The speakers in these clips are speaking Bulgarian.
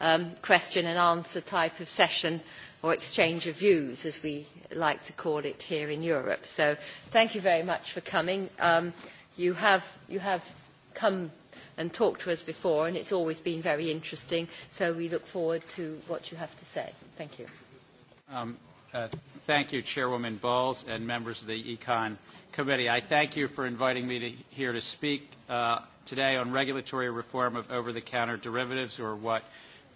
um, question and answer type of session or exchange of views, as we like to call it here in Europe. So thank you very much for coming. Um, you, have, you have come and talked to us before, and it's always been very interesting, so we look forward to what you have to say. Thank you. Um, uh, thank you, Chairwoman Bowles and members of the Econ Committee. I thank you for inviting me to, here to speak uh, today on regulatory reform of over-the-counter derivatives, or what –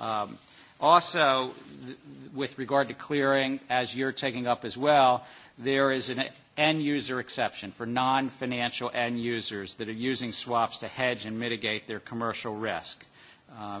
Um, also, with regard to clearing, as you're taking up as well, there is an end user exception for non financial end users that are using swaps to hedge and mitigate their commercial risk. Uh,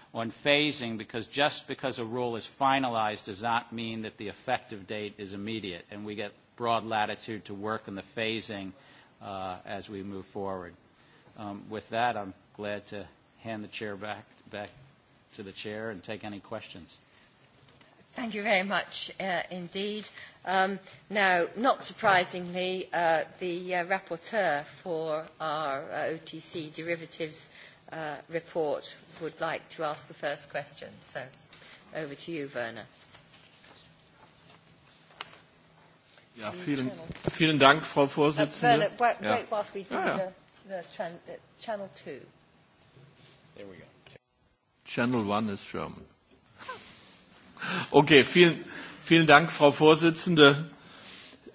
on phasing because just because a rule is finalized does not mean that the effective date is immediate, and we get broad latitude to work in the phasing uh, as we move forward. Um, with that, I'm glad to hand the chair back, back to the chair and take any questions. Thank you very much uh, indeed. Um, now, not surprisingly, uh, the uh, rapporteur for our uh, OTC derivatives uh, report would like to ask the first question. So over to you, Werner. Ja, vielen, vielen Dank, Frau Vorsitzende. Uh, Werner, wait, wait whilst we do ja, ja. the, the tran uh, channel two. There we go. Channel one is German. Okay, vielen, vielen Dank, Frau Vorsitzende.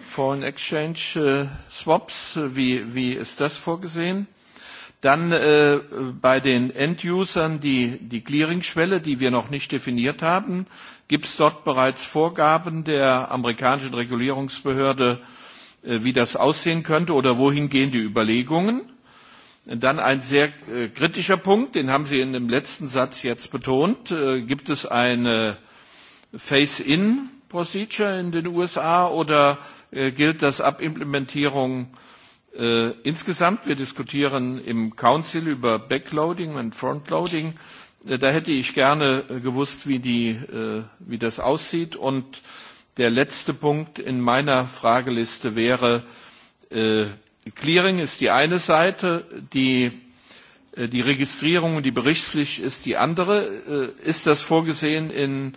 Foreign Exchange äh, Swaps, wie, wie ist das vorgesehen? Dann äh, bei den Endusern die, Clearing Clearingschwelle, die wir noch nicht definiert haben. Gibt es dort bereits Vorgaben der amerikanischen Regulierungsbehörde, äh, wie das aussehen könnte oder wohin gehen die Überlegungen? Dann ein sehr äh, kritischer Punkt, den haben Sie in dem letzten Satz jetzt betont. Äh, gibt es eine Face-in-Procedure in den USA oder gilt das ab Implementierung insgesamt. Wir diskutieren im Council über Backloading und Frontloading. Da hätte ich gerne gewusst, wie, die, wie das aussieht. Und der letzte Punkt in meiner Frageliste wäre, Clearing ist die eine Seite, die, die Registrierung und die Berichtspflicht ist die andere. Ist das vorgesehen in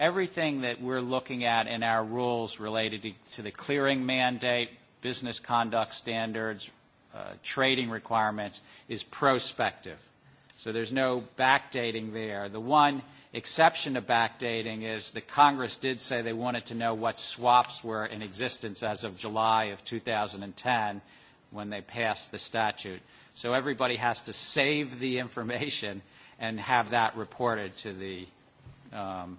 everything that we're looking at in our rules related to, to the clearing mandate, business conduct standards, uh, trading requirements is prospective. So there's no backdating there. The one exception to backdating is the Congress did say they wanted to know what swaps were in existence as of July of 2010 when they passed the statute. So everybody has to save the information and have that reported to the um,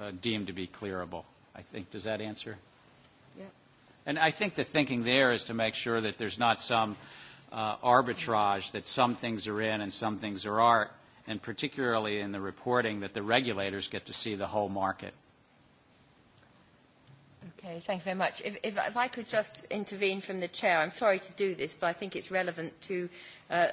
uh, deemed to be clearable. I think does that answer? Yeah. And I think the thinking there is to make sure that there's not some uh, arbitrage that some things are in and some things are art, and particularly in the reporting that the regulators get to see the whole market. Okay, thank you very much. If, if, if I could just intervene from the chair, I'm sorry to do this, but I think it's relevant to uh,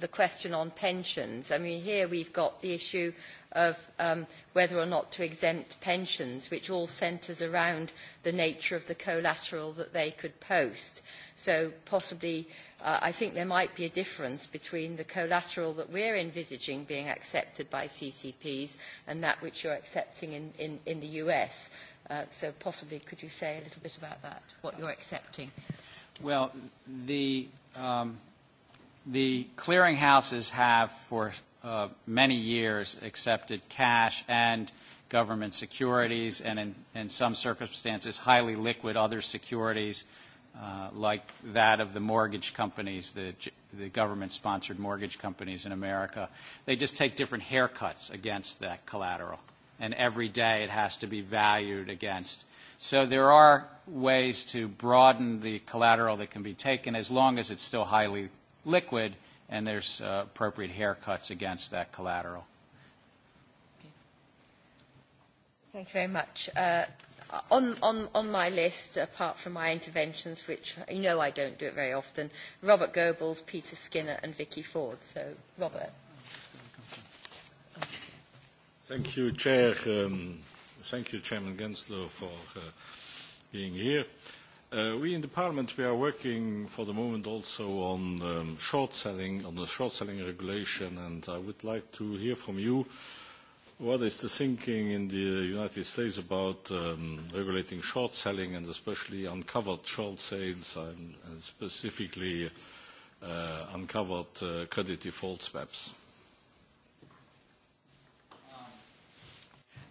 the question on pensions. I mean, here we've got the issue of um, whether or not to exempt pensions, which all centres around the nature of the collateral that they could post. So possibly, uh, I think there might be a difference between the collateral that we're envisaging being accepted by CCPs and that which you're accepting in, in, in the US. Uh, so possibly, could you say a little bit about that, what you're accepting? Well, the... Um the clearinghouses have for uh, many years accepted cash and government securities and in, in some circumstances highly liquid other securities uh, like that of the mortgage companies, the, the government-sponsored mortgage companies in America. They just take different haircuts against that collateral. And every day it has to be valued against So there are ways to broaden the collateral that can be taken as long as it's still highly liquid, and there's uh, appropriate haircuts against that collateral. Thank you very much. Uh, on, on, on my list, apart from my interventions, which you know I don't do it very often, Robert Goebbels, Peter Skinner, and Vicky Ford. So, Robert. Thank you, Chair. Um, thank you, Chairman Gensler, for uh, being here. We in the parliament, we are working for the moment also on short selling, on the short selling regulation, and I would like to hear from you what is the thinking in the United States about regulating short selling and especially uncovered short sales and specifically uncovered credit default swaps.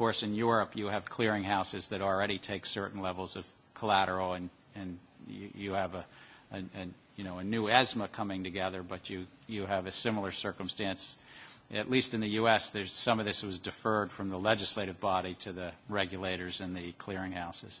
course, in Europe, you have clearinghouses that already take certain levels of collateral, and, and you, you have a, a, a, you know, a new ESMA coming together, but you, you have a similar circumstance. At least in the U.S., there's, some of this was deferred from the legislative body to the regulators and the clearinghouses.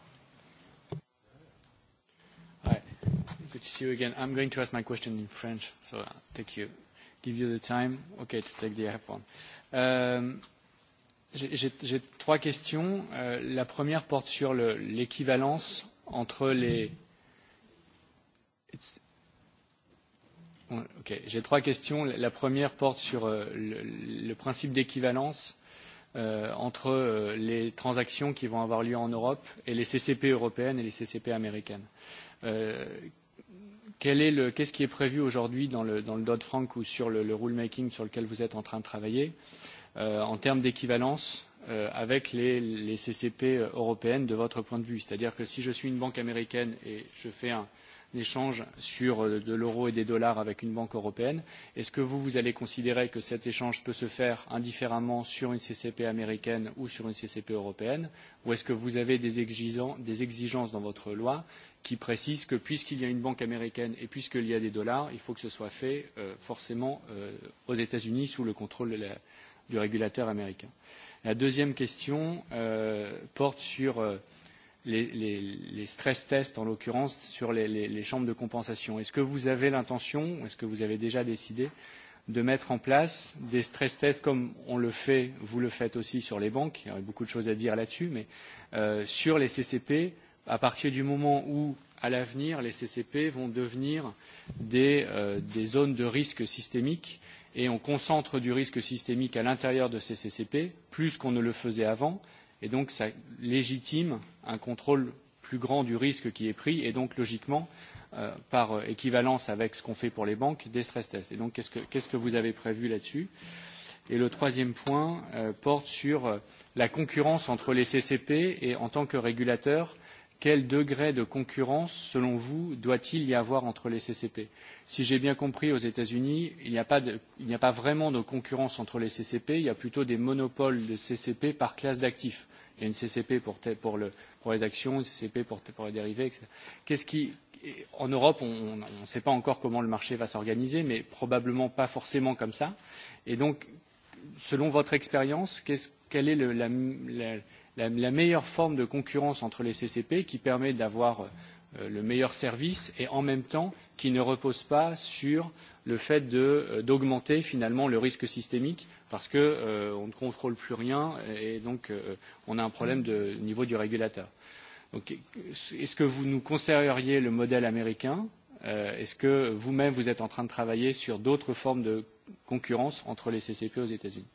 Good to see you again. I'm going to ask my question in French, so I'll take you, give you the time, okay, to take the iPhone. Euh, J'ai trois questions. Euh, la première porte sur l'équivalence entre les. Ok, j'ai trois questions. La première porte sur le, le principe d'équivalence euh, entre les transactions qui vont avoir lieu en Europe et les CCP européennes et les CCP américaines. Euh, Qu'est-ce qui est prévu aujourd'hui dans le, Dodd-Frank ou sur le, rulemaking sur lequel vous êtes en train de travailler en termes d'équivalence avec les, CCP européennes de votre point de vue C'est-à-dire que si je suis une banque américaine et je fais un, échange sur de l'euro et des dollars avec une banque européenne. Est-ce que vous, vous allez considérer que cet échange peut se faire indifféremment sur une CCP américaine ou sur une CCP européenne Ou est-ce que vous avez des, exigences dans votre loi qui précise que puisqu'il y a une banque américaine et puisqu'il y a des dollars, il faut que ce soit fait forcément aux États-Unis sous le contrôle du régulateur américain. La deuxième question porte sur les, stress tests, en l'occurrence sur les, chambres de compensation. Est-ce que vous avez l'intention, est-ce que vous avez déjà décidé de mettre en place des stress tests comme on le fait, vous le faites aussi sur les banques, il y aurait beaucoup de choses à dire là-dessus, mais sur les CCP à partir du moment où, à l'avenir, les CCP vont devenir des, zones de risque systémique et on concentre du risque systémique à l'intérieur de ces CCP, plus qu'on ne le faisait avant, et donc ça légitime un contrôle plus grand du risque qui est pris, et donc logiquement, par équivalence avec ce qu'on fait pour les banques, des stress tests. Et donc qu'est-ce que, vous avez prévu là-dessus Et le troisième point porte sur la concurrence entre les CCP et en tant que régulateurs quel degré de concurrence, selon vous, doit-il y avoir entre les CCP Si j'ai bien compris, aux États-Unis, il n'y a, pas vraiment de concurrence entre les CCP, il y a plutôt des monopoles de CCP par classe d'actifs. Il y a une CCP pour, pour, le, pour les actions, une CCP pour, pour les dérivés, etc. qui, en Europe, on ne sait pas encore comment le marché va s'organiser, mais probablement pas forcément comme ça. Et donc, selon votre expérience, quelle est la, la, la meilleure forme de concurrence entre les CCP qui permet d'avoir le meilleur service et en même temps qui ne repose pas sur le fait d'augmenter finalement le risque systémique parce qu'on ne contrôle plus rien et donc on a un problème de niveau du régulateur. Donc, est-ce que vous nous conseilleriez le modèle américain Est-ce que vous-même, vous êtes en train de travailler sur d'autres formes de concurrence entre les CCP aux États-Unis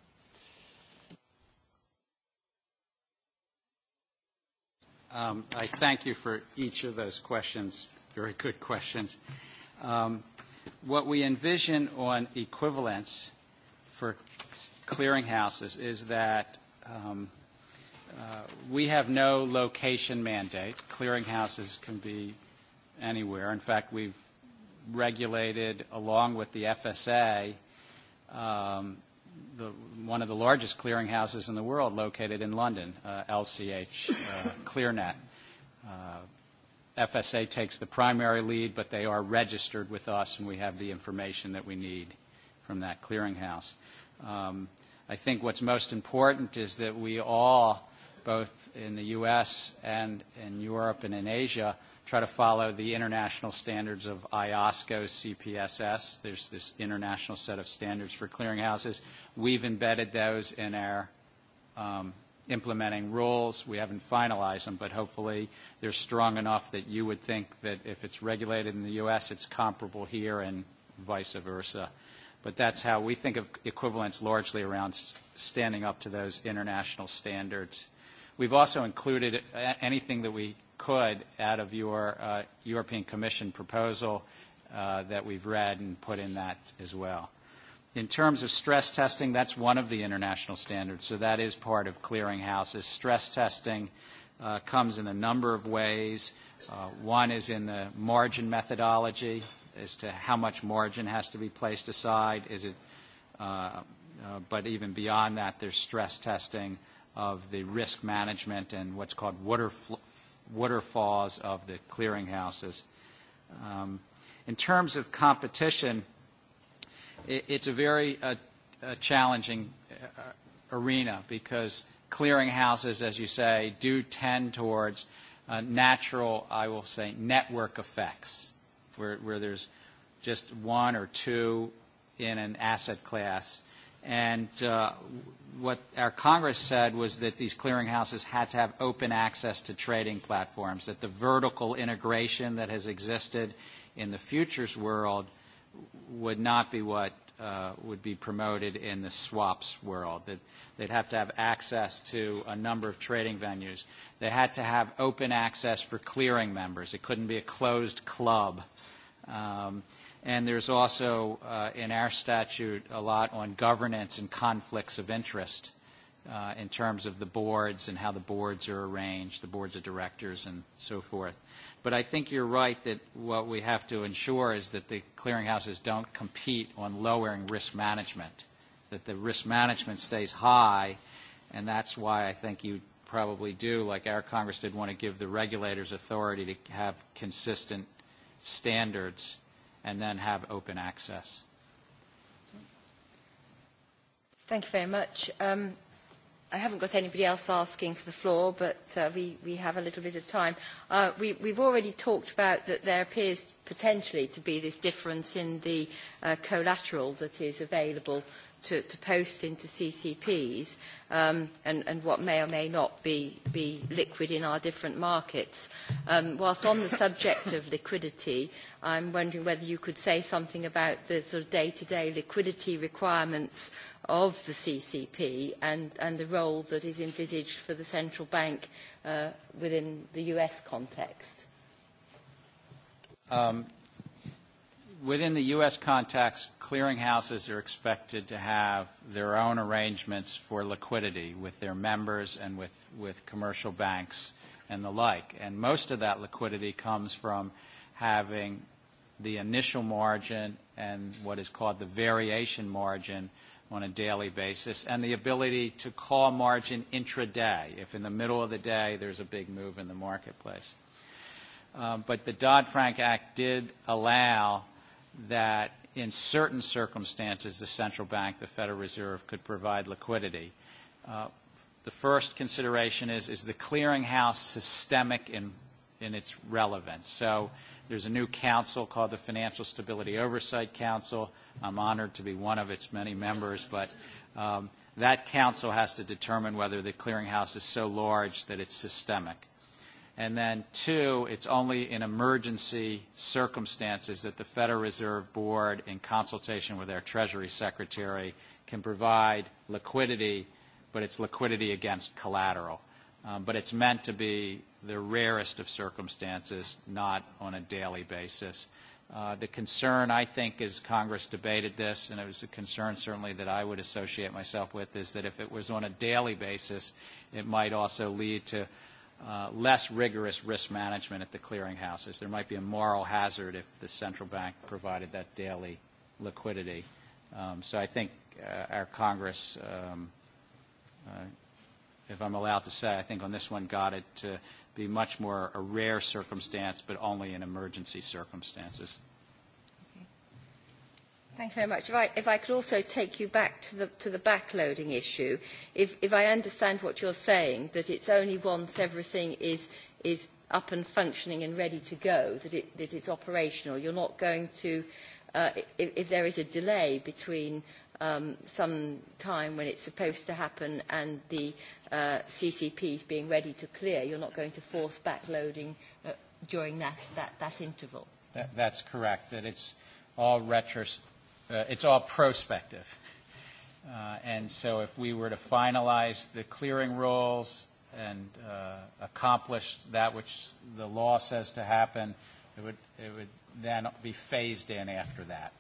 Um, I thank you for each of those questions, very good questions. Um, what we envision on equivalence for clearinghouses is that um, uh, we have no location mandate. Clearinghouses can be anywhere. In fact, we've regulated, along with the FSA, um, the, one of the largest clearinghouses in the world located in London, uh, LCH uh, ClearNet. Uh, FSA takes the primary lead, but they are registered with us, and we have the information that we need from that clearinghouse. Um, I think what's most important is that we all, both in the U.S. and in Europe and in Asia, try to follow the international standards of IOSCO CPSS. There's this international set of standards for clearinghouses. We've embedded those in our um, implementing rules. We haven't finalized them, but hopefully they're strong enough that you would think that if it's regulated in the U.S., it's comparable here and vice versa. But that's how we think of equivalence largely around standing up to those international standards. We've also included anything that we could out of your uh, European Commission proposal uh, that we've read and put in that as well. In terms of stress testing, that's one of the international standards, so that is part of houses. Stress testing uh, comes in a number of ways. Uh, one is in the margin methodology as to how much margin has to be placed aside. Is it, uh, uh, but even beyond that, there's stress testing of the risk management and what's called water waterfalls of the clearinghouses. Um, in terms of competition, it, it's a very uh, uh, challenging uh, arena because clearinghouses, as you say, do tend towards uh, natural, I will say, network effects, where, where there's just one or two in an asset class And uh, what our Congress said was that these clearinghouses had to have open access to trading platforms, that the vertical integration that has existed in the futures world would not be what uh, would be promoted in the swaps world, that they'd have to have access to a number of trading venues. They had to have open access for clearing members. It couldn't be a closed club. Um, And there's also, uh, in our statute, a lot on governance and conflicts of interest uh, in terms of the boards and how the boards are arranged, the boards of directors and so forth. But I think you're right that what we have to ensure is that the clearinghouses don't compete on lowering risk management, that the risk management stays high, and that's why I think you probably do, like our Congress did want to give the regulators authority to have consistent standards and then have open access. Thank you very much. Um, I haven't got anybody else asking for the floor, but uh, we, we have a little bit of time. Uh, we, we've already talked about that there appears potentially to be this difference in the uh, collateral that is available to, to post into CCPs um, and, and what may or may not be, be liquid in our different markets. Um, whilst on the subject of liquidity, I'm wondering whether you could say something about the sort of day-to-day liquidity requirements of the CCP and, and the role that is envisaged for the central bank uh, within the US context. Um, within the U.S. context, clearinghouses are expected to have their own arrangements for liquidity with their members and with, with commercial banks and the like. And most of that liquidity comes from having the initial margin and what is called the variation margin on a daily basis and the ability to call margin intraday if in the middle of the day there's a big move in the marketplace. But the Dodd-Frank Act did allow that in certain circumstances the central bank, the Federal Reserve, could provide liquidity. Uh, the first consideration is, is the clearinghouse systemic in, in its relevance? So there's a new council called the Financial Stability Oversight Council. I'm honored to be one of its many members, but um, that council has to determine whether the clearinghouse is so large that it's systemic. And then two, it's only in emergency circumstances that the Federal Reserve Board, in consultation with their Treasury Secretary, can provide liquidity, but it's liquidity against collateral. Um, but it's meant to be the rarest of circumstances, not on a daily basis. Uh, the concern, I think, as Congress debated this, and it was a concern certainly that I would associate myself with, is that if it was on a daily basis, it might also lead to uh, less rigorous risk management at the clearinghouses. There might be a moral hazard if the central bank provided that daily liquidity. Um, so I think uh, our Congress, um, uh, if I'm allowed to say, I think on this one got it to be much more a rare circumstance, but only in emergency circumstances. Thank you very much. If I, if I could also take you back to the, to the backloading issue, if, if I understand what you're saying, that it's only once everything is, is up and functioning and ready to go that, it, that it's operational. You're not going to, uh, if, if there is a delay between um, some time when it's supposed to happen and the uh, CCPs being ready to clear, you're not going to force backloading uh, during that, that, that interval. That, that's correct, that it's all retros uh, it's all prospective. Uh, and so if we were to finalize the clearing rules and uh, accomplish that which the law says to happen, it would, it would then be phased in after that.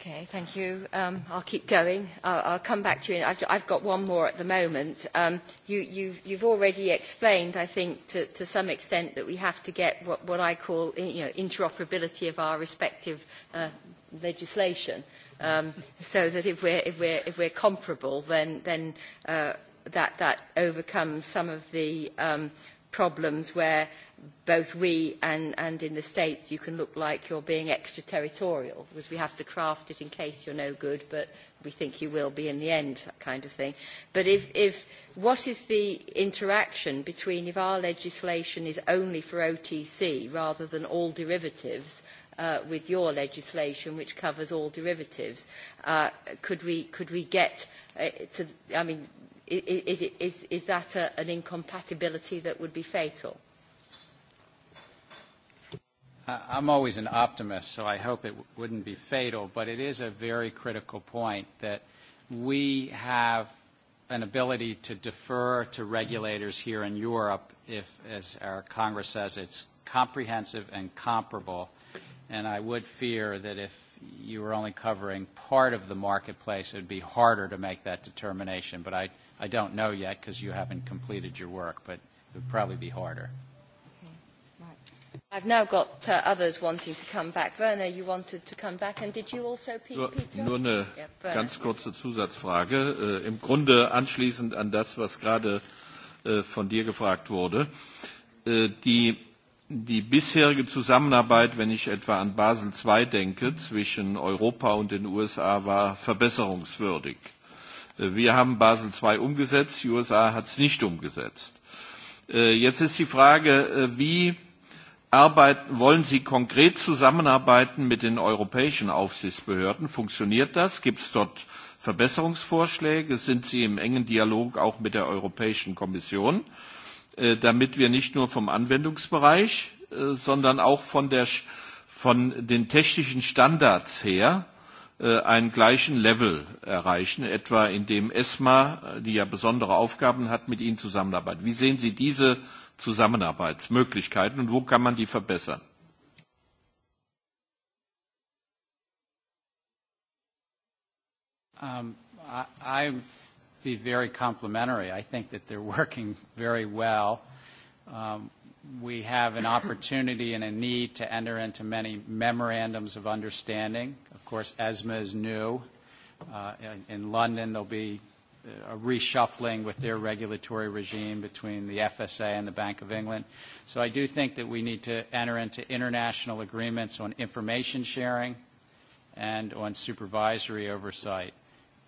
Okay, thank you. Um, I'll keep going. I'll, I'll come back to you. I've, I've got one more at the moment. Um, you, you've, you've already explained, I think, to, to some extent that we have to get what, what I call you know, interoperability of our respective uh, legislation um, so that if we're, if we're, if we're comparable, then, then uh, that, that overcomes some of the um, problems where both we and, and in the States you can look like you're being extraterritorial because we have to craft it in case you're no good, but we think you will be in the end, that kind of thing. But if, if what is the interaction between if our legislation is only for OTC rather than all derivatives uh, with your legislation, which covers all derivatives. Uh, could we could we get uh, to? I mean, is it is is that a, an incompatibility that would be fatal? I'm always an optimist, so I hope it wouldn't be fatal, but it is a very critical point that we have an ability to defer to regulators here in Europe if, as our Congress says, it's comprehensive and comparable And I would fear that if you were only covering part of the marketplace, it would be harder to make that determination. But I, I don't know yet because you haven't completed your work, but it would probably be harder. I've now got uh, others wanting to come back. Werner, you wanted to come back, and did you also, Peter? Nur eine ganz kurze Zusatzfrage. Äh, Im Grunde anschließend an das, was gerade äh, von dir gefragt wurde. Äh, die die bisherige Zusammenarbeit, wenn ich etwa an Basel II denke, zwischen Europa und den USA war verbesserungswürdig. Wir haben Basel II umgesetzt, die USA hat es nicht umgesetzt. Jetzt ist die Frage, wie arbeiten, wollen Sie konkret zusammenarbeiten mit den europäischen Aufsichtsbehörden? Funktioniert das? Gibt es dort Verbesserungsvorschläge? Sind Sie im engen Dialog auch mit der Europäischen Kommission? Äh, damit wir nicht nur vom Anwendungsbereich, sondern auch von, der, von den technischen Standards her einen gleichen Level erreichen, etwa indem ESMA, die ja besondere Aufgaben hat, mit Ihnen zusammenarbeitet. Wie sehen Sie diese Zusammenarbeitsmöglichkeiten und wo kann man die verbessern? Um, I, I'm be very complimentary. I think that they're working very well. Um, we have an opportunity and a need to enter into many memorandums of understanding. Of course, ESMA is new. Uh, in, in London, there'll be a reshuffling with their regulatory regime between the FSA and the Bank of England. So I do think that we need to enter into international agreements on information sharing and on supervisory oversight.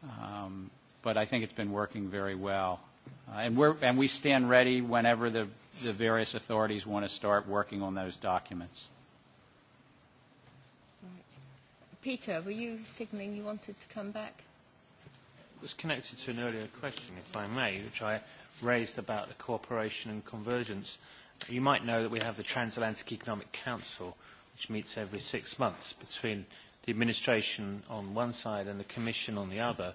Um, but I think it's been working very well. And we're and we stand ready whenever the the various authorities want to start working on those documents. Peter, were you signaling you wanted to come back? It was connected to an earlier question, if I may, which I raised about the cooperation and convergence. You might know that we have the Transatlantic Economic Council, which meets every six months between the administration on one side and the Commission on the other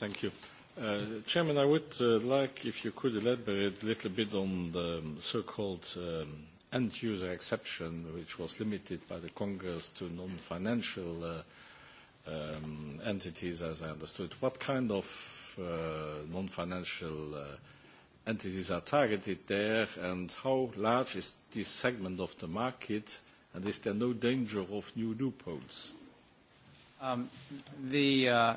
Thank you. Uh, Chairman, I would uh, like if you could elaborate a little bit on the so-called um, end-user exception, which was limited by the Congress to non-financial uh, um, entities, as I understood. What kind of uh, non-financial uh, entities are targeted there, and how large is this segment of the market, and is there no danger of new loopholes? Um, the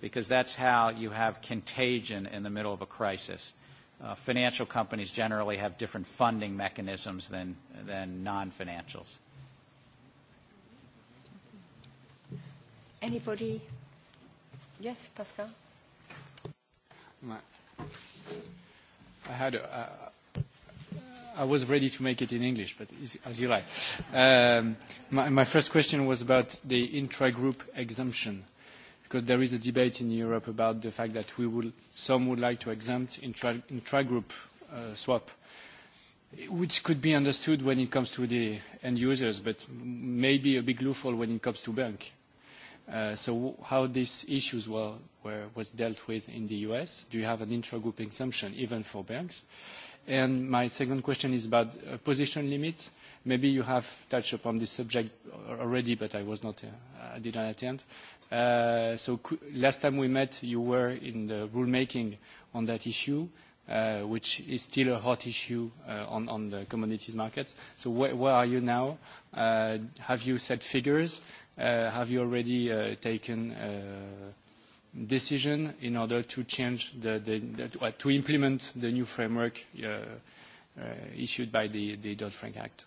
because that's how you have contagion in the middle of a crisis. Uh, financial companies generally have different funding mechanisms than, than non-financials. Anybody? Yes, Pascal? I had a, I was ready to make it in English, but as you like. Um, my, my first question was about the intra-group exemption because there is a debate in Europe about the fact that we will, some would like to exempt intra, intra-group uh, swap, which could be understood when it comes to the end users, but maybe a big loophole when it comes to bank. Uh, so how these issues were, were was dealt with in the US? Do you have an intra-group exemption even for banks? And my second question is about uh, position limits. Maybe you have touched upon this subject already, but I was not, uh, I didn't attend. So last time we met, you were in the rulemaking on that issue, which is still a hot issue on the commodities markets. So where are you now? Have you set figures? Have you already taken decision in order to change the to implement the new framework issued by the Dodd-Frank Act?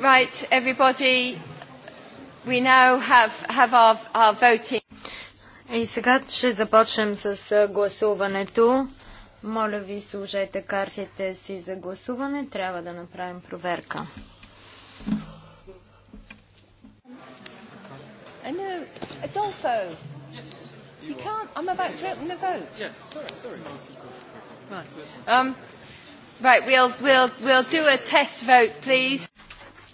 Right, everybody, we now have, have our, our voting. И сега ще започнем с гласуването. Моля ви, служете картите си за гласуване. Трябва да направим проверка. No, Adolfo. you can't. I'm about to open the vote. Yeah, sorry, sorry. Right. Um, right, we'll, we'll, we'll do a test vote, please.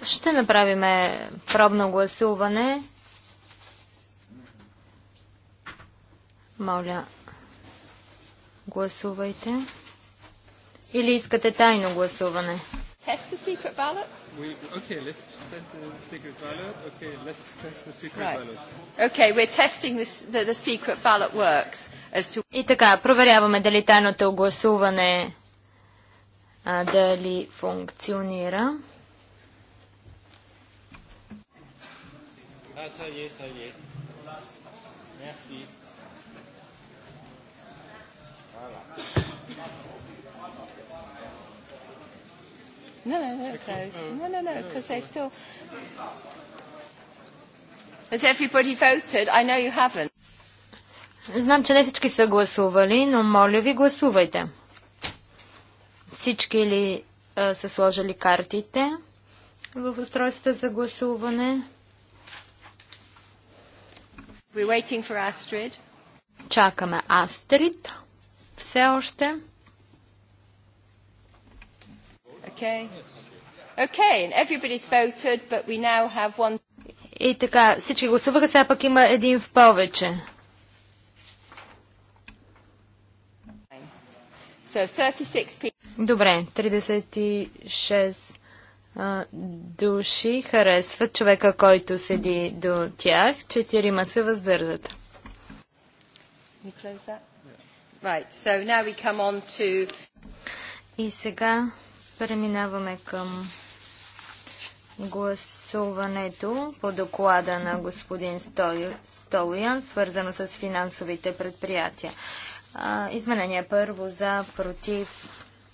Ще направим пробно гласуване. Моля, гласувайте. Или искате тайно гласуване? Test the secret ballot? We, okay, let's test the secret ballot. Okay, let's test the secret right. ballot. Okay, we're testing this, the, the secret ballot works. As to... И така, проверяваме дали тайното гласуване а, дали функционира. Ah, ça y est, ça y est. Merci. Voilà. Non, non, non, close. No, no, no, because they're still. Has everybody voted? I know you haven't. Знам, че не всички са гласували, но моля ви, гласувайте. Всички ли а, са сложили картите в устройството за гласуване? We're waiting for Astrid. Чакаме Астрид. Все още. Okay. Okay, and everybody's voted, but we now have one... И така, всички гласуваха, сега пък има един в повече. So 36... Добре, 36 души харесват човека, който седи до тях. Четирима се въздържат. И сега преминаваме към гласуването по доклада на господин Столоян, свързано с финансовите предприятия. Изменение първо за, против,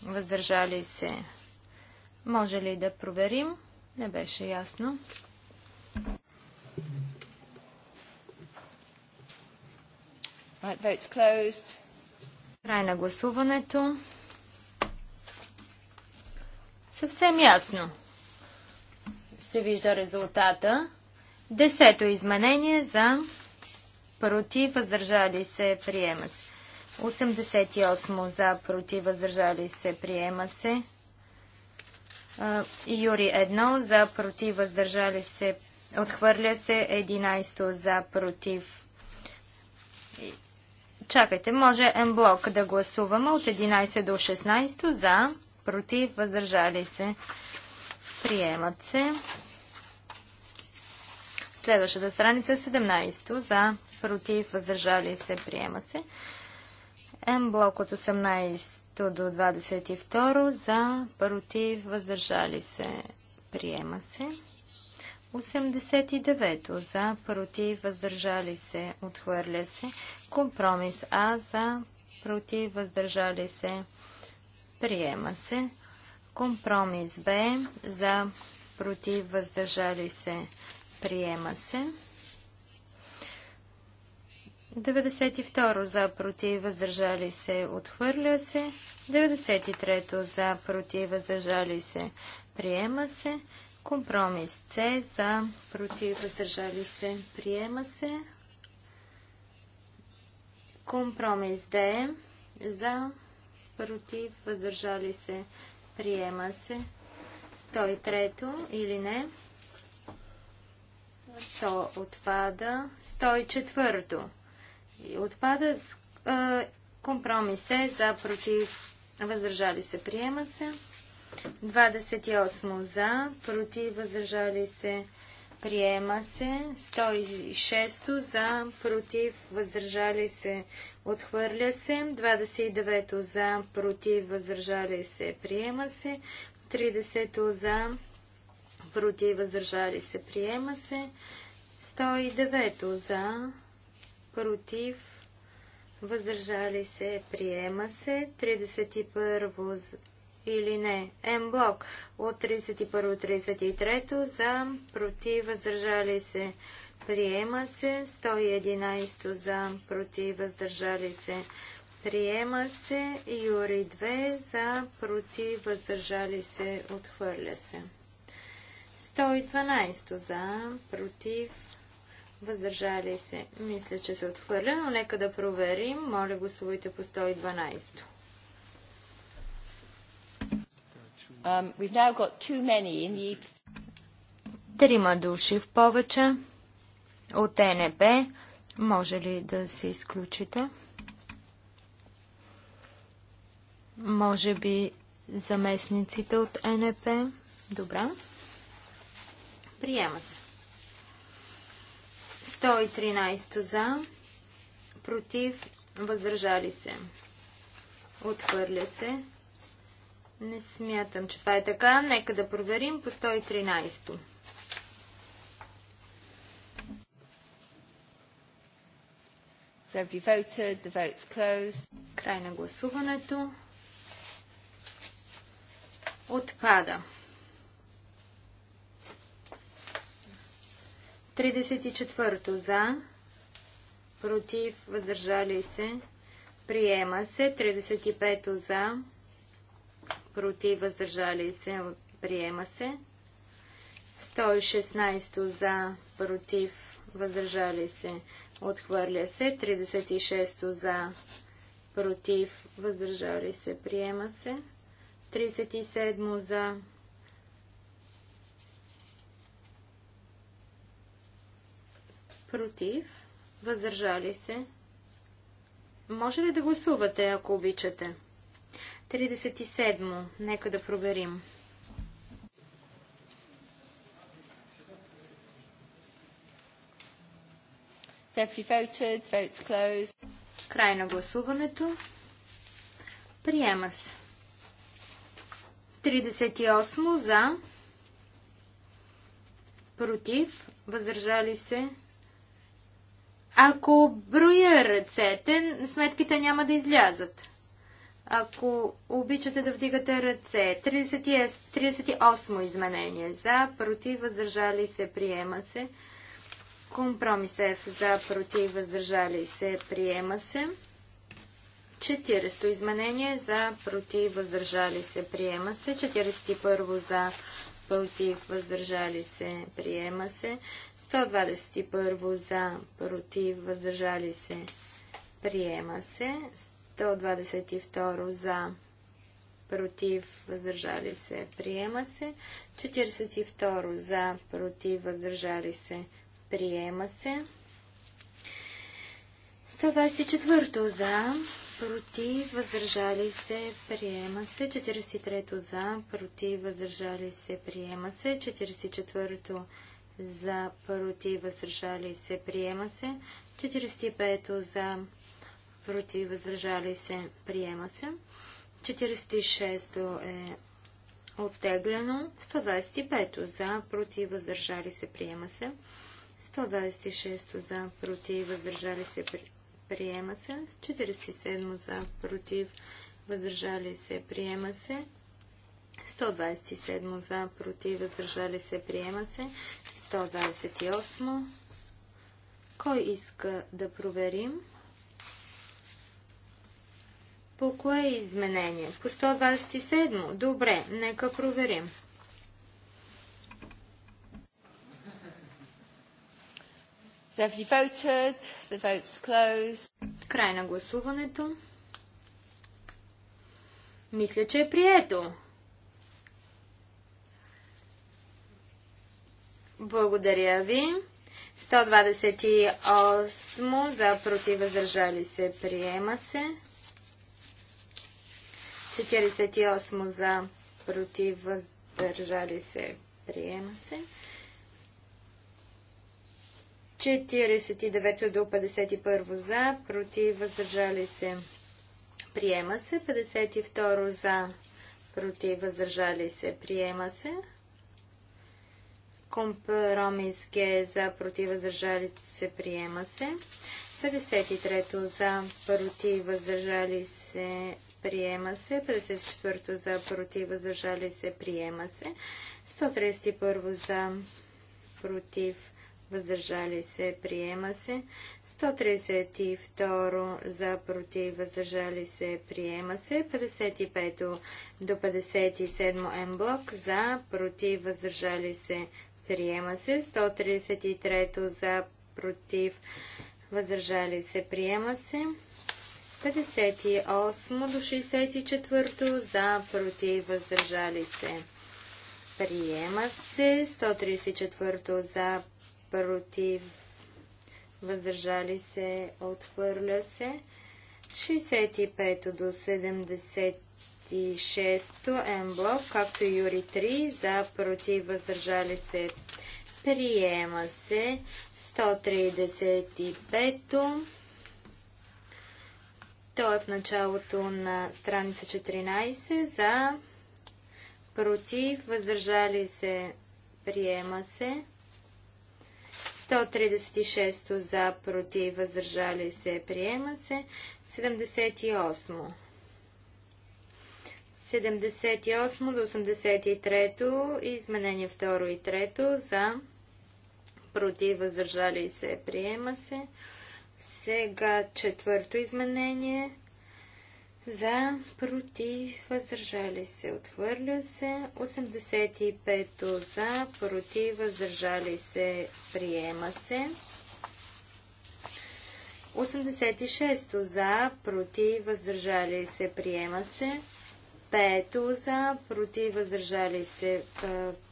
въздържали се може ли да проверим? Не беше ясно. Right, vote's closed. Край на гласуването. Съвсем ясно се вижда резултата. Десето изменение за против, въздържали се, приема се. 88 за против, въздържали се, приема се. Юри 1 за против, въздържали се, отхвърля се 11 за против. Чакайте, може м да гласуваме от 11 до 16 за против, въздържали се, приемат се. Следващата страница е 17 за против, въздържали се, приема се. М от 18 11 до 22 за, против, въздържали се, приема се. 89 за, против, въздържали се, отхвърля се. Компромис А за, против, въздържали се, приема се. Компромис Б за, против, въздържали се, приема се. 92 за, против, въздържали се, отхвърля се. 93 за, против, въздържали се, приема се. Компромис С за, против, въздържали се, приема се. Компромис Д за, против, въздържали се, приема се. 103 или не? То отпада. 104 Отпада с, е, компромис Е за, против, въздържали се, приема се. 28 за, против, въздържали се, приема се. 106 за, против, въздържали се, отхвърля се. 29 за, против, въздържали се, приема се. 30 за, против, въздържали се, приема се. 109 за, против, въздържали се, приема се. 31 или не, М блок от 31-33 за, против, въздържали се, приема се. 111 за, против, въздържали се, приема се. Юри 2 за, против, въздържали се, отхвърля се. 112 за, против, въздържали се. Мисля, че се отхвърля, но нека да проверим. Моля, гласувайте по 112. Um, we've now got too many in the... E Трима души в повече от ЕНП. Може ли да се изключите? Може би заместниците от НП. Добре. Приема се. 113 за, против, въздържали се. Отхвърля се. Не смятам, че това е така. Нека да проверим по 113. Край на гласуването. Отпада. 34 за, против, въздържали се, приема се. 35 за, против, въздържали се, приема се. 116 за, против, въздържали се, отхвърля се. 36 за, против, въздържали се, приема се. 37 за, против, въздържали се. Може ли да гласувате, ако обичате? 37. Нека да проверим. Voted, votes closed. Край на гласуването. Приема се. 38 за. Против. Въздържали се. Ако броя ръцете, сметките няма да излязат. Ако обичате да вдигате ръце, 38 изменение за, против, въздържали се, приема се. Компромис F за, против, въздържали се, приема се. 40 изменение за, против, въздържали се, приема се. 41 за, против, въздържали се, приема се. 121 за, против, въздържали се, приема се. 122 за, против, въздържали се, приема се. 42 за, против, въздържали се, приема се. 124 за, против, въздържали се, приема се. 43-то за, против, въздържали се, приема се. 44-то за, против, въздържали се, приема се. 45-то за, против, въздържали се, приема се. 46-то е оттеглено. 125-то за, против, въздържали се, приема се. 126-то за, против, въздържали се, приема се приема се. 47 за, против, въздържали се, приема се. 127 за, против, въздържали се, приема се. 128. Кой иска да проверим? По кое е изменение? По 127. Добре, нека проверим. Край на гласуването. Мисля, че е прието. Благодаря ви. 128 за против въздържали се приема се. 48 за против въздържали се приема се. 49 до 51 за, против, въздържали се. Приема се. 52 за, против, въздържали се. Приема се. Компромис Г за, против, въздържали се. Приема се. 53 за, против, въздържали се. Приема се. 54 за, против, въздържали се. Приема се. 131 за, против, въздържали се, приема се. 132 за, против, въздържали се, приема се. 55 до 57 М блок за, против, въздържали се, приема се. 133 за, против, въздържали се, приема се. 58 до 64 за, против, въздържали се. Приемат се 134 за, против, въздържали се, отхвърля се. 65 до 76 емблок, както и Юри 3, за против, въздържали се, приема се. 135 то е в началото на страница 14 за против, въздържали се, приема се. 136 за, против, въздържали се, приема се. 78. 78 до 83 изменение 2 и 3 за против въздържали се приема се сега четвърто изменение за, против, въздържали се, отхвърля се. 85 за, против, въздържали се, приема се. 86 за, против, въздържали се, приема се. 5 е, за, против, въздържали се,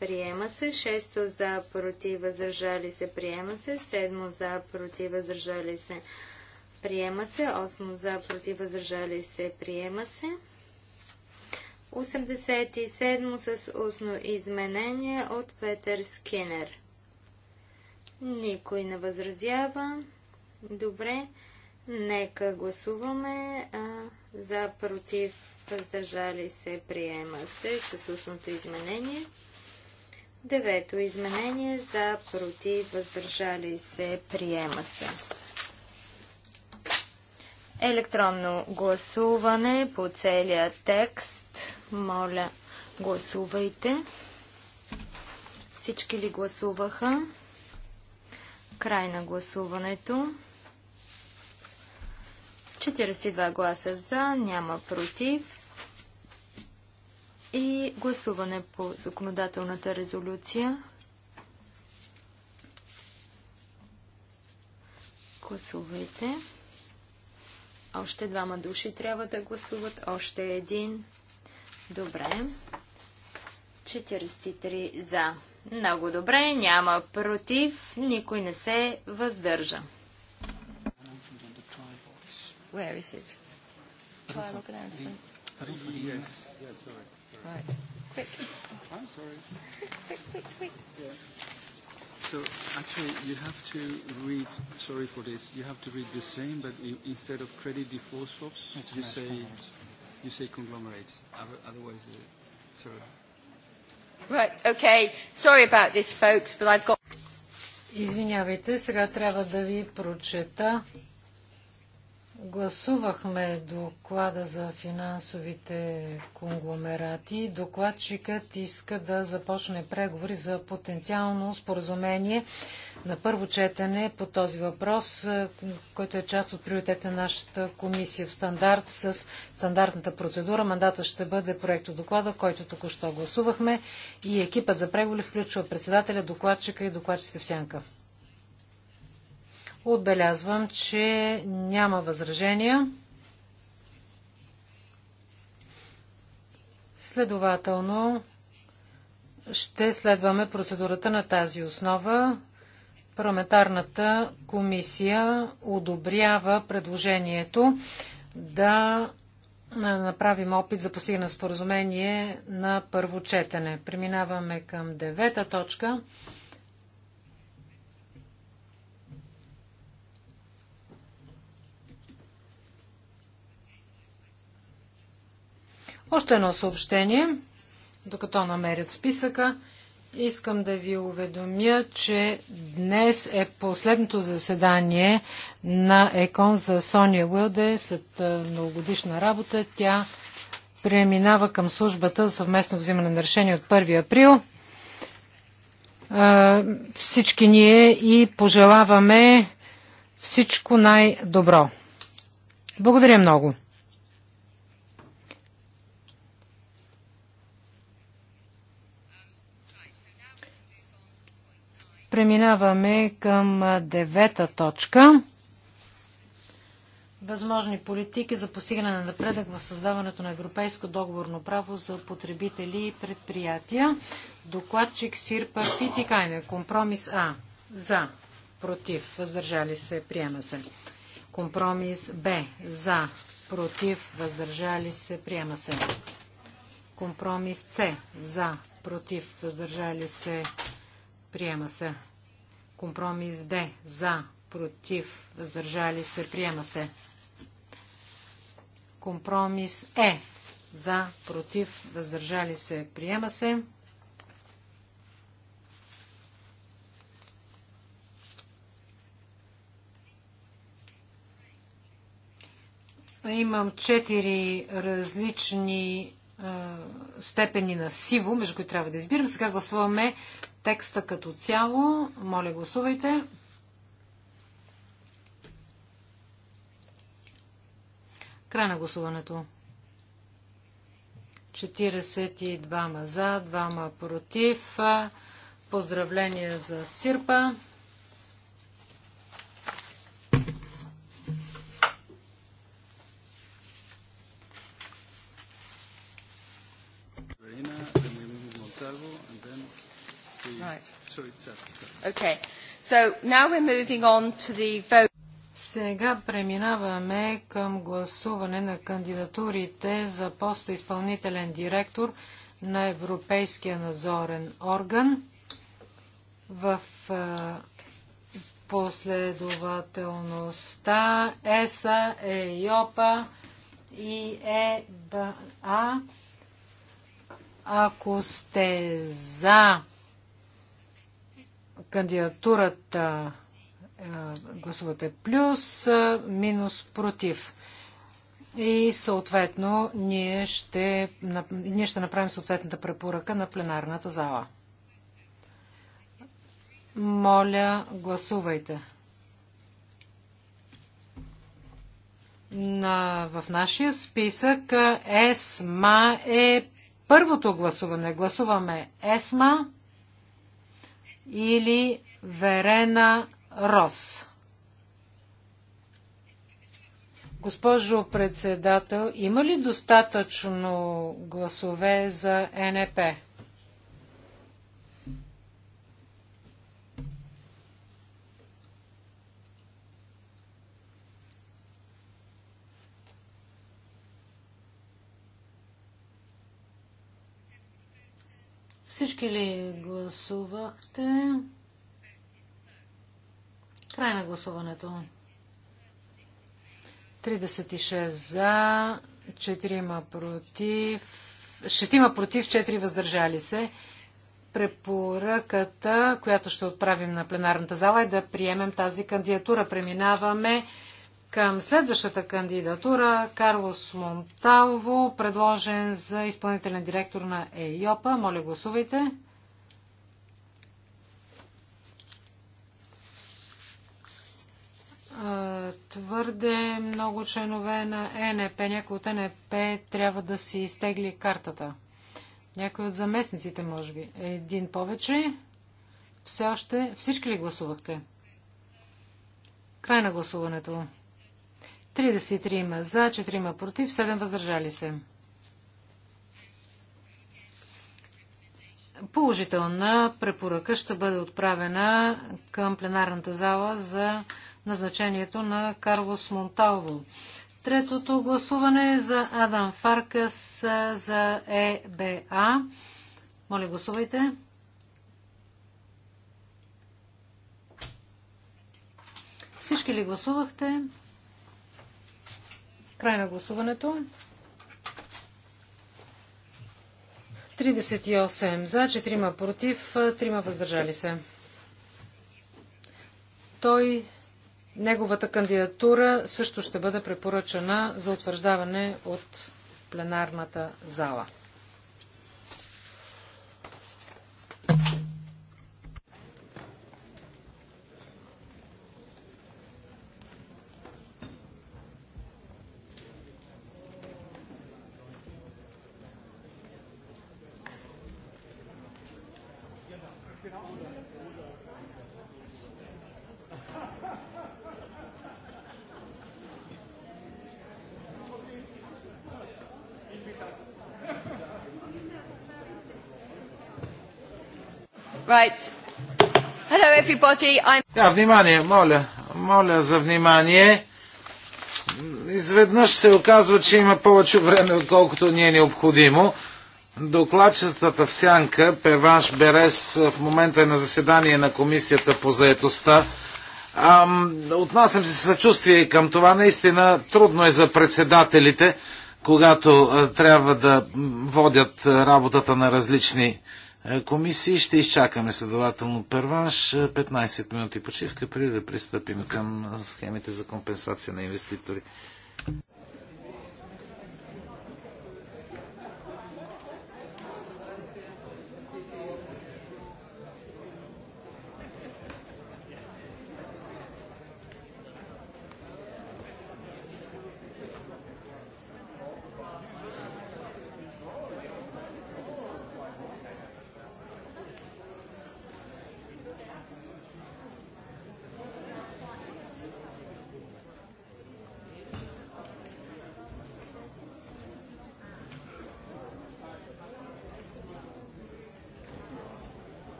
приема се. 6 за, против, въздържали се, приема се. 7 за, против, въздържали се, приема се приема се. 8 за, против, въздържали се, приема се. 87 с устно изменение от Петър Скинер. Никой не възразява. Добре. Нека гласуваме а, за против въздържали се приема се с устното изменение. Девето изменение за против въздържали се приема се. Електронно гласуване по целия текст. Моля, гласувайте. Всички ли гласуваха? Край на гласуването. 42 гласа за, няма против. И гласуване по законодателната резолюция. Гласувайте. Още двама души трябва да гласуват. Още един. Добре. 43 за. Много добре. Няма против. Никой не се въздържа. Where is it? Trial announcement. Yes. Yes, sorry. Right. Quick. I'm sorry. quick, quick, quick. Yeah. So actually, you have to read. Sorry for this. You have to read the same, but you, instead of credit default swaps, it's you say you say conglomerates. Otherwise, uh, sorry. Right. Okay. Sorry about this, folks, but I've got. Извинявайте, сега трябва да ви прочета Гласувахме доклада за финансовите конгломерати. Докладчикът иска да започне преговори за потенциално споразумение на първо четене по този въпрос, който е част от приоритета на нашата комисия в стандарт с стандартната процедура. Мандата ще бъде проект от доклада, който току-що гласувахме и екипът за преговори включва председателя, докладчика и докладчите в сянка. Отбелязвам, че няма възражения. Следователно, ще следваме процедурата на тази основа. Парламентарната комисия одобрява предложението да направим опит за постигна споразумение на първо четене. Преминаваме към девета точка. Още едно съобщение, докато намерят списъка. Искам да ви уведомя, че днес е последното заседание на ЕКОН за Сония Уилде. След многогодишна работа тя преминава към службата за съвместно взимане на решение от 1 април. Всички ние и пожелаваме всичко най-добро. Благодаря много. Преминаваме към девета точка. Възможни политики за постигане на напредък в създаването на европейско договорно право за потребители и предприятия. Докладчик Сирпа Питикайна. Компромис А. За. Против. Въздържали се. Приема се. Компромис Б. За. Против. Въздържали се. Приема се. Компромис С. За. Против. Въздържали се приема се. Компромис Д за, против, въздържали се, приема се. Компромис Е за, против, въздържали се, приема се. Имам четири различни степени на сиво, между които трябва да избирам. Сега гласуваме текста като цяло. Моля, гласувайте. Край на гласуването. 42 за, 2 против. Поздравления за Сирпа. Okay. So now we're moving on to the vote. Сега преминаваме към гласуване на кандидатурите за поста изпълнителен директор на Европейския надзорен орган в последователността ЕСА, ЕЙОПА и ЕБА. Ако сте за кандидатурата е, гласувате плюс, е, минус, против. И съответно ние ще, ние ще направим съответната препоръка на пленарната зала. Моля, гласувайте. На, в нашия списък е, ЕСМА е първото гласуване. Гласуваме ЕСМА или Верена Рос. Госпожо председател, има ли достатъчно гласове за НП? Всички ли гласувахте? Край на гласуването. 36 за, 4 против, 6 против, 4 въздържали се. Препоръката, която ще отправим на пленарната зала е да приемем тази кандидатура. Преминаваме към следващата кандидатура Карлос Монталво, предложен за изпълнителен директор на ЕЙОПА. Моля, гласувайте. твърде много членове на ЕНП. Някой от ЕНП трябва да си изтегли картата. Някой от заместниците, може би. Един повече. Все още. Всички ли гласувахте? Край на гласуването. 33 за, 4 против, 7 въздържали се. Положителна препоръка ще бъде отправена към пленарната зала за назначението на Карлос Монталво. Третото гласуване е за Адам Фаркас е, за ЕБА. Моля, гласувайте. Всички ли гласувахте? Край на гласуването. 38 за, 4 против, 3 въздържали се. Той, неговата кандидатура също ще бъде препоръчана за утвърждаване от пленарната зала. Right. Hello everybody. I'm... Да, внимание, моля. Моля за внимание. Изведнъж се оказва, че има повече време, отколкото ни е необходимо. Докладчестата в сянка, Певаш Берес, в момента е на заседание на Комисията по заетостта. Ам, отнасям се съчувствие към това. Наистина трудно е за председателите, когато а, трябва да водят работата на различни е, комисии. Ще изчакаме следователно първаш 15 е, минути почивка, преди да пристъпим към схемите за компенсация на инвеститори.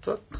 Тук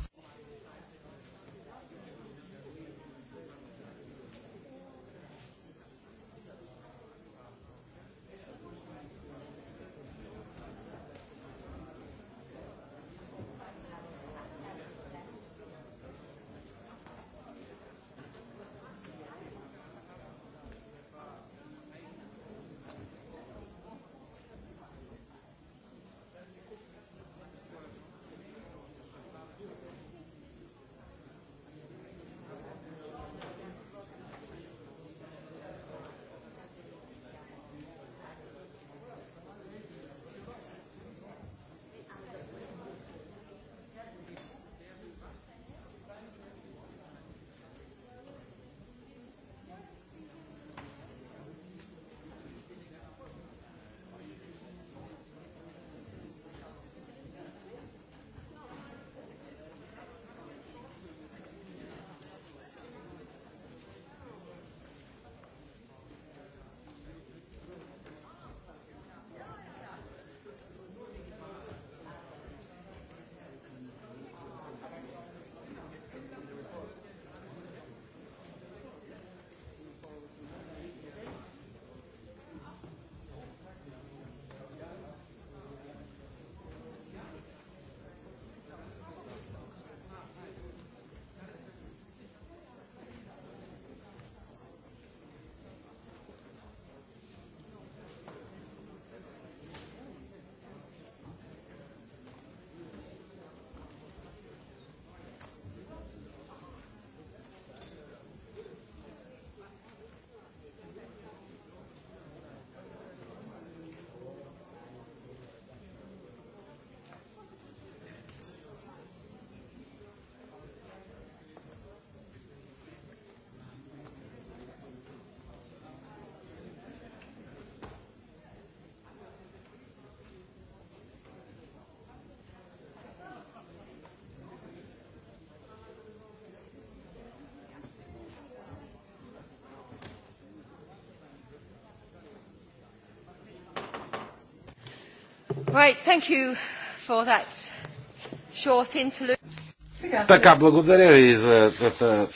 така, благодаря ви за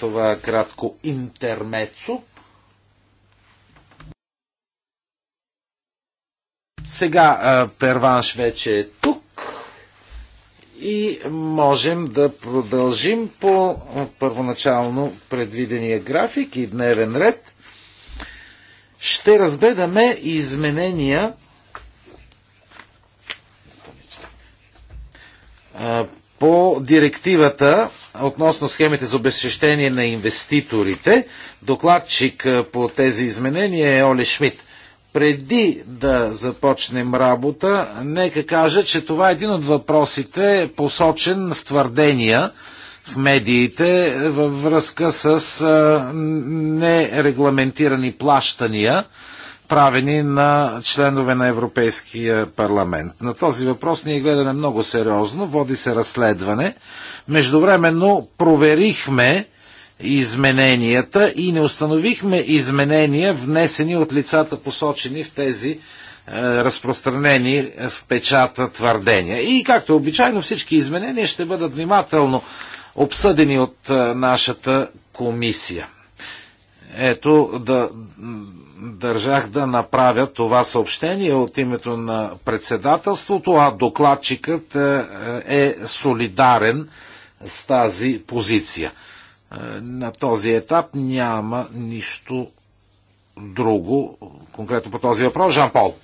това кратко интермецо. Сега Перванш вече е тук и можем да продължим по първоначално предвидения график и дневен ред. Ще разгледаме изменения по директивата относно схемите за обезщещение на инвеститорите, докладчик по тези изменения е Оле Шмидт. Преди да започнем работа, нека кажа, че това е един от въпросите, посочен в твърдения в медиите във връзка с нерегламентирани плащания – правени на членове на Европейския парламент. На този въпрос ние гледаме много сериозно, води се разследване. Междувременно проверихме измененията и не установихме изменения, внесени от лицата посочени в тези е, разпространени в печата твърдения. И както е обичайно всички изменения ще бъдат внимателно обсъдени от е, нашата комисия. Ето да държах да направя това съобщение от името на председателството, а докладчикът е, е солидарен с тази позиция. Е, на този етап няма нищо друго, конкретно по този въпрос. Жан-Пол.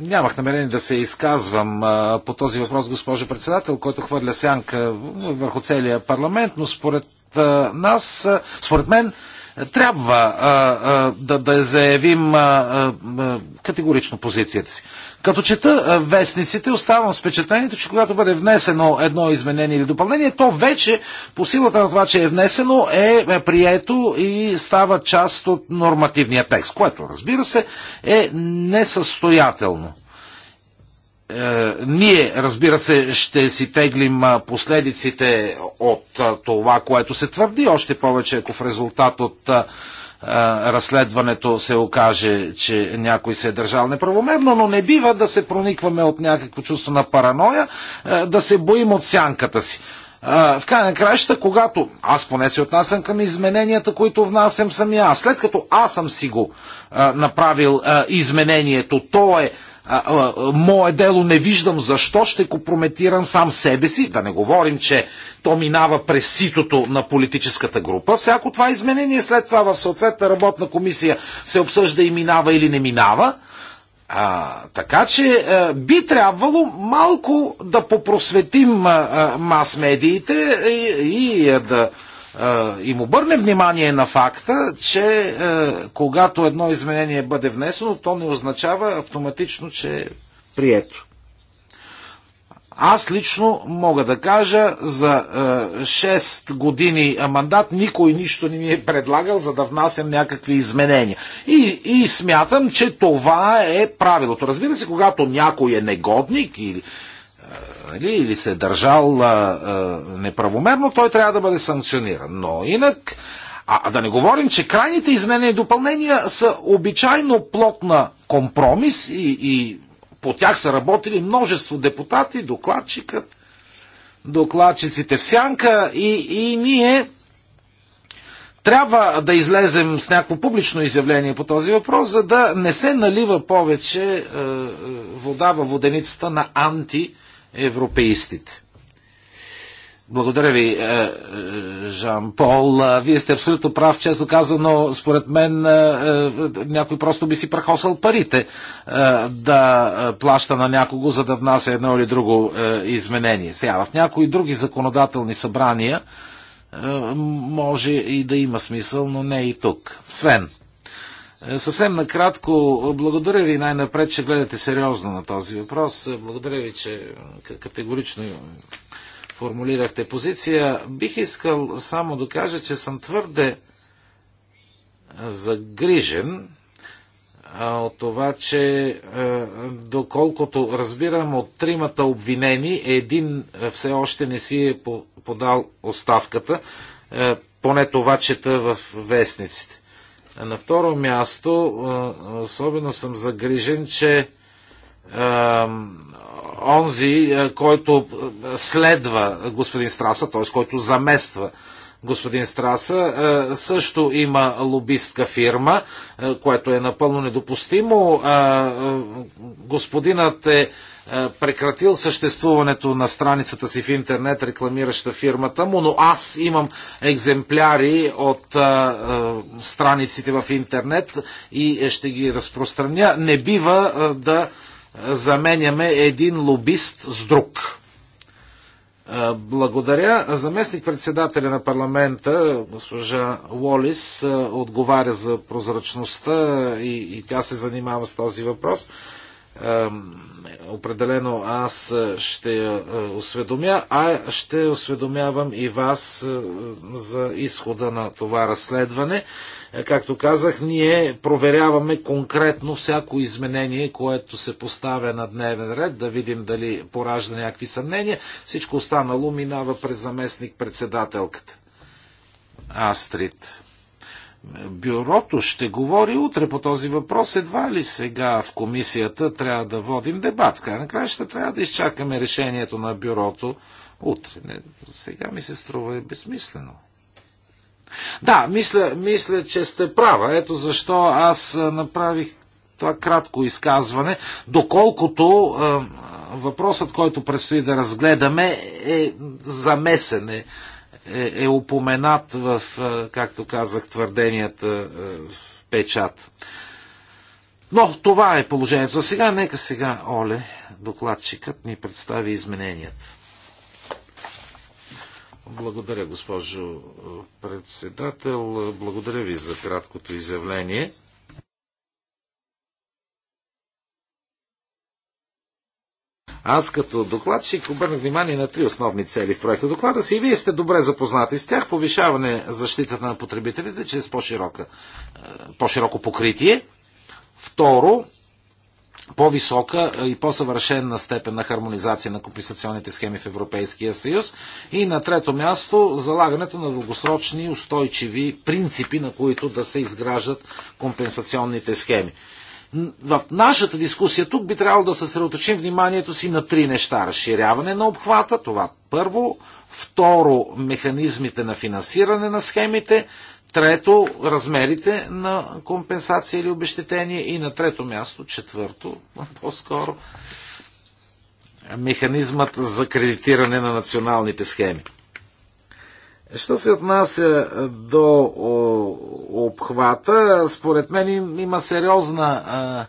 Нямах намерение да се изказвам е, по този въпрос, госпожо председател, който хвърля сянка върху целия парламент, но според нас, според мен, трябва а, а, да, да заявим а, а, категорично позицията си. Като чета а, вестниците, оставам с впечатлението, че когато бъде внесено едно изменение или допълнение, то вече по силата на това, че е внесено, е, е прието и става част от нормативния текст, което, разбира се, е несъстоятелно. Е, ние, разбира се, ще си теглим последиците от това, което се твърди, още повече ако в резултат от разследването се окаже, че някой се е държал неправомерно, но не бива да се проникваме от някакво чувство на параноя, е, да се боим от сянката си. Е, в край на краища, когато аз поне се отнасям към измененията, които внасям самия аз, след като аз съм си го направил изменението, то е мое дело не виждам защо ще компрометирам сам себе си, да не говорим, че то минава през ситото на политическата група. Всяко това изменение след това в съответната работна комисия се обсъжда и минава или не минава. А, така че а, е, би трябвало малко да попросветим е, е, мас-медиите и, и да им обърне внимание на факта, че когато едно изменение бъде внесено, то не означава автоматично, че е прието. Аз лично мога да кажа, за 6 години мандат никой нищо не ми е предлагал, за да внасям някакви изменения. И, и смятам, че това е правилото. Разбира се, когато някой е негодник или, нали, или се е държал а, а, неправомерно, той трябва да бъде санкциониран. Но инак, а да не говорим, че крайните изменения и допълнения са обичайно плод на компромис и, и по тях са работили множество депутати, докладчикът, докладчиците в сянка и, и ние трябва да излезем с някакво публично изявление по този въпрос, за да не се налива повече е, е вода във воденицата на анти европеистите. Благодаря ви, е, е, Жан-Пол. Вие сте абсолютно прав, често казано, според мен е, някой просто би си прахосал парите да плаща на някого, за да внася едно или друго изменение. Сега, в някои други законодателни събрания може и да има смисъл, но не и тук. Свен. Е, съвсем накратко, благодаря ви най-напред, че гледате сериозно на този въпрос. Е, благодаря ви, че е, категорично формулирахте позиция. Бих искал само да кажа, че съм твърде загрижен от това, че доколкото разбирам от тримата обвинени, един все още не си е подал оставката, поне това чета в вестниците. На второ място, особено съм загрижен, че онзи, който следва господин Страса, т.е. който замества господин Страса, също има лобистка фирма, което е напълно недопустимо. Господинът е е, прекратил съществуването на страницата си в интернет, рекламираща фирмата му, но аз имам екземпляри от а, е, а, е, страниците в интернет и ще ги разпространя. Не бива а, да заменяме един лобист с друг. Благодаря. Заместник председателя на парламента, госпожа Уолис, отговаря за прозрачността и, и тя се занимава с този въпрос определено аз е, ще я е, осведомя, а ще осведомявам и вас е, за изхода на това разследване. Както казах, ние проверяваме конкретно всяко изменение, което се поставя на дневен ред, да видим дали поражда някакви съмнения. Всичко останало минава през заместник председателката. Астрид. Бюрото ще говори утре по този въпрос. Едва ли сега в комисията трябва да водим дебат? Край на краища трябва да изчакаме решението на бюрото утре. Не, сега ми се струва е безсмислено. Да, мисля, мисля, че сте права. Ето защо аз направих това кратко изказване, доколкото е, въпросът, който предстои да разгледаме, е замесен, е е, е упоменат в, е, както казах, твърденията е, в печат. Но това е положението. За сега, нека сега, Оле, докладчикът ни представи измененията. Благодаря, госпожо председател. Благодаря ви за краткото изявление. Аз като докладчик обърнах внимание на три основни цели в проекта доклада си и вие сте добре запознати с тях. Повишаване защитата на потребителите чрез е, по-широко по покритие. Второ, по-висока е, и по съвършена степен на хармонизация на компенсационните схеми в Европейския съюз. И на трето място залагането на дългосрочни устойчиви принципи, на които да се изграждат компенсационните схеми в нашата дискусия тук би трябвало да съсредоточим вниманието си на три неща. Разширяване на обхвата, това първо. Второ, механизмите на финансиране на схемите. Трето, размерите на компенсация или обещетение. И на трето място, четвърто, по-скоро, механизмът за кредитиране на националните схеми. Що се отнася до обхвата, според мен има сериозна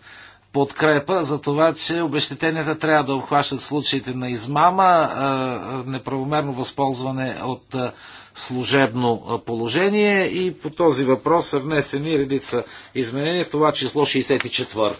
подкрепа за това, че обещетенията трябва да обхващат случаите на измама, неправомерно възползване от служебно положение и по този въпрос са внесени редица изменения, в това число 64-то.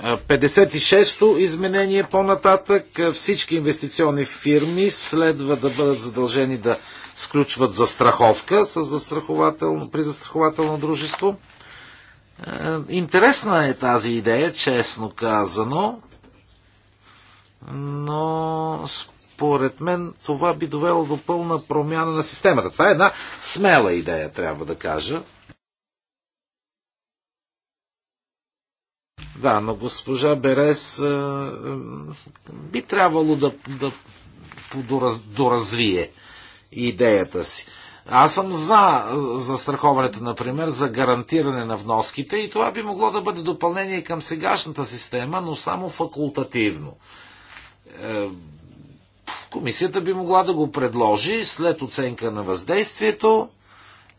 56-то изменение по-нататък всички инвестиционни фирми следва да бъдат задължени да сключват застраховка с застрахователно, при застрахователно дружество. Е, интересна е тази идея, честно казано, но според мен това би довело до пълна промяна на системата. Това е една смела идея, трябва да кажа. Да, но госпожа Берес би трябвало да, да доразвие идеята си. Аз съм за застраховането, например, за гарантиране на вноските и това би могло да бъде допълнение към сегашната система, но само факултативно. Е, комисията би могла да го предложи след оценка на въздействието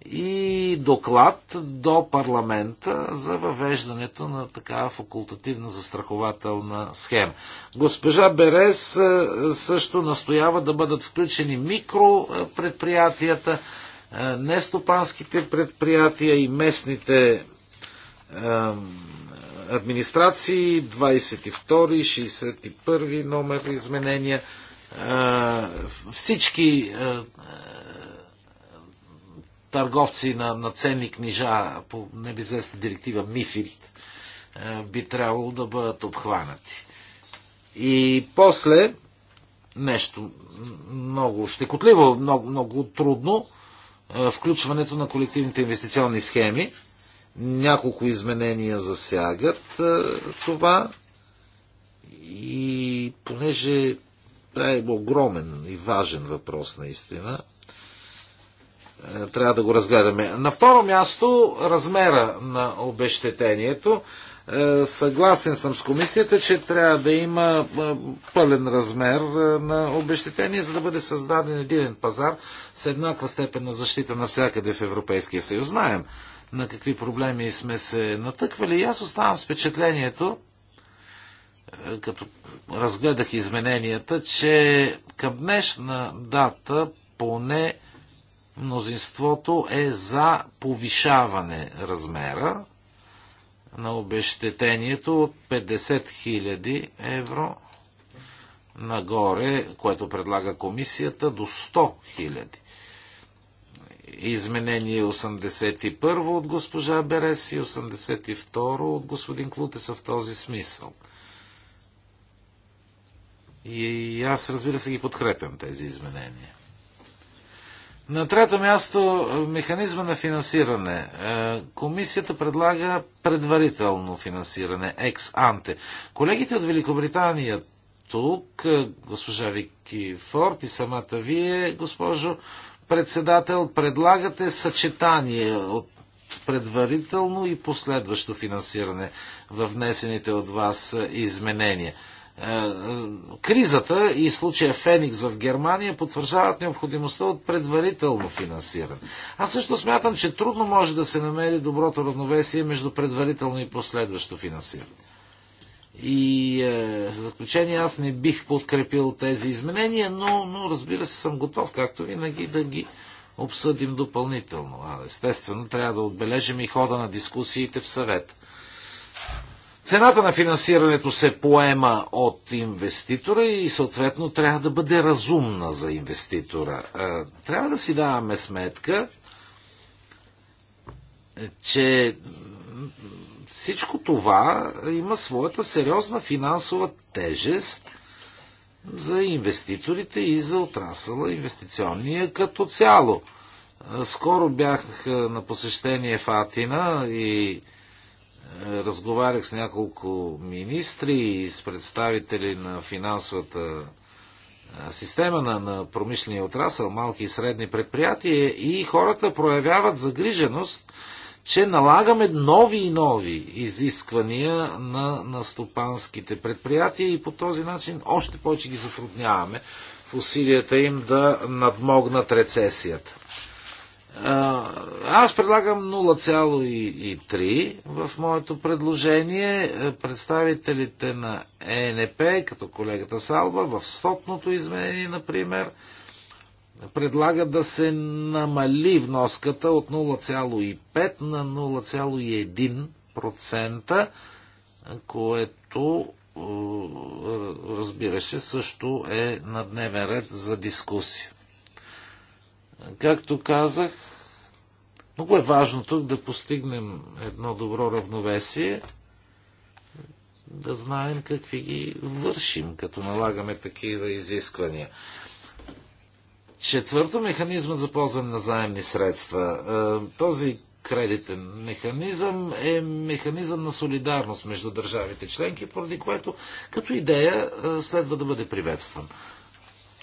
и доклад до парламента за въвеждането на такава факултативна застрахователна схема. Госпожа Берес е, също настоява да бъдат включени микропредприятията, е, е, нестопанските предприятия и местните администрации, 22, 61 номер изменения. Всички търговци на, на ценни книжа по небезвестна директива Мифит е, би трябвало да бъдат обхванати. И после нещо много щекотливо, много, много трудно, е, включването на колективните инвестиционни схеми. Няколко изменения засягат е, това и понеже това е огромен и важен въпрос наистина, е, трябва да го разгледаме. На второ място, размера на обещетението. Е, съгласен съм с комисията, че трябва да има е, пълен размер на обещетение, за да бъде създаден един пазар с еднаква степен на защита навсякъде в Европейския съюз. Знаем на какви проблеми сме се натъквали и аз оставам с впечатлението, като разгледах измененията, че към днешна дата поне мнозинството е за повишаване размера на обещетението от 50 000 евро нагоре, което предлага комисията, до 100 000. Изменение 81 е от госпожа Берес и 82 от господин Клуте са в този смисъл. И аз, разбира се, ги подкрепям тези изменения. На трето място, е, механизма на финансиране. Е, комисията предлага предварително финансиране, екс-анте. Колегите от Великобритания тук, е, госпожа Вики Форд и самата вие, госпожо председател, предлагате съчетание от предварително и последващо финансиране в внесените от вас изменения. Е, е, кризата и случая Феникс в Германия потвърждават необходимостта от предварително финансиране. Аз също смятам, че трудно може да се намери доброто равновесие между предварително и последващо финансиране. И е, в заключение аз не бих подкрепил тези изменения, но, но разбира се съм готов, както винаги, да ги обсъдим допълнително. А, естествено, трябва да отбележим и хода на дискусиите в съвет. Цената на финансирането се поема от инвеститора и съответно трябва да бъде разумна за инвеститора. Трябва да си даваме сметка, че всичко това има своята сериозна финансова тежест за инвеститорите и за отрасъла инвестиционния като цяло. Скоро бях на посещение в Атина и разговарях с няколко министри и с представители на финансовата система на, на промишления отрасъл, малки и средни предприятия и хората проявяват загриженост, че налагаме нови и нови изисквания на, на стопанските предприятия и по този начин още повече ги затрудняваме в усилията им да надмогнат рецесията. Аз предлагам 0,3 в моето предложение. Представителите на ЕНП, като колегата Салва, в стотното изменение, например, предлагат да се намали вноската от 0,5 на 0,1%, което е, разбираше също е на дневен ред за дискусия. Както казах, много е важно тук да постигнем едно добро равновесие, да знаем какви ги вършим, като налагаме такива изисквания. Четвърто, механизмът за ползване на заемни средства. Е, този кредитен механизъм е механизъм на солидарност между държавите членки, поради което като идея е, следва да бъде приветстван.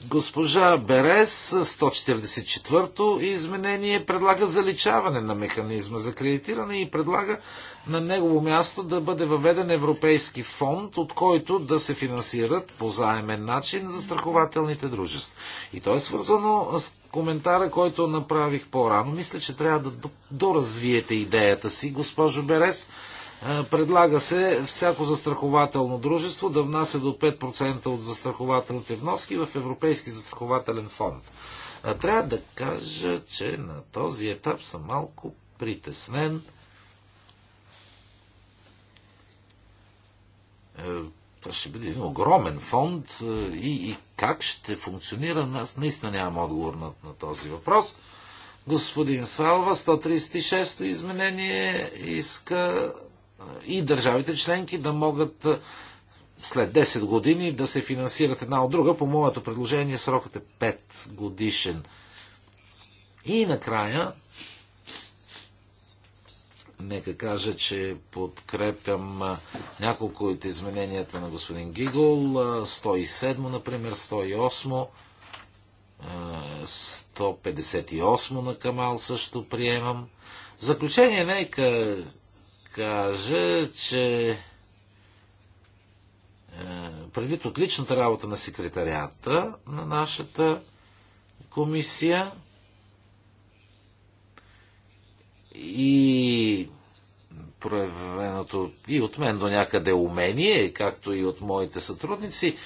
Госпожа Берес, 144-то изменение, предлага заличаване на механизма за кредитиране и предлага на негово място да бъде въведен европейски фонд, от който да се финансират по заемен начин за страхователните дружества. И то е свързано с коментара, който направих по-рано. Мисля, че трябва да доразвиете идеята си, госпожо Берес е, предлага се всяко застрахователно дружество да внася до 5% от застрахователните вноски в Европейски застрахователен фонд. Е, трябва да кажа, че на този етап съм малко притеснен. Е, това ще бъде един огромен фонд и, и как ще функционира, аз наистина нямам отговор на, на този въпрос. Господин Салва, 136-то изменение иска и държавите членки да могат след 10 години да се финансират една от друга. По моето предложение срокът е 5 годишен. И накрая, нека кажа, че подкрепям няколко от измененията на господин Гигол, 107, например, 108, 158 на Камал също приемам. В заключение, нека кажа, че е, предвид отличната работа на секретарията на нашата комисия и проявеното и от мен до някъде умение, както и от моите сътрудници,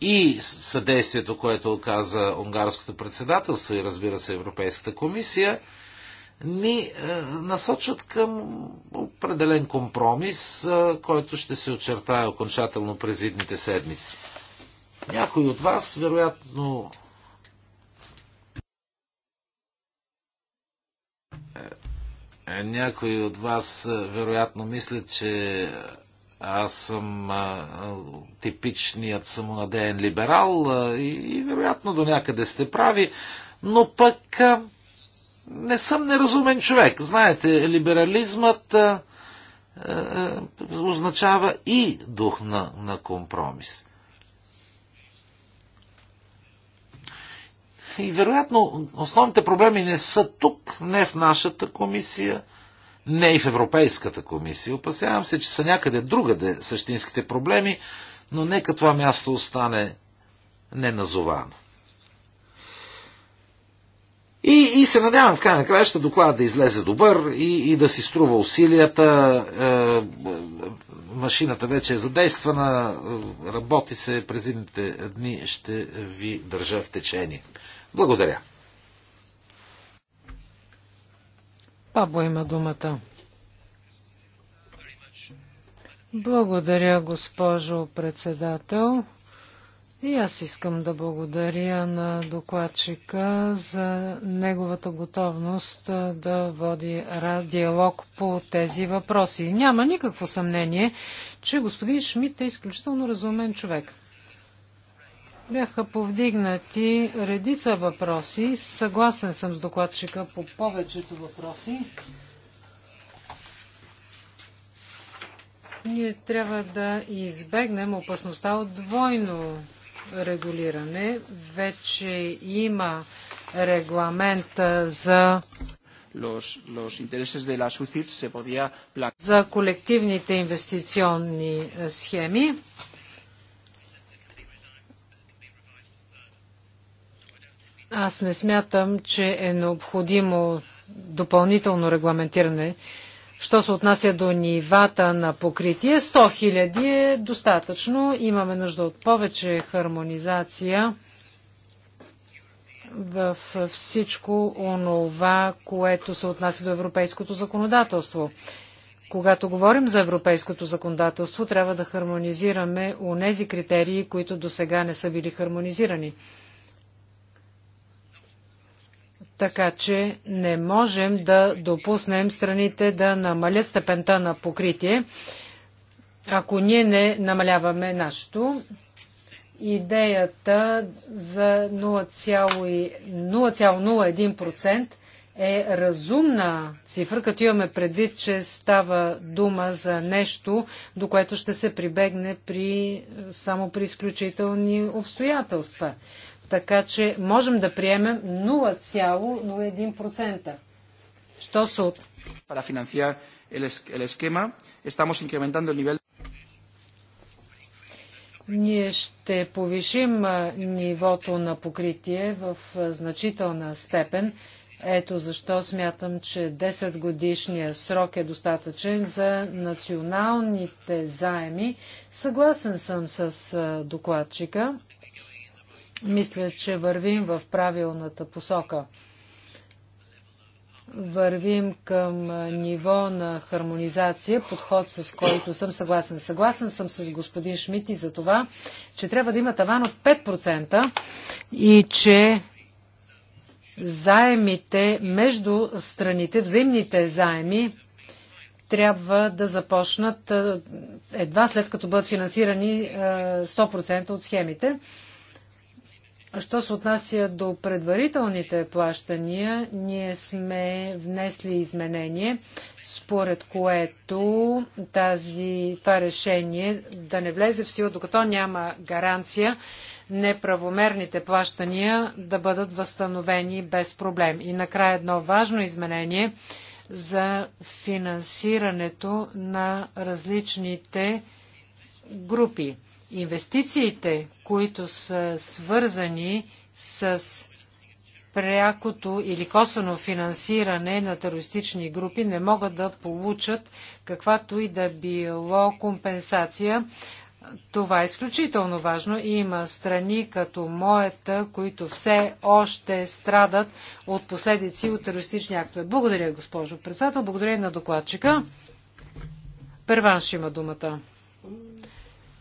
и съдействието, което оказа унгарското председателство и разбира се Европейската комисия – ни е, насочват към определен компромис, е, който ще се очертае окончателно през идните седмици. Някои от вас, вероятно, е, някои от вас, вероятно, мислят, че аз съм а, типичният самонадеен либерал а, и, и вероятно до някъде сте прави, но пък а, не съм неразумен човек. Знаете, либерализмът а, а, означава и дух на, на компромис. И вероятно основните проблеми не са тук, не в нашата комисия, не и в Европейската комисия. Опасявам се, че са някъде другаде същинските проблеми, но нека това място остане неназовано. И, и се надявам в край на края ще да излезе добър и, и да си струва усилията. Е, е машината вече е задействана, е, работи се през едните дни, ще ви държа в течение. Благодаря. Пабло има думата. Благодаря, госпожо председател. И аз искам да благодаря на докладчика за неговата готовност да води диалог по тези въпроси. Няма никакво съмнение, че господин Шмидт е изключително разумен човек. Бяха повдигнати редица въпроси. Съгласен съм с докладчика по повечето въпроси. Ние трябва да избегнем опасността от двойно регулиране. Вече има регламент за Los, los intereses de las UCITS se podía за колективните инвестиционни схеми. Аз не смятам, че е необходимо допълнително регламентиране Що се отнася до нивата на покритие, 100 000 е достатъчно. Имаме нужда от повече хармонизация в всичко онова, което се отнася до европейското законодателство. Когато говорим за европейското законодателство, трябва да хармонизираме нези критерии, които до сега не са били хармонизирани. Така че не можем да допуснем страните да намалят степента на покритие, ако ние не намаляваме нашето. Идеята за 0,01% е разумна цифра, като имаме предвид, че става дума за нещо, до което ще се прибегне при, само при изключителни обстоятелства. Така че можем да приемем 0,01%. Що се от... Para financiar el, el esquema, estamos incrementando el nivel ние ще повишим нивото на покритие в значителна степен. Ето защо смятам, че 10 годишния срок е достатъчен за националните заеми. Съгласен съм с докладчика. Мисля, че вървим в правилната посока. Вървим към ниво на хармонизация, подход с който съм съгласен. Съгласен съм с господин Шмидт и за това, че трябва да има таван от 5% и че заемите между страните, взаимните заеми, трябва да започнат едва след като бъдат финансирани 100% от схемите. Що се отнася до предварителните плащания, ние сме внесли изменение, според което тази, това решение да не влезе в сила, докато няма гаранция неправомерните плащания да бъдат възстановени без проблем. И накрая едно важно изменение за финансирането на различните групи. Инвестициите, които са свързани с прякото или косвено финансиране на терористични групи, не могат да получат каквато и да било компенсация. Това е изключително важно. Има страни като моята, които все още страдат от последици от терористични актове. Благодаря, госпожо председател. Благодаря и на докладчика. Перванш има думата.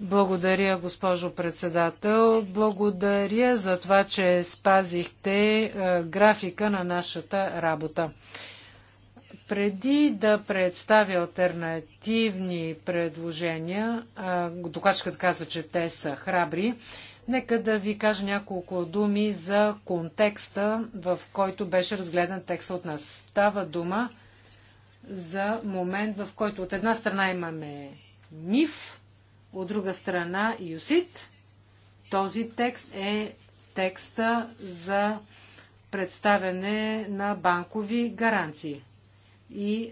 Благодаря, госпожо председател. Благодаря за това, че спазихте е, графика на нашата работа. Преди да представя альтернативни предложения, докачката каза, че те са храбри, нека да ви кажа няколко думи за контекста, в който беше разгледан текста от нас. Става дума за момент, в който от една страна имаме миф, от друга страна, ЮСИТ, този текст е текста за представяне на банкови гаранции. И,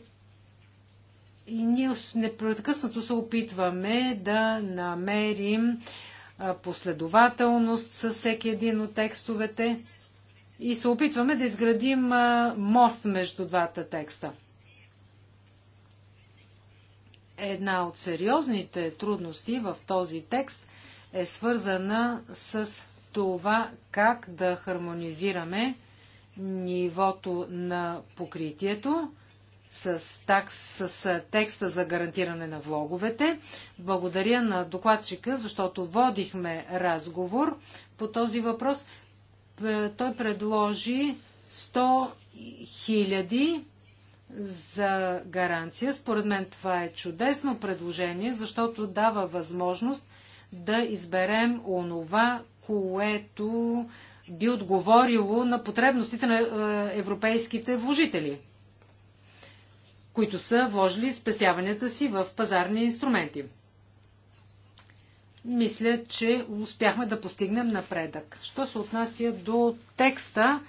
и ние непрекъснато се опитваме да намерим последователност с всеки един от текстовете и се опитваме да изградим мост между двата текста. Една от сериозните трудности в този текст е свързана с това как да хармонизираме нивото на покритието с, такс, с текста за гарантиране на влоговете. Благодаря на докладчика, защото водихме разговор по този въпрос. Той предложи 100 хиляди за гаранция. Според мен това е чудесно предложение, защото дава възможност да изберем онова, което би отговорило на потребностите на е, европейските вложители, които са вложили спестяванията си в пазарни инструменти. Мисля, че успяхме да постигнем напредък. Що се отнася до текста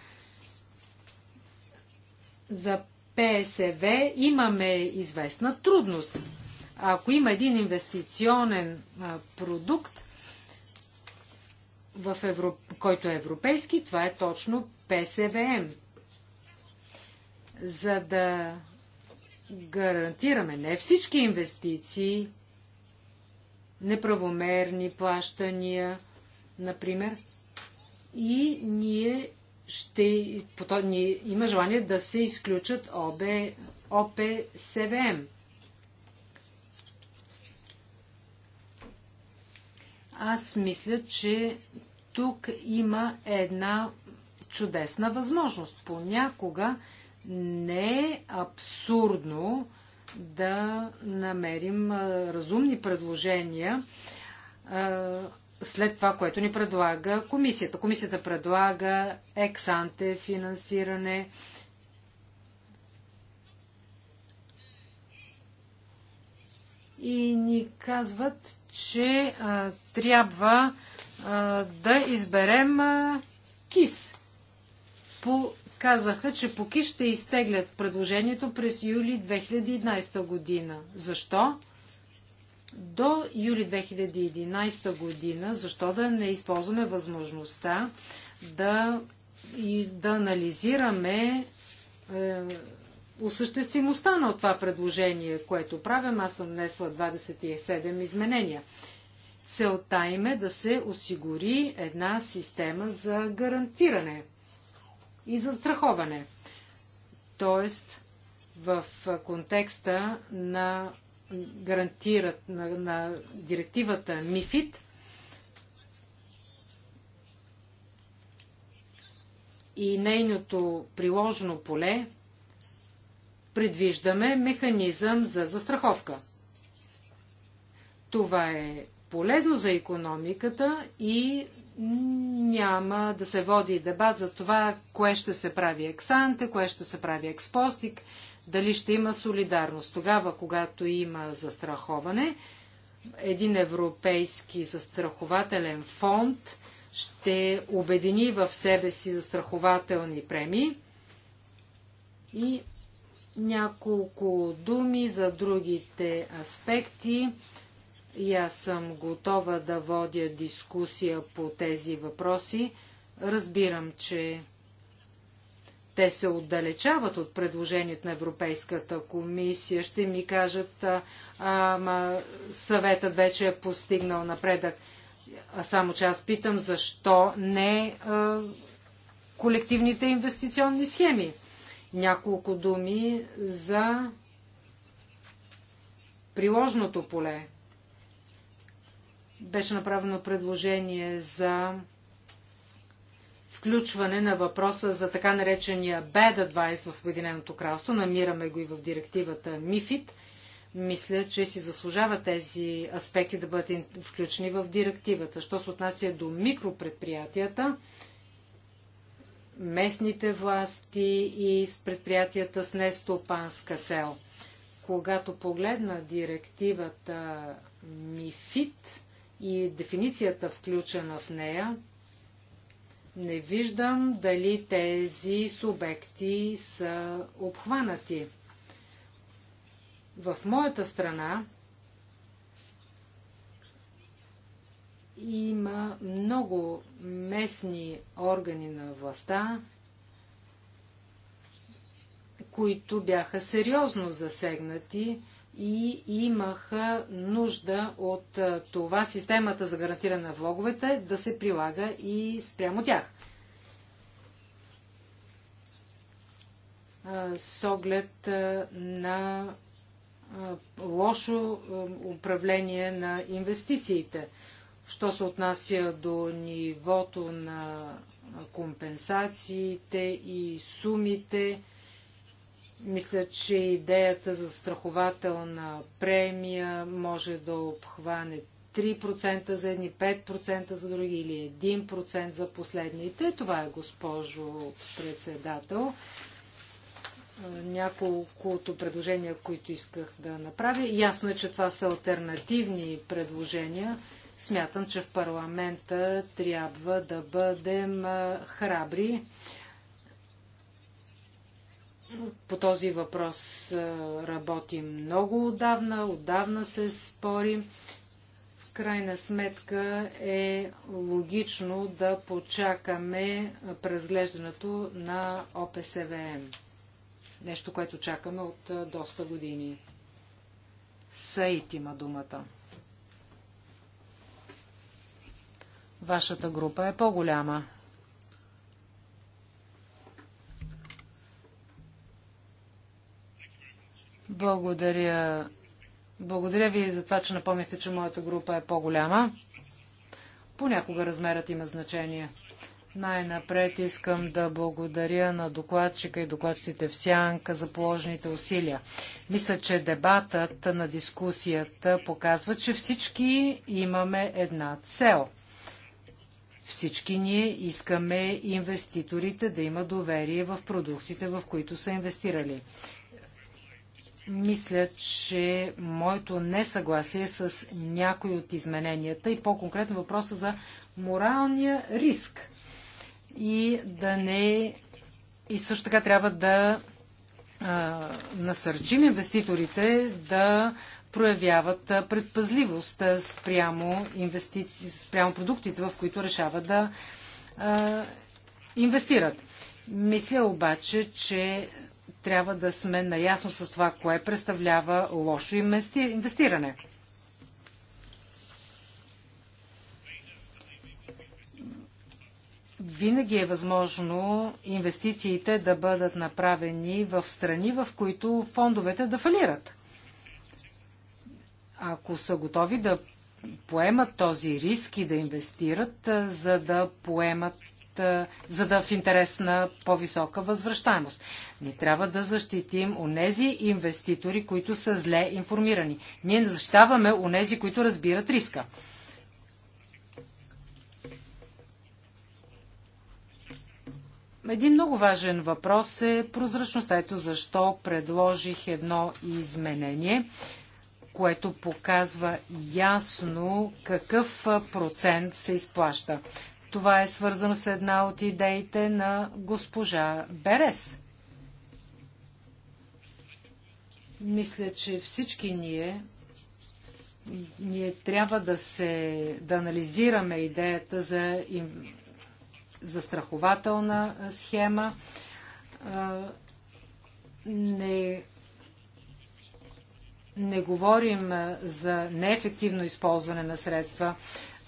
за ПСВ имаме известна трудност. Ако има един инвестиционен продукт, в Европ... който е европейски, това е точно ПСВМ. За да гарантираме не всички инвестиции, неправомерни плащания, например, и ние ще ни, има желание да се изключат ОБ, ОПСВМ. Аз мисля, че тук има една чудесна възможност. Понякога не е абсурдно да намерим разумни предложения, след това, което ни предлага комисията. Комисията предлага ексанте финансиране, и ни казват, че а, трябва а, да изберем а, КИС. По, казаха, че по КИС ще изтеглят предложението през юли 2011 година. Защо? до юли 2011 година, защо да не използваме възможността да, и да анализираме е, осъществимостта на това предложение, което правям. Аз съм внесла 27 изменения. Целта им е да се осигури една система за гарантиране и за страховане. Тоест, в контекста на гарантират на, на директивата Мифит. и нейното приложено поле, предвиждаме механизъм за застраховка. Това е полезно за економиката и няма да се води дебат за това, кое ще се прави ексанте, кое ще се прави експостик дали ще има солидарност. Тогава, когато има застраховане, един европейски застрахователен фонд ще обедини в себе си застрахователни премии и няколко думи за другите аспекти. И аз съм готова да водя дискусия по тези въпроси. Разбирам, че те се отдалечават от предложението на Европейската комисия. Ще ми кажат, ама съветът вече е постигнал напредък. А само че аз питам, защо не а, колективните инвестиционни схеми? Няколко думи за приложното поле. Беше направено предложение за включване на въпроса за така наречения Bad Advice в Обединеното кралство. Намираме го и в директивата MIFID. Мисля, че си заслужава тези аспекти да бъдат включени в директивата. Що се отнася до микропредприятията, местните власти и с предприятията с нестопанска цел. Когато погледна директивата MIFID и дефиницията включена в нея, не виждам дали тези субекти са обхванати. В моята страна има много местни органи на властта, които бяха сериозно засегнати и имаха нужда от това системата за гарантиране на влоговете да се прилага и спрямо тях. С оглед на лошо управление на инвестициите. Що се отнася до нивото на компенсациите и сумите, мисля, че идеята за страхователна премия може да обхване 3% за едни, 5% за други или 1% за последните. Това е, госпожо председател, е, няколкото предложения, които исках да направя. Ясно е, че това са альтернативни предложения. Смятам, че в парламента трябва да бъдем е, храбри по този въпрос работим много отдавна, отдавна се спорим. В крайна сметка е логично да почакаме преразглеждането на ОПСВМ. Нещо, което чакаме от доста години. Саит има думата. Вашата група е по-голяма. Благодаря. Благодаря ви за това, че напомните, че моята група е по-голяма. Понякога размерът има значение. Най-напред искам да благодаря на докладчика и докладчиците в Сянка за положените усилия. Мисля, че дебатът на дискусията показва, че всички имаме една цел. Всички ние искаме инвеститорите да имат доверие в продуктите, в които са инвестирали. Мисля, че моето несъгласие с някои от измененията и по-конкретно въпроса за моралния риск и да не и също така трябва да а, насърчим инвеститорите да проявяват предпазливост спрямо, инвестици... спрямо продуктите, в които решават да а, инвестират. Мисля обаче, че трябва да сме наясно с това, кое представлява лошо инвестиране. Винаги е възможно инвестициите да бъдат направени в страни, в които фондовете да фалират. Ако са готови да поемат този риск и да инвестират, за да поемат е, за да в интерес на по-висока възвръщаемост. Ние трябва да защитим онези инвеститори, които са зле информирани. Ние не защитаваме онези, които разбират риска. Един много важен въпрос е прозрачността. Ето защо предложих едно изменение, което показва ясно какъв процент се изплаща. Това е свързано с една от идеите на госпожа Берес. Мисля, че всички ние ние трябва да, се, да анализираме идеята за за застрахователна схема. Не, не говорим за неефективно използване на средства.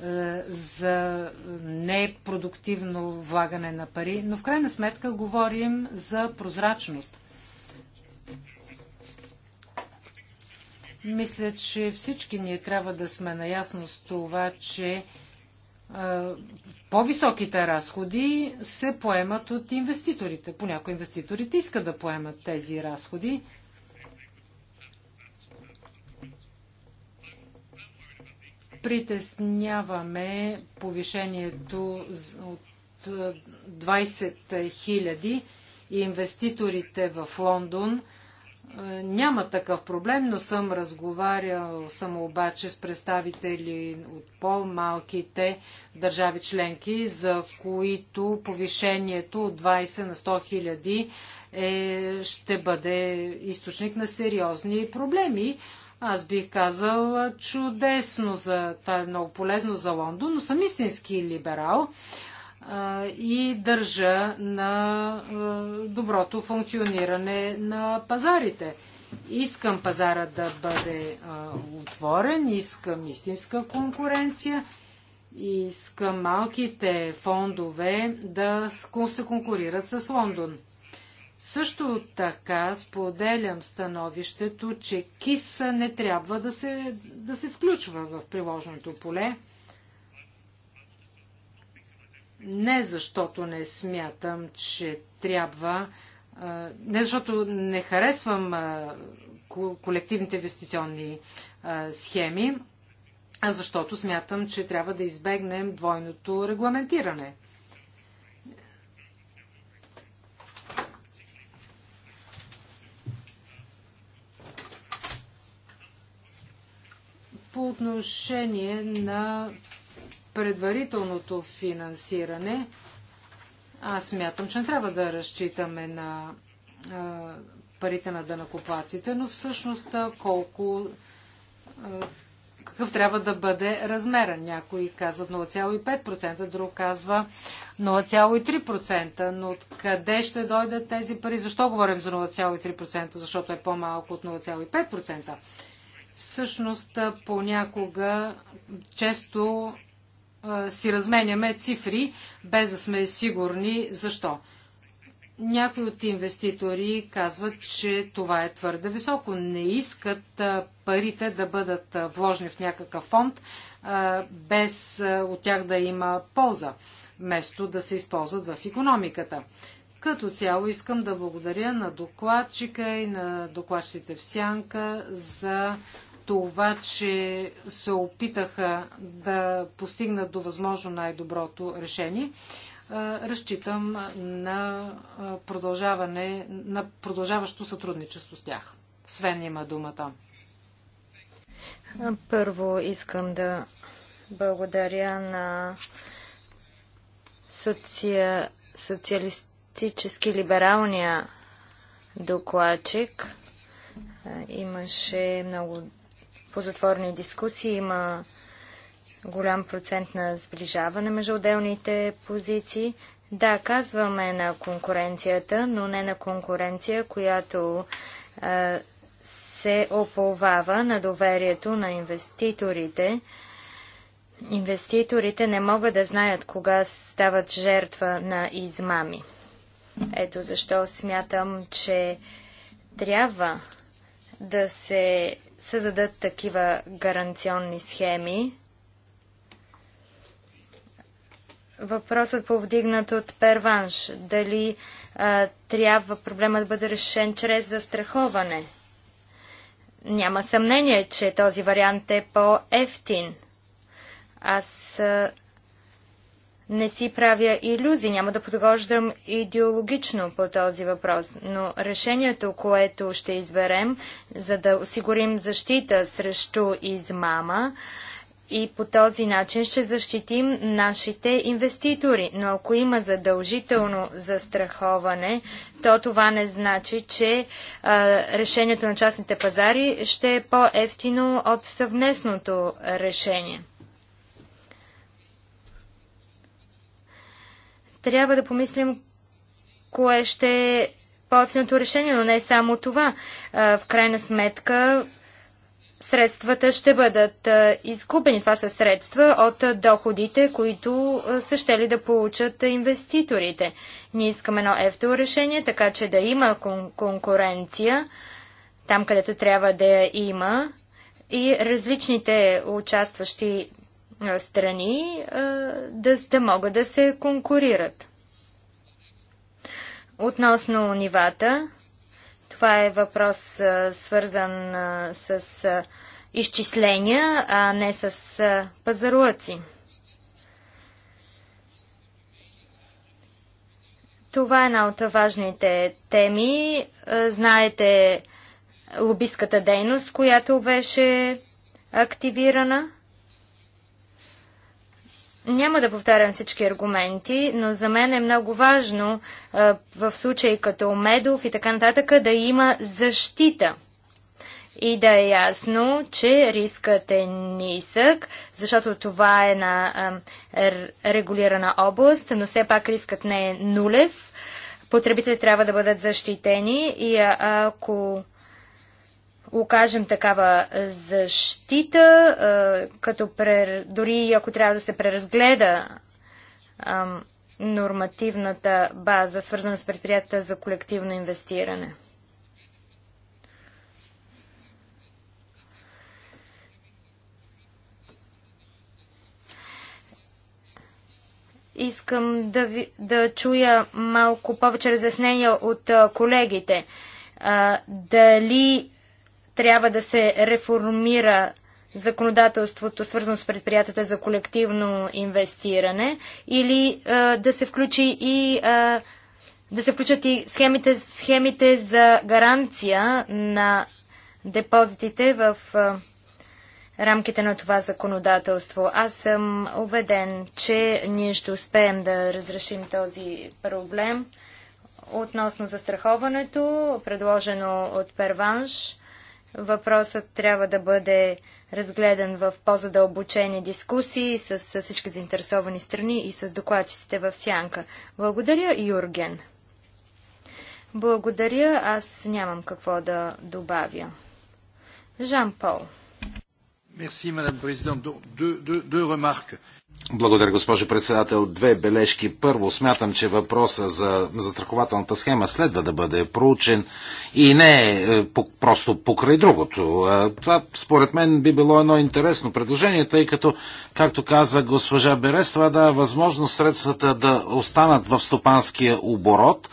Е, за непродуктивно влагане на пари, но в крайна сметка говорим за прозрачност. Мисля, че всички ние трябва да сме наясно с това, че е, по-високите разходи се поемат от инвеститорите. Понякога инвеститорите искат да поемат тези разходи, притесняваме повишението от 20 е, 000 и инвеститорите в Лондон. Е, няма такъв проблем, но съм разговарял само обаче с представители от по-малките държави членки, за които повишението от 20 на 100 хиляди е, ще бъде източник на сериозни проблеми. Аз бих казал чудесно, за... това е много полезно за Лондон, но съм истински либерал а, и държа на а, доброто функциониране на пазарите. Искам пазара да бъде а, отворен, искам истинска конкуренция, искам малките фондове да се конкурират с Лондон. Също така споделям становището, че киса не трябва да се, да се включва в приложеното поле. Не защото не смятам, че трябва, не защото не харесвам колективните инвестиционни схеми, а защото смятам, че трябва да избегнем двойното регламентиране. По отношение на предварителното финансиране, аз смятам, че не трябва да разчитаме на а, парите на дънакоплаците, но всъщност колко а, какъв трябва да бъде размера. Някои казват 0,5%, друг казва 0,3%. Но откъде ще дойдат тези пари? Защо говорим за 0,3%? Защото е по-малко от 0,5%. Всъщност, понякога, често си разменяме цифри, без да сме сигурни защо. Някои от инвеститори казват, че това е твърде високо. Не искат парите да бъдат вложени в някакъв фонд, без от тях да има полза, вместо да се използват в економиката. Като цяло искам да благодаря на докладчика и на докладчите в Сянка за това, че се опитаха да постигнат до възможно най-доброто решение. Разчитам на, продължаване, на продължаващо сътрудничество с тях. Свен има думата. Първо искам да благодаря на социалист политически либералния докладчик имаше много позатворни дискусии, има голям процент на сближаване между отделните позиции. Да, казваме на конкуренцията, но не на конкуренция, която е, се оповава на доверието на инвеститорите. Инвеститорите не могат да знаят кога стават жертва на измами. Ето защо смятам, че трябва да се създадат такива гаранционни схеми. Въпросът повдигнат от Перванш. Дали а, трябва проблема да бъде решен чрез застраховане? Няма съмнение, че този вариант е по-ефтин. Аз не си правя иллюзии, няма да подхождам идеологично по този въпрос, но решението, което ще изберем, за да осигурим защита срещу измама, и по този начин ще защитим нашите инвеститори. Но ако има задължително застраховане, то това не значи, че а, решението на частните пазари ще е по-ефтино от съвместното решение. Трябва да помислим кое ще е по-ефтиното решение, но не само това. В крайна сметка средствата ще бъдат изгубени. Това са средства от доходите, които са щели да получат инвеститорите. Ние искаме едно ефто решение, така че да има кон- конкуренция там, където трябва да я има и различните участващи страни да, да могат да се конкурират. Относно нивата, това е въпрос свързан с изчисления, а не с пазаруъци. Това е една от важните теми. Знаете лобистката дейност, която беше активирана – няма да повтарям всички аргументи, но за мен е много важно а, в случаи като Медов и така нататък да има защита и да е ясно, че рискът е нисък, защото това е на регулирана област, но все пак рискът не е нулев. Потребителите трябва да бъдат защитени и ако окажем такава защита, като прер... дори ако трябва да се преразгледа нормативната база, свързана с предприятията за колективно инвестиране. Искам да, ви, да чуя малко повече разяснения от колегите. А, дали трябва да се реформира законодателството, свързано с предприятията за колективно инвестиране, или а, да се включи и а, да се включат и схемите, схемите за гаранция на депозитите в а, рамките на това законодателство. Аз съм убеден, че ние ще успеем да разрешим този проблем относно застраховането, предложено от Перванш Въпросът трябва да бъде разгледан в по-задълбочени дискусии с, с всички заинтересовани страни и с докладчиците в Сянка. Благодаря, Юрген. Благодаря, аз нямам какво да добавя. Жан Пол. Merci, мадам президент. Две ремарки. Благодаря, госпожо председател. Две бележки. Първо, смятам, че въпроса за застрахователната схема следва да бъде проучен и не е, просто покрай другото. Това, според мен, би било едно интересно предложение, тъй като, както каза госпожа Берес, това дава възможност средствата да останат в стопанския оборот,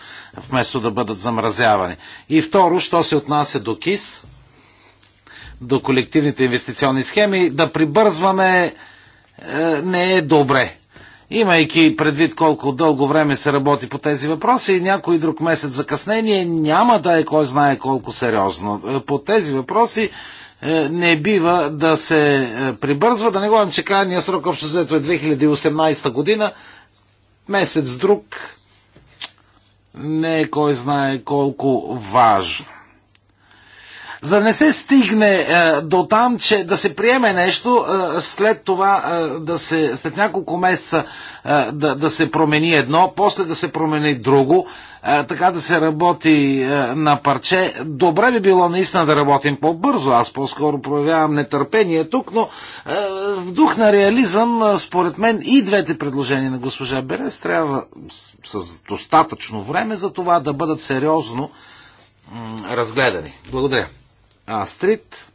вместо да бъдат замразявани. И второ, що се отнася до КИС, до колективните инвестиционни схеми, да прибързваме е, не е добре. Имайки предвид колко дълго време се работи по тези въпроси и някой друг месец закъснение няма да е кой знае колко сериозно. Е, по тези въпроси е, не бива да се прибързва, да не говорим, че крайният срок общо взето е 2018 година, месец друг не е кой знае колко важно. За да не се стигне е, до там, че да се приеме нещо, е, след това е, да се, след няколко месеца е, да, да се промени едно, после да се промени друго, е, така да се работи е, на парче. Добре би било наистина да работим по-бързо, аз по-скоро проявявам нетърпение тук, но е, в дух на реализъм, е, според мен, и двете предложения на госпожа Берес трябва с, с достатъчно време за това да бъдат сериозно разгледани. Благодаря. Астрид.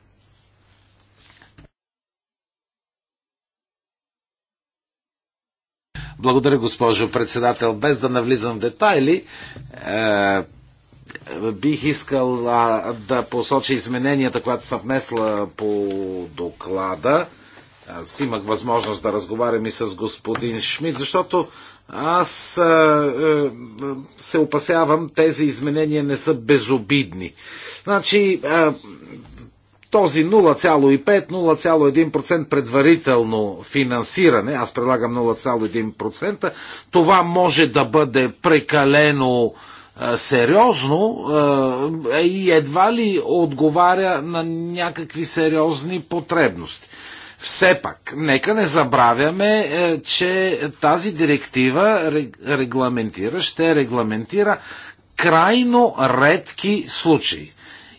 Благодаря, госпожо председател. Без да навлизам в детайли, е, бих искал а, да посоча измененията, които съм внесла по доклада. Аз имах възможност да разговарям и с господин Шмидт, защото аз а, е, е, се опасявам, тези изменения не са безобидни. Значи, е, този 0,5-0,1% предварително финансиране, аз предлагам 0,1%, това може да бъде прекалено е, сериозно е, и едва ли отговаря на някакви сериозни потребности. Все пак, нека не забравяме, е, че тази директива регламентира, ще регламентира крайно редки случаи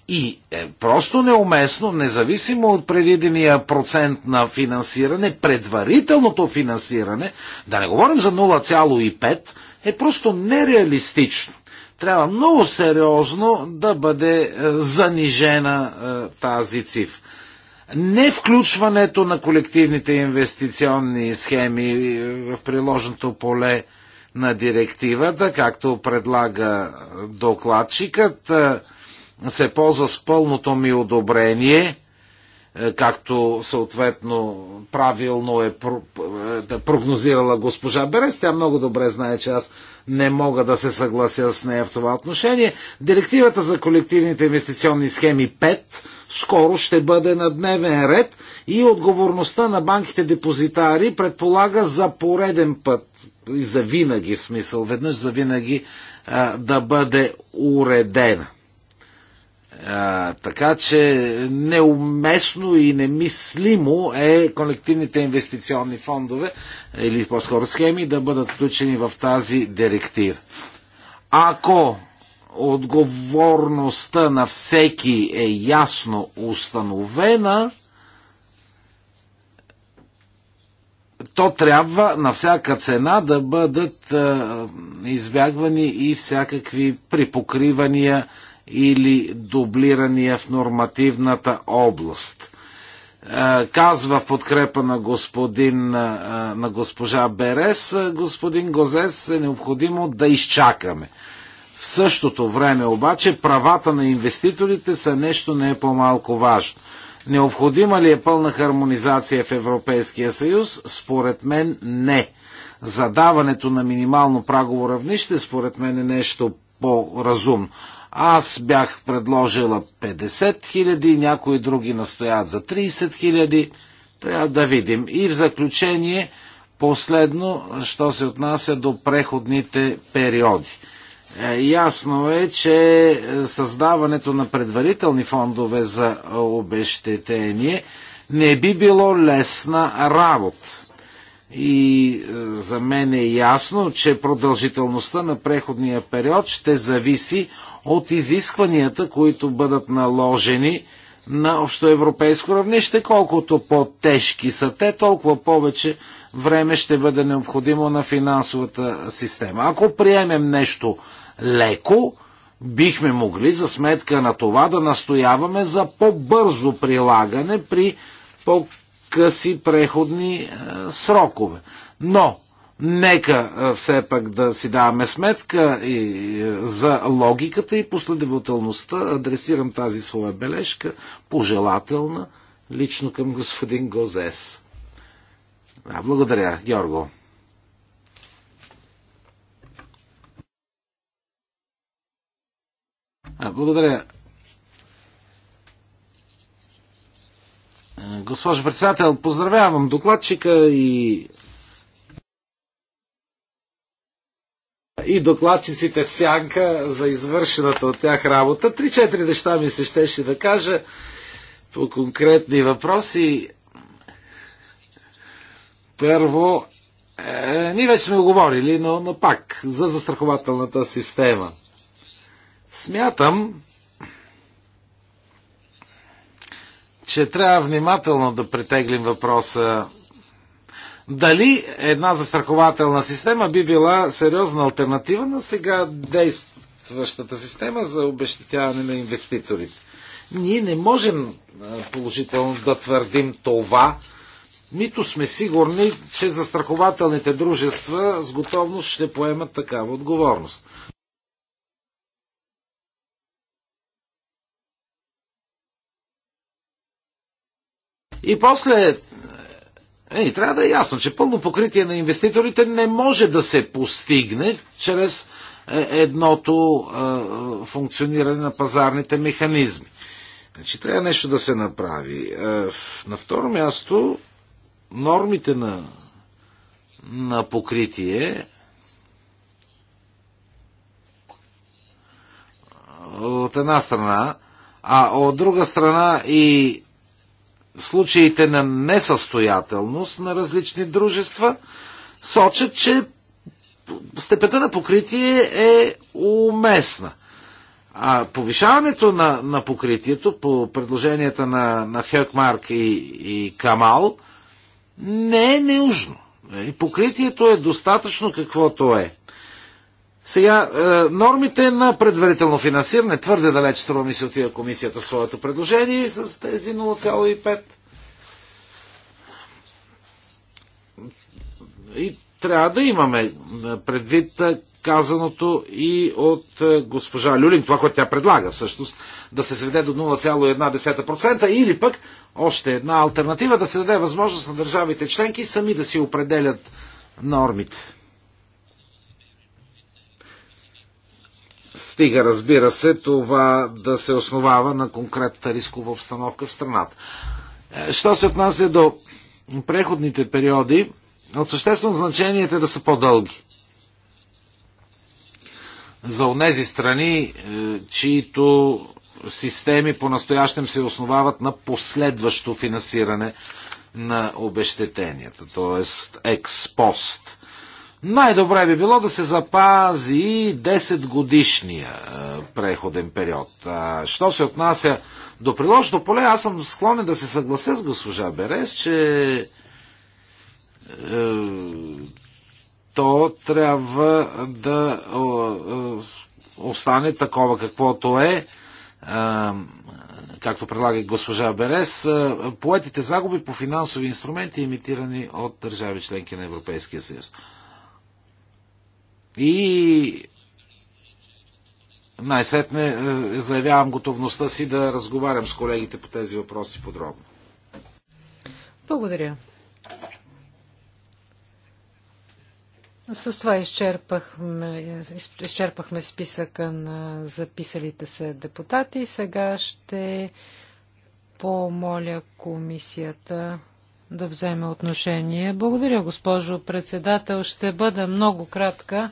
и е просто неуместно, независимо от предвидения процент на финансиране, предварителното финансиране, да не говорим за 0,5, е просто нереалистично. Трябва много сериозно да бъде е, занижена е, тази цифра. Не включването на колективните инвестиционни схеми е, в приложното поле на директивата, както предлага докладчикът, се ползва с пълното ми одобрение, е, както съответно правилно е, е прогнозирала госпожа Берес. Тя много добре знае, че аз не мога да се съглася с нея в това отношение. Директивата за колективните инвестиционни схеми 5 скоро ще бъде на дневен ред и отговорността на банките депозитари предполага за пореден път и за винаги, в смисъл, веднъж за винаги да бъде уредена. А, така че неуместно и немислимо е колективните инвестиционни фондове или по-скоро схеми да бъдат включени в тази директива. Ако отговорността на всеки е ясно установена, то трябва на всяка цена да бъдат а, избягвани и всякакви припокривания или дублирания в нормативната област. Е, казва в подкрепа на, господин, е, на госпожа Берес, е, господин Гозес е необходимо да изчакаме. В същото време обаче правата на инвеститорите са нещо не е по-малко важно. Необходима ли е пълна хармонизация в Европейския съюз? Според мен не. Задаването на минимално прагово равнище според мен е нещо по-разумно. Аз бях предложила 50 хиляди, някои други настояват за 30 хиляди. Трябва да видим. И в заключение, последно, що се отнася до преходните периоди. Е, ясно е, че създаването на предварителни фондове за обещетение не би било лесна работа. И е, за мен е ясно, че продължителността на преходния период ще зависи от изискванията, които бъдат наложени на общоевропейско равнище. Колкото по-тежки са те, толкова повече време ще бъде необходимо на финансовата система. Ако приемем нещо леко, бихме могли за сметка на това да настояваме за по-бързо прилагане при по-къси преходни е, срокове. Но Нека все пак да си даваме сметка и за логиката и последователността. Адресирам тази своя бележка, пожелателна, лично към господин Гозес. А, благодаря, Георго. А, благодаря. Госпожо председател, поздравявам докладчика и и докладчиците в сянка за извършената от тях работа. Три-четири неща ми се щеше да кажа по конкретни въпроси. Първо, е, ние вече сме оговорили, но, но пак за застрахователната система. Смятам, че трябва внимателно да притеглим въпроса дали една застрахователна система би била сериозна альтернатива на сега действащата система за обещетяване на инвеститорите. Ние не можем положително да твърдим това, нито сме сигурни, че застрахователните дружества с готовност ще поемат такава отговорност. И после и трябва да е ясно, че пълно покритие на инвеститорите не може да се постигне чрез е, едното е, функциониране на пазарните механизми. Значи трябва нещо да се направи. Е, на второ място, нормите на, на покритие от една страна, а от друга страна и случаите на несъстоятелност на различни дружества сочат, че степента на покритие е уместна. А повишаването на, на покритието по предложенията на, на Хелкмарк и, и Камал не е нужно. И покритието е достатъчно каквото е. Сега, е, нормите на предварително финансиране твърде далеч струва ми се отива комисията в своето предложение с тези 0,5. И трябва да имаме е, предвид е, казаното и от е, госпожа Люлин, това, което тя предлага всъщност, да се сведе до 0,1% или пък още една альтернатива да се даде възможност на държавите членки сами да си определят нормите. Стига, разбира се, това да се основава на конкретната рискова обстановка в страната. Е, що се отнася до преходните периоди, от съществено значение е да са по-дълги. За онези страни, е, чието системи по-настоящем се основават на последващо финансиране на обещетенията, т.е. експост. Най-добре би било да се запази 10 годишния е, преходен период. що се отнася до приложното поле, аз съм склонен да се съглася с госпожа Берес, че е, то трябва да остане такова каквото е, е както предлага госпожа Берес, поетите загуби по финансови инструменти, имитирани от държави членки на Европейския съюз. И най-сетне е, заявявам готовността си да разговарям с колегите по тези въпроси подробно. Благодаря. С това изчерпахме, изчерпахме списъка на записалите се депутати. Сега ще помоля комисията да вземе отношение. Благодаря, госпожо председател. Ще бъда много кратка.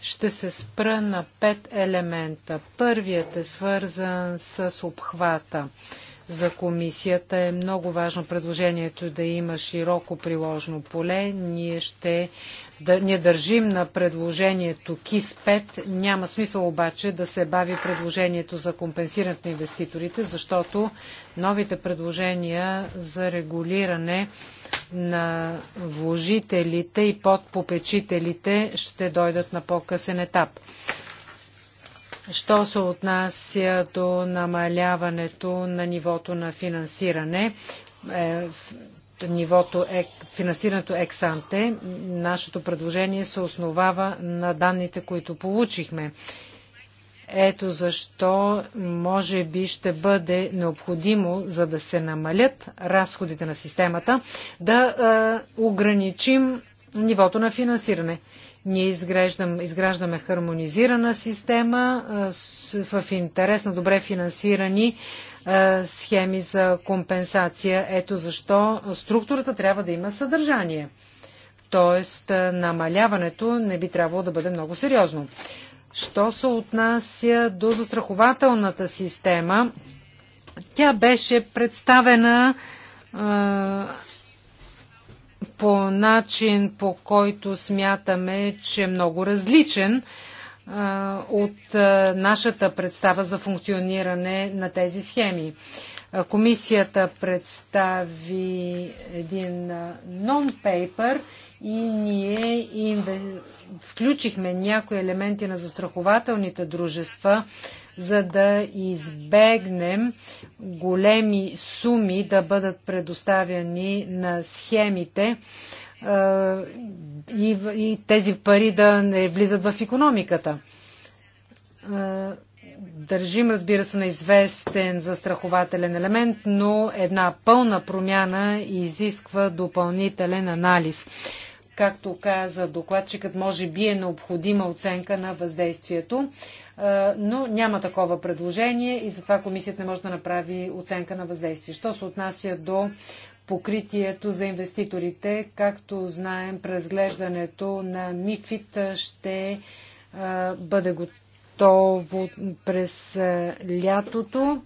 Ще се спра на пет елемента. Първият е свързан с обхвата. За комисията е много важно предложението да има широко приложно поле. Ние ще да не държим на предложението КИС 5. Няма смисъл обаче да се бави предложението за компенсирането на инвеститорите, защото новите предложения за регулиране на вложителите и подпопечителите ще дойдат на по-късен етап. Що се отнася до намаляването на нивото на финансиране, е, нивото е, финансирането е ексанте. Нашето предложение се основава на данните, които получихме. Ето защо може би ще бъде необходимо, за да се намалят разходите на системата, да е, ограничим нивото на финансиране. Ние изграждам, изграждаме хармонизирана система е, с, в интерес на добре финансирани е, е, схеми за компенсация. Ето защо структурата трябва да има съдържание. Тоест, е, намаляването не би трябвало да бъде много сериозно. Що се отнася до застрахователната система, тя беше представена е, по начин, по който смятаме, че е много различен от нашата представа за функциониране на тези схеми. Комисията представи един нон-пейпер и ние включихме някои елементи на застрахователните дружества, за да избегнем големи суми да бъдат предоставяни на схемите е, и, и тези пари да не влизат в економиката. Е, държим, разбира се, на известен застрахователен елемент, но една пълна промяна изисква допълнителен анализ. Както каза докладчикът, може би е необходима оценка на въздействието, е, но няма такова предложение и затова комисията не може да направи оценка на въздействие. Що се отнася до покритието за инвеститорите. Както знаем, преразглеждането на МИФИТ ще бъде готово през лятото.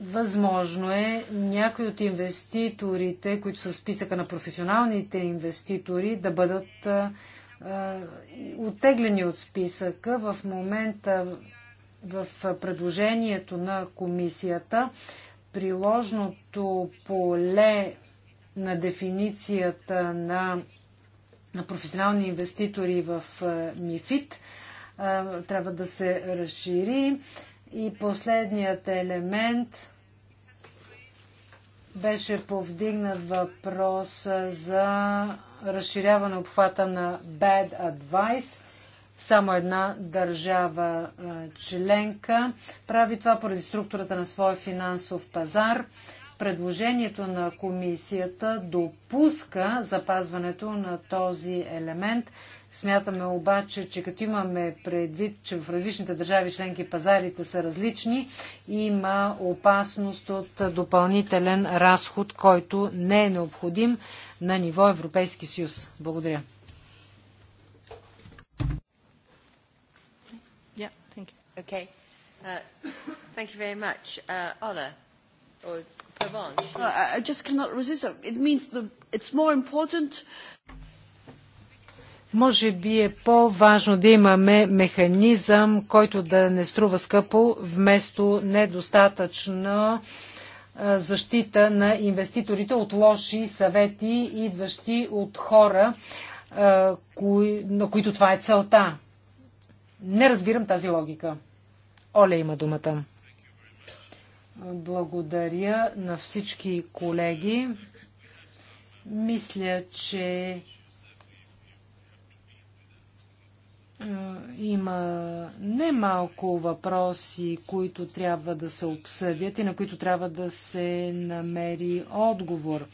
Възможно е някои от инвеститорите, които са в списъка на професионалните инвеститори, да бъдат а, оттеглени от списъка. В момента в предложението на комисията приложното поле на дефиницията на, на професионални инвеститори в е, МИФИТ е, трябва да се разшири. И последният елемент беше повдигнат въпрос за разширяване обхвата на bad advice. Само една държава членка прави това поради структурата на своя финансов пазар. Предложението на комисията допуска запазването на този елемент. Смятаме обаче, че като имаме предвид, че в различните държави членки пазарите са различни, има опасност от допълнителен разход, който не е необходим на ниво Европейски съюз. Благодаря. Okay. Uh, thank you very much. Uh, Ola, or Pavon. No, I just cannot resist. It means the, it's more important може би е по-важно да имаме механизъм, който да не струва скъпо, вместо недостатъчна защита на инвеститорите от лоши съвети, идващи от хора, на които това е целта. Не разбирам тази логика. Оля има думата. Благодаря на всички колеги. Мисля, че е, има немалко въпроси, които трябва да се обсъдят и на които трябва да се намери отговор.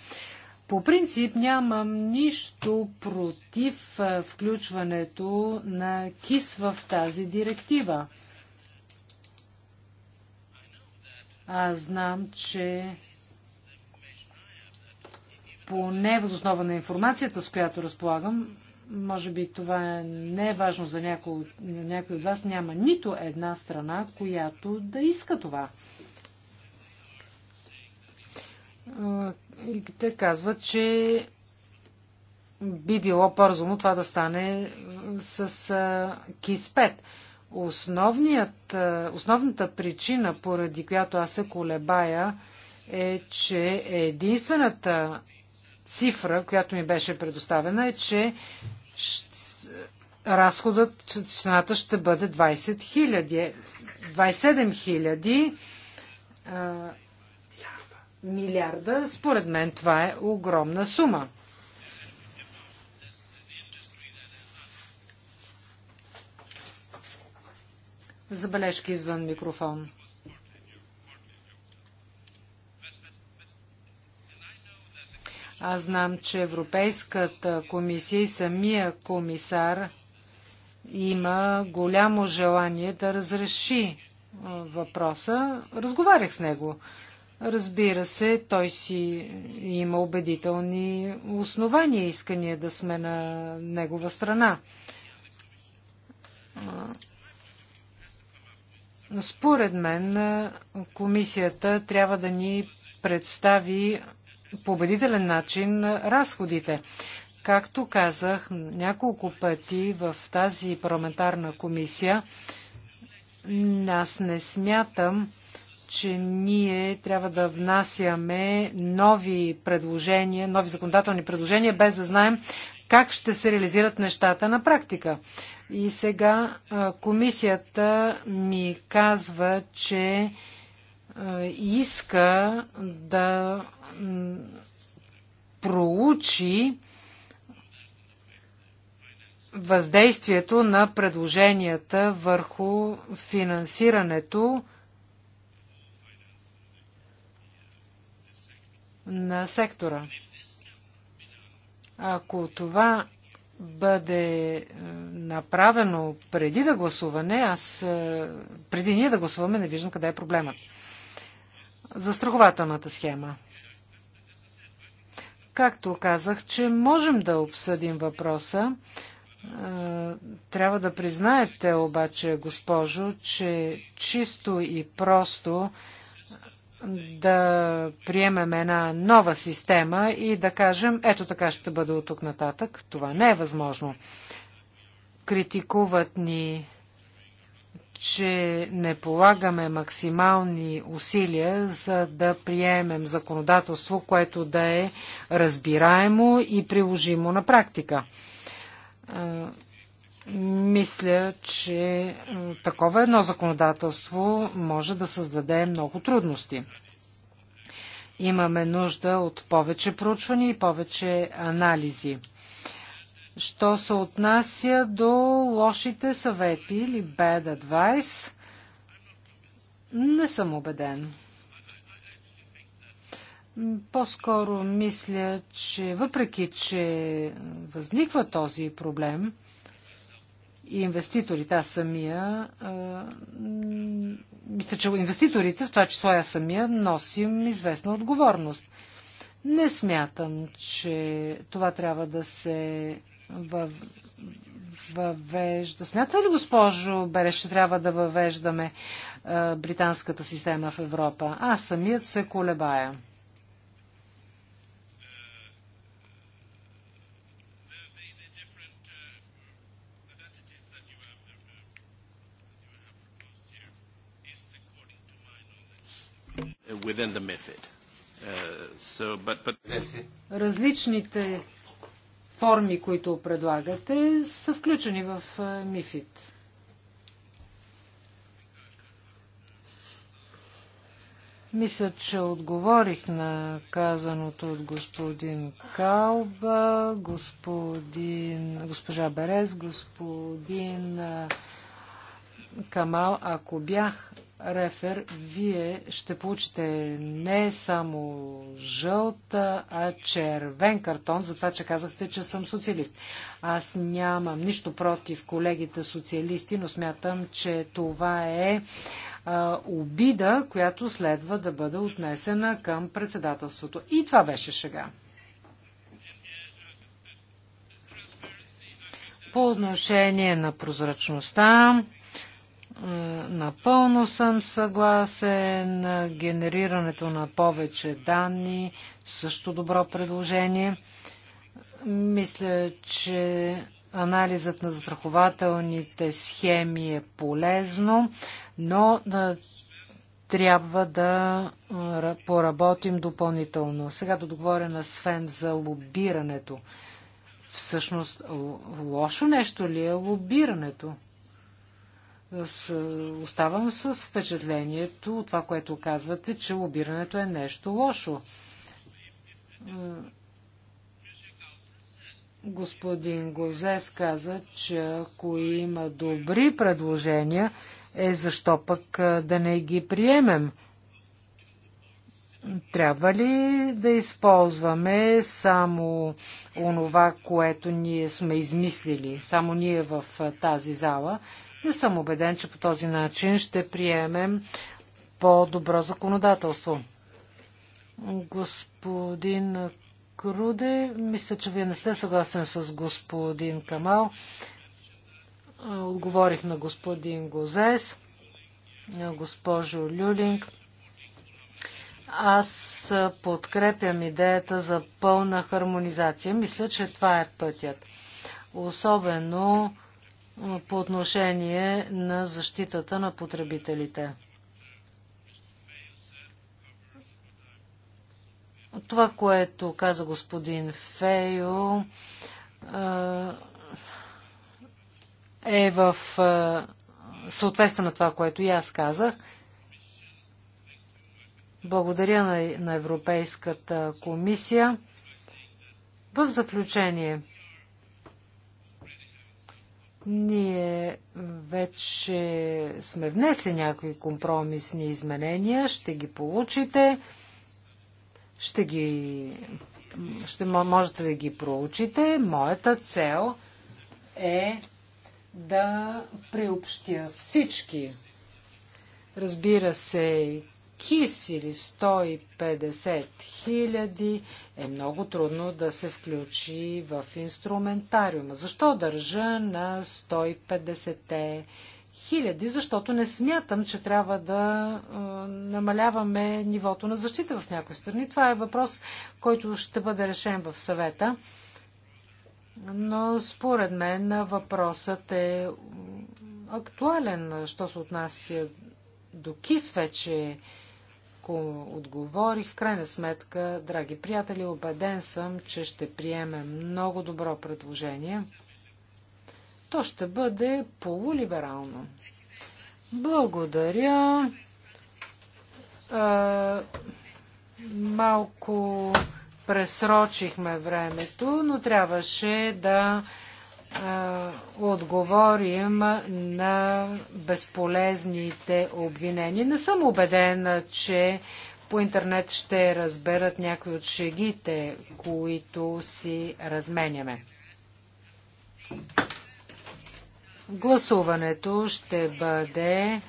По принцип нямам нищо против е, включването на КИС в тази директива. Аз знам, че поне основа на информацията, с която разполагам, може би това не е важно за някой, някой от вас, няма нито една страна, която да иска това. И те казват, че би било по-разумно това да стане с кис 5. Основният, е, основната причина, поради която аз се колебая, е, че единствената цифра, която ми беше предоставена, е, че разходът, цената ще бъде 20 хиляди, 27 000 е, милиарда. Според мен това е огромна сума. Забележки извън микрофон. Аз знам, че Европейската комисия и самия комисар има голямо желание да разреши въпроса. Разговарях с него. Разбира се, той си има убедителни основания искания да сме на негова страна. Според мен комисията трябва да ни представи по убедителен начин разходите. Както казах няколко пъти в тази парламентарна комисия, аз не смятам, че ние трябва да внасяме нови предложения, нови законодателни предложения, без да знаем как ще се реализират нещата на практика. И сега комисията ми казва, че иска да проучи въздействието на предложенията върху финансирането на сектора. Ако това бъде е, направено преди да гласуване, аз е, преди ние да гласуваме, не виждам къде е проблемът. Застрахователната схема. Както казах, че можем да обсъдим въпроса, е, трябва да признаете обаче, госпожо, че чисто и просто да приемем една нова система и да кажем, ето така ще бъде от тук нататък. Това не е възможно. Критикуват ни, че не полагаме максимални усилия за да приемем законодателство, което да е разбираемо и приложимо на практика мисля, че такова едно законодателство може да създаде много трудности. Имаме нужда от повече проучвания и повече анализи. Що се отнася до лошите съвети или bad advice, не съм убеден. По-скоро мисля, че въпреки, че възниква този проблем, и инвеститорите. Аз самия, а, мисля, че инвеститорите, в това число аз самия, носим известна отговорност. Не смятам, че това трябва да се във... въвежда. Смята ли, госпожо Береш, че трябва да въвеждаме а, британската система в Европа? Аз самият се колебая. Uh, Различните форми, които предлагате, са включени в МИФИД. Е, Мисля, че отговорих на казаното от господин Калба, господин, госпожа Берез, господин е, Камал. Ако бях Рефер, вие ще получите не само жълта, а червен картон, за това, че казахте, че съм социалист. Аз нямам нищо против колегите социалисти, но смятам, че това е а, обида, която следва да бъде отнесена към председателството. И това беше шега. По отношение на прозрачността, Напълно съм съгласен. Генерирането на повече данни също добро предложение. Мисля, че анализът на застрахователните схеми е полезно, но да, трябва да поработим допълнително. Сега да договоря на Свен за лобирането. Всъщност, лошо нещо ли е лобирането? Аз е, оставам с впечатлението от това, което казвате, че лобирането е нещо лошо. Е, господин Гозес каза, че ако има добри предложения, е защо пък е, да не ги приемем? Трябва ли да използваме само онова, което ние сме измислили, само ние в тази зала? Не съм убеден, че по този начин ще приемем по-добро законодателство. Господин Круде, мисля, че вие не сте съгласен с господин Камал. Отговорих на господин Гозес, госпожо Люлинг. Аз подкрепям идеята за пълна хармонизация. Мисля, че това е пътят. Особено по отношение на защитата на потребителите. Това, което каза господин Фейо, е, е в е, съответствие на това, което и аз казах. Благодаря на, Европейската комисия. В заключение, ние вече сме внесли някои компромисни изменения, ще ги получите, ще ги ще можете да ги проучите. Моята цел е да приобщя всички. Разбира се, КИС или 150 хиляди, е много трудно да се включи в инструментариума. Защо държа на 150 хиляди? Защото не смятам, че трябва да е, намаляваме нивото на защита в някои страни. Това е въпрос, който ще бъде решен в съвета. Но според мен въпросът е актуален, що се отнася до КИС вече кратко отговорих. В крайна сметка, драги приятели, убеден съм, че ще приеме много добро предложение. То ще бъде полулиберално. Благодаря. А, малко пресрочихме времето, но трябваше да отговорим на безполезните обвинения. Не съм убедена, че по интернет ще разберат някои от шегите, които си разменяме. Гласуването ще бъде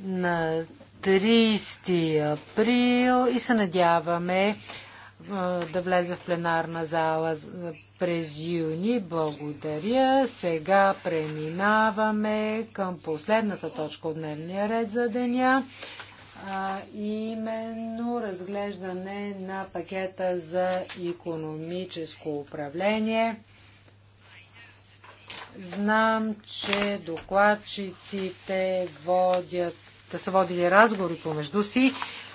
на 30 април и се надяваме да влезе в пленарна зала през юни. Благодаря. Сега преминаваме към последната точка от дневния ред за деня. А, именно разглеждане на пакета за економическо управление. Знам, че докладчиците водят, да са водили разговори помежду си.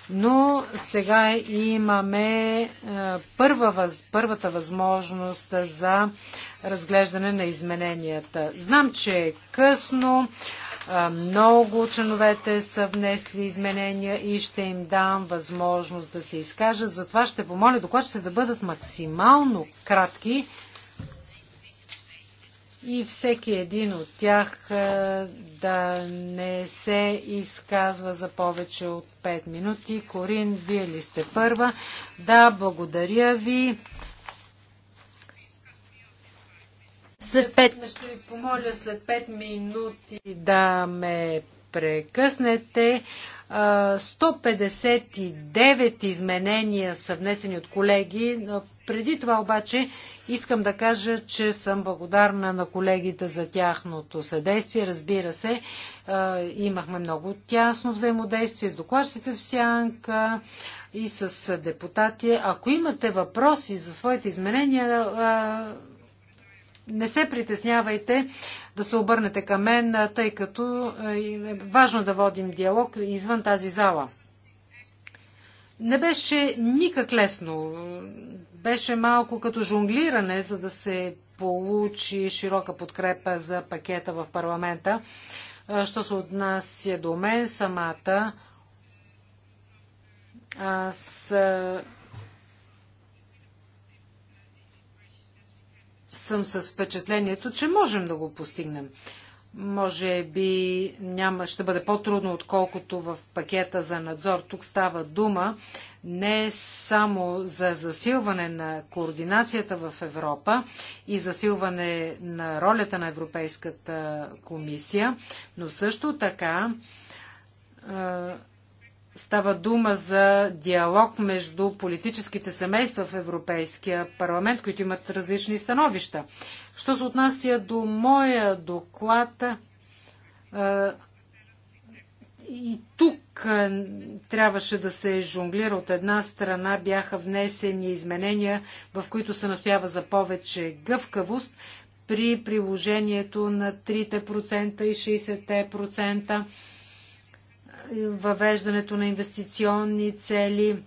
Но сега имаме е, първа, първата възможност за разглеждане на измененията. Знам, че е късно. Е, много членовете са внесли изменения и ще им дам възможност да се изкажат. Затова ще помоля докладчите да бъдат максимално кратки и всеки един от тях е, да не се изказва за повече от 5 минути. Корин, вие ли сте първа? Да, благодаря ви. След 5... Ще ви помоля след 5 минути да ме прекъснете. 159 е, изменения са внесени от колеги. Преди това обаче искам да кажа, че съм благодарна на колегите за тяхното съдействие. Разбира се, имахме много тясно взаимодействие с докладчите в Сянка и с депутати. Ако имате въпроси за своите изменения, не се притеснявайте да се обърнете към мен, тъй като е важно да водим диалог извън тази зала. Не беше никак лесно беше малко като жонглиране, за да се получи широка подкрепа за пакета в парламента. Що се отнася до мен самата, аз съм с впечатлението, че можем да го постигнем може би няма, ще бъде по-трудно, отколкото в пакета за надзор. Тук става дума не само за засилване на координацията в Европа и засилване на ролята на Европейската комисия, но също така Става дума за диалог между политическите семейства в Европейския парламент, които имат различни становища. Що се отнася до моя доклад, и тук трябваше да се жонглира. От една страна бяха внесени изменения, в които се настоява за повече гъвкавост при приложението на 3% и 60% въвеждането на инвестиционни цели,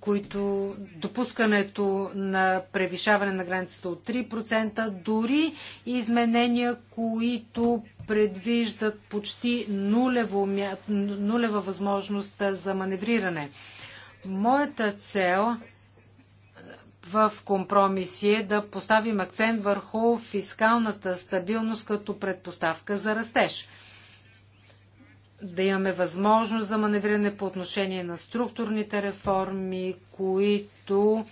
които допускането на превишаване на границата от 3%, дори изменения, които предвиждат почти нулево, нулева възможност за маневриране. Моята цел в компромиси е да поставим акцент върху фискалната стабилност като предпоставка за растеж – да имаме възможност за маневриране по отношение на структурните реформи, които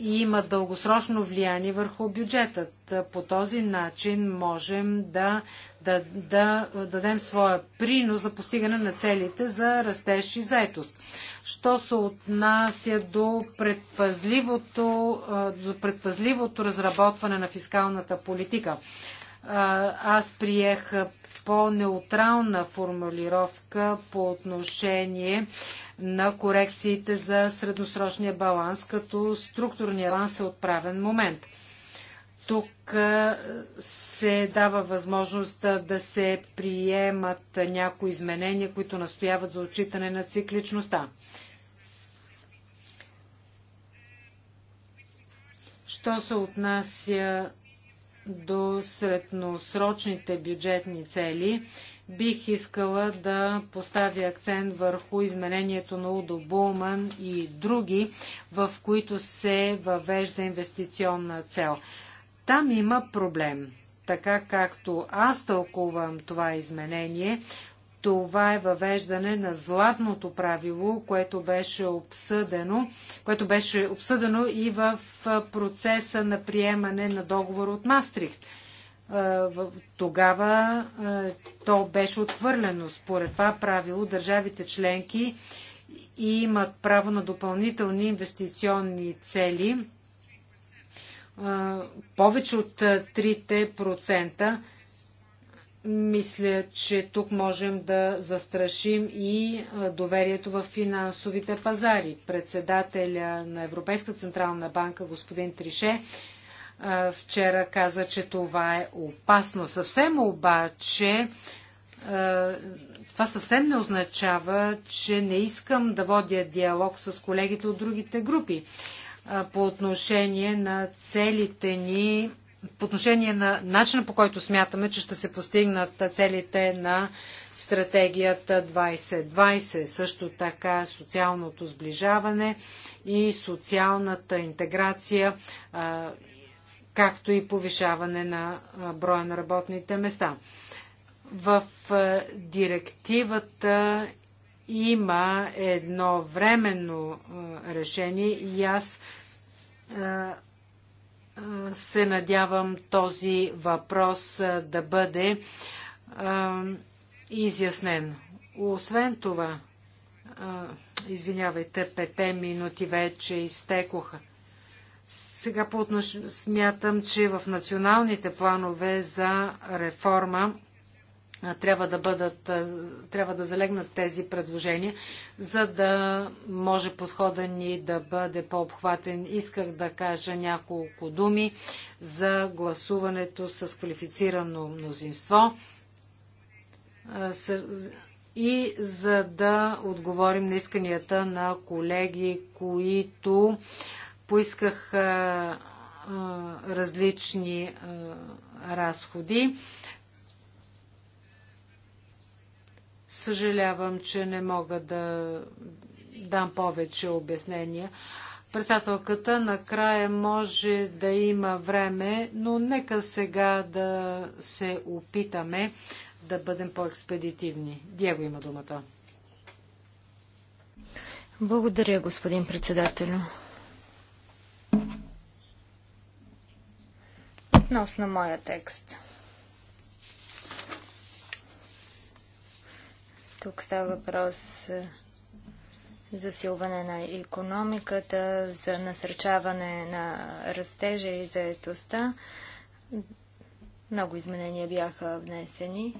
и има дългосрочно влияние върху бюджетът. По този начин можем да, да, да дадем своя принос за постигане на целите за растеж и заетост. Що се отнася до предпазливото, до предпазливото разработване на фискалната политика? Аз приех по-неутрална формулировка по отношение на корекциите за средносрочния баланс, като структурния баланс е отправен момент. Тук се дава възможност да се приемат някои изменения, които настояват за отчитане на цикличността. Що се отнася до средносрочните бюджетни цели, бих искала да поставя акцент върху изменението на Удо Булман и други, в които се въвежда инвестиционна цел. Там има проблем. Така както аз тълкувам това изменение, това е въвеждане на златното правило, което беше обсъдено, което беше обсъдено и в процеса на приемане на договор от Мастрихт. Е, тогава е, то беше отхвърлено. Според това правило държавите членки имат право на допълнителни инвестиционни цели е, повече от 3%. Мисля, че тук можем да застрашим и доверието в финансовите пазари. Председателя на Европейска централна банка, господин Трише, вчера каза, че това е опасно. Съвсем обаче това съвсем не означава, че не искам да водя диалог с колегите от другите групи по отношение на целите ни по отношение на начина по който смятаме, че ще се постигнат целите на стратегията 2020, също така социалното сближаване и социалната интеграция, както и повишаване на броя на работните места. В директивата има едно временно решение и аз се надявам този въпрос да бъде изяснен. Освен това, извинявайте, пете минути вече изтекоха. Сега по смятам, че в националните планове за реформа трябва да, бъдат, трябва да залегнат тези предложения, за да може подхода ни да бъде по-обхватен. Исках да кажа няколко думи за гласуването с квалифицирано мнозинство и за да отговорим на исканията на колеги, които поисках различни разходи. Съжалявам, че не мога да дам повече обяснения. Председателката накрая може да има време, но нека сега да се опитаме да бъдем по-експедитивни. Диего има думата. Благодаря, господин председателю. Относно моя текст – Тук става въпрос е, за силване на економиката, за насърчаване на растежа и заетостта. Много изменения бяха внесени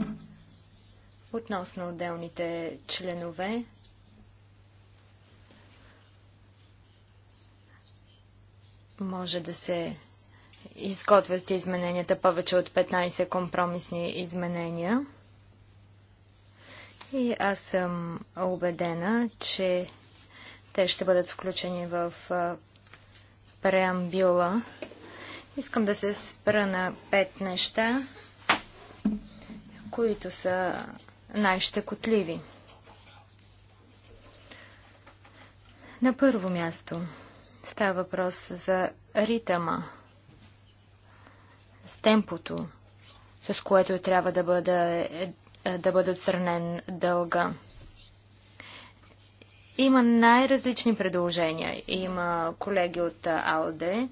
относно отделните членове. Може да се изготвят измененията повече от 15 компромисни изменения. И аз съм убедена, че те ще бъдат включени в преамбюла. Искам да се спра на пет неща, които са най-щекотливи. На първо място става въпрос за ритъма, с темпото, с което трябва да бъде е, да бъде отстранен дълга. Има най-различни предложения. Има колеги от е, АЛДЕ,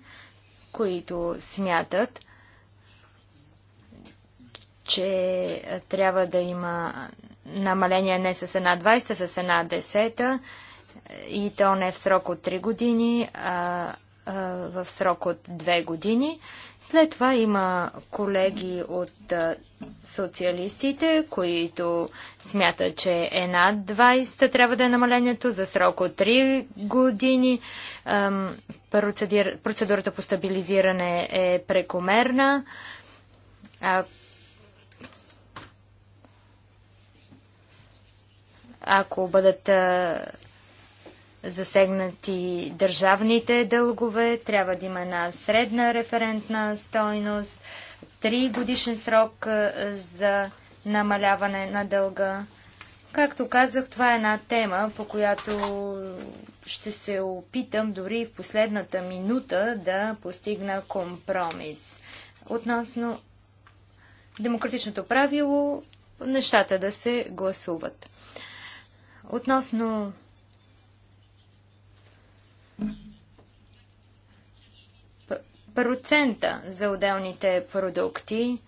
които смятат, че е, трябва да има намаление не с една 20, а с една 10 и то не в срок от 3 години, а в срок от две години. След това има колеги от социалистите, които смятат, че е над 20 трябва да е намалението за срок от 3 години. Процедурата по стабилизиране е прекомерна. ако бъдат засегнати държавните дългове, трябва да има една средна референтна стойност, три годишен срок за намаляване на дълга. Както казах, това е една тема, по която ще се опитам дори в последната минута да постигна компромис. Относно демократичното правило, нещата да се гласуват. Относно процента за отделните продукти.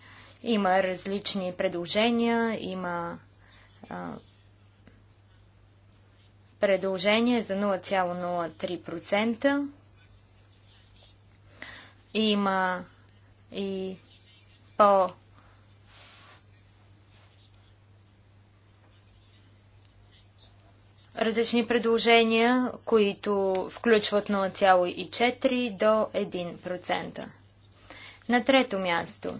Има различни предложения, има а, предложение за 0,03%. Има и по различни предложения, които включват 0,4 до 1%. На трето място.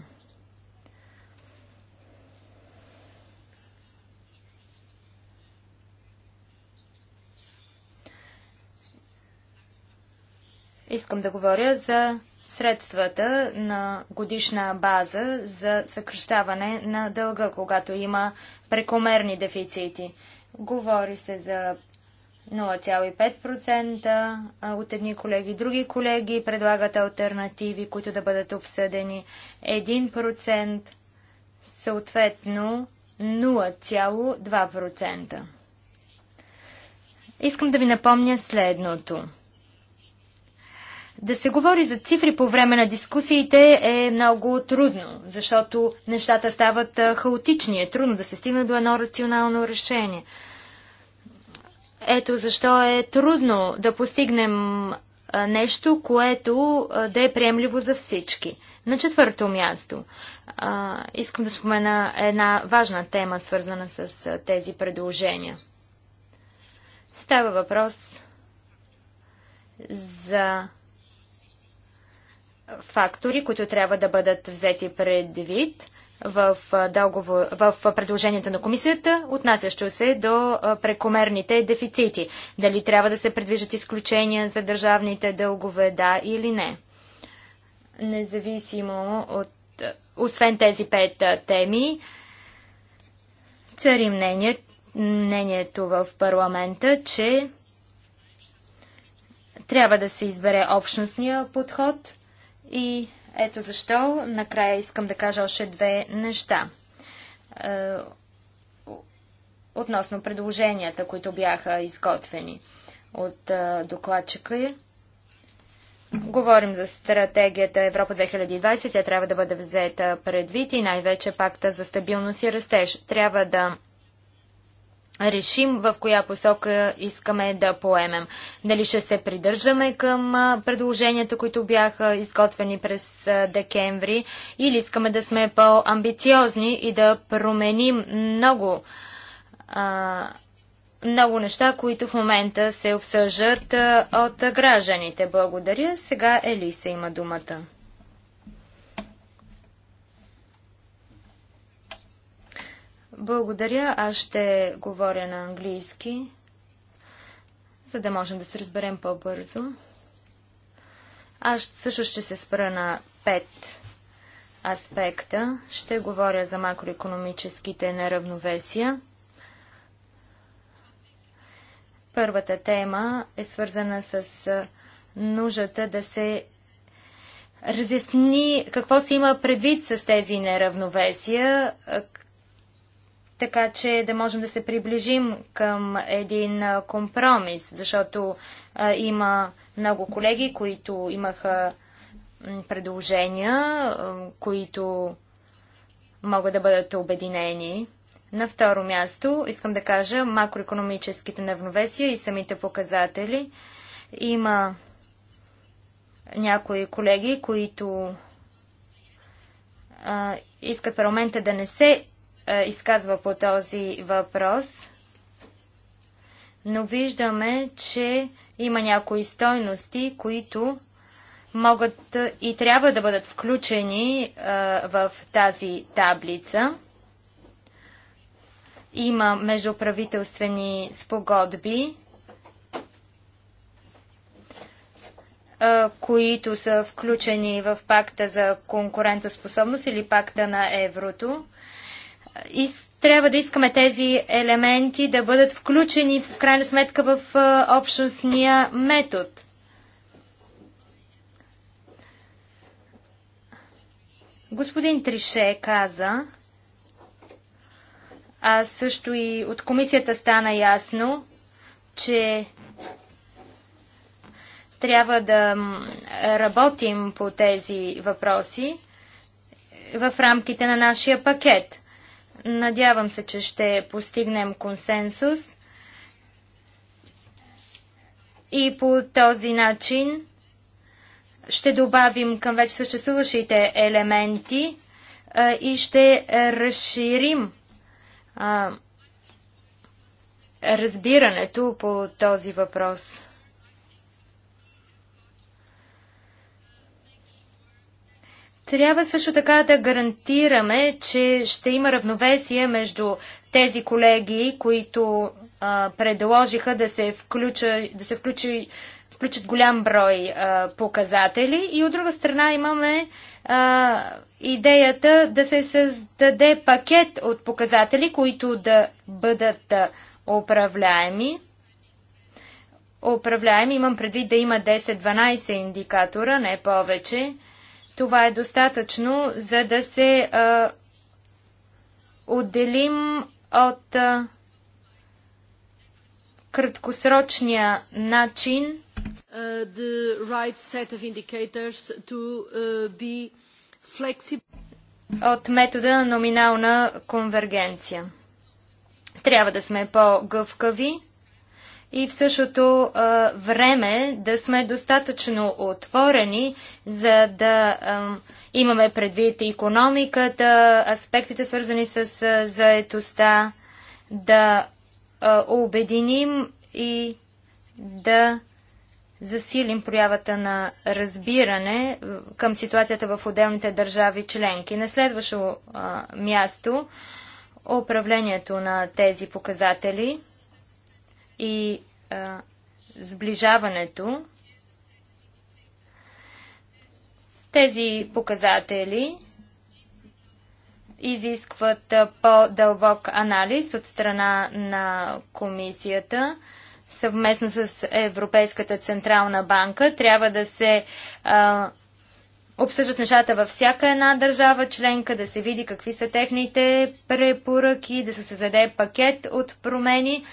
Искам да говоря за средствата на годишна база за съкръщаване на дълга, когато има прекомерни дефицити. Говори се за 0,5% от едни колеги. Други колеги предлагат альтернативи, които да бъдат обсъдени 1%, съответно 0,2%. Искам да ви напомня следното. Да се говори за цифри по време на дискусиите е много трудно, защото нещата стават хаотични. Е трудно да се стигне до едно рационално решение. Ето защо е трудно да постигнем нещо, което да е приемливо за всички. На четвърто място искам да спомена една важна тема, свързана с тези предложения. Става въпрос за фактори, които трябва да бъдат взети предвид в, договор, в предложението на комисията, отнасящо се до прекомерните дефицити. Дали трябва да се предвижат изключения за държавните дългове, да или не. Независимо от, освен тези пет теми, цари мнение, мнението в парламента, че трябва да се избере общностния подход – и ето защо накрая искам да кажа още две неща. Е, относно предложенията, които бяха изготвени от е, докладчика. Говорим за стратегията Европа 2020. Тя трябва да бъде взета предвид и най-вече пакта за стабилност и растеж. Трябва да решим в коя посока искаме да поемем. Дали ще се придържаме към предложенията, които бяха изготвени през декември, или искаме да сме по-амбициозни и да променим много, много неща, които в момента се обсъждат от гражданите. Благодаря. Сега Елиса има думата. Благодаря. Аз ще говоря на английски, за да можем да се разберем по-бързо. Аз също ще се спра на пет аспекта. Ще говоря за макроекономическите неравновесия. Първата тема е свързана с нуждата да се разясни какво се има предвид с тези неравновесия, така че да можем да се приближим към един компромис, защото а, има много колеги, които имаха предложения, които могат да бъдат обединени. На второ място искам да кажа макроекономическите неравновесия и самите показатели. Има някои колеги, които а, искат парламента да не се е, изказва по този въпрос, но виждаме, че има някои стойности, които могат и трябва да бъдат включени е, в тази таблица. Има междуправителствени спогодби, е, които са включени в пакта за конкурентоспособност или пакта на еврото из, трябва да искаме тези елементи да бъдат включени в крайна сметка в общностния метод. Господин Трише каза, а също и от комисията стана ясно, че трябва да работим по тези въпроси в рамките на нашия пакет. Надявам се, че ще постигнем консенсус и по този начин ще добавим към вече съществуващите елементи а, и ще разширим а, разбирането по този въпрос. Трябва също така да гарантираме, че ще има равновесие между тези колеги, които а, предложиха да се, включа, да се включи, включат голям брой а, показатели. И от друга страна имаме а, идеята да се създаде пакет от показатели, които да бъдат управляеми. Управляеми имам предвид да има 10-12 индикатора, не повече. Това е достатъчно, за да се а, отделим от а, краткосрочния начин uh, the right set of uh, от метода на номинална конвергенция. Трябва да сме по-гъвкави и в същото а, време да сме достатъчно отворени, за да а, имаме предвид економиката, аспектите свързани с а, заетостта, да а, обединим и да засилим проявата на разбиране към ситуацията в отделните държави членки. На следващо а, място управлението на тези показатели – и а, сближаването. Тези показатели изискват по-дълбок анализ от страна на комисията съвместно с Европейската централна банка. Трябва да се а, обсъждат нещата във всяка една държава членка, да се види какви са техните препоръки, да се създаде пакет от промени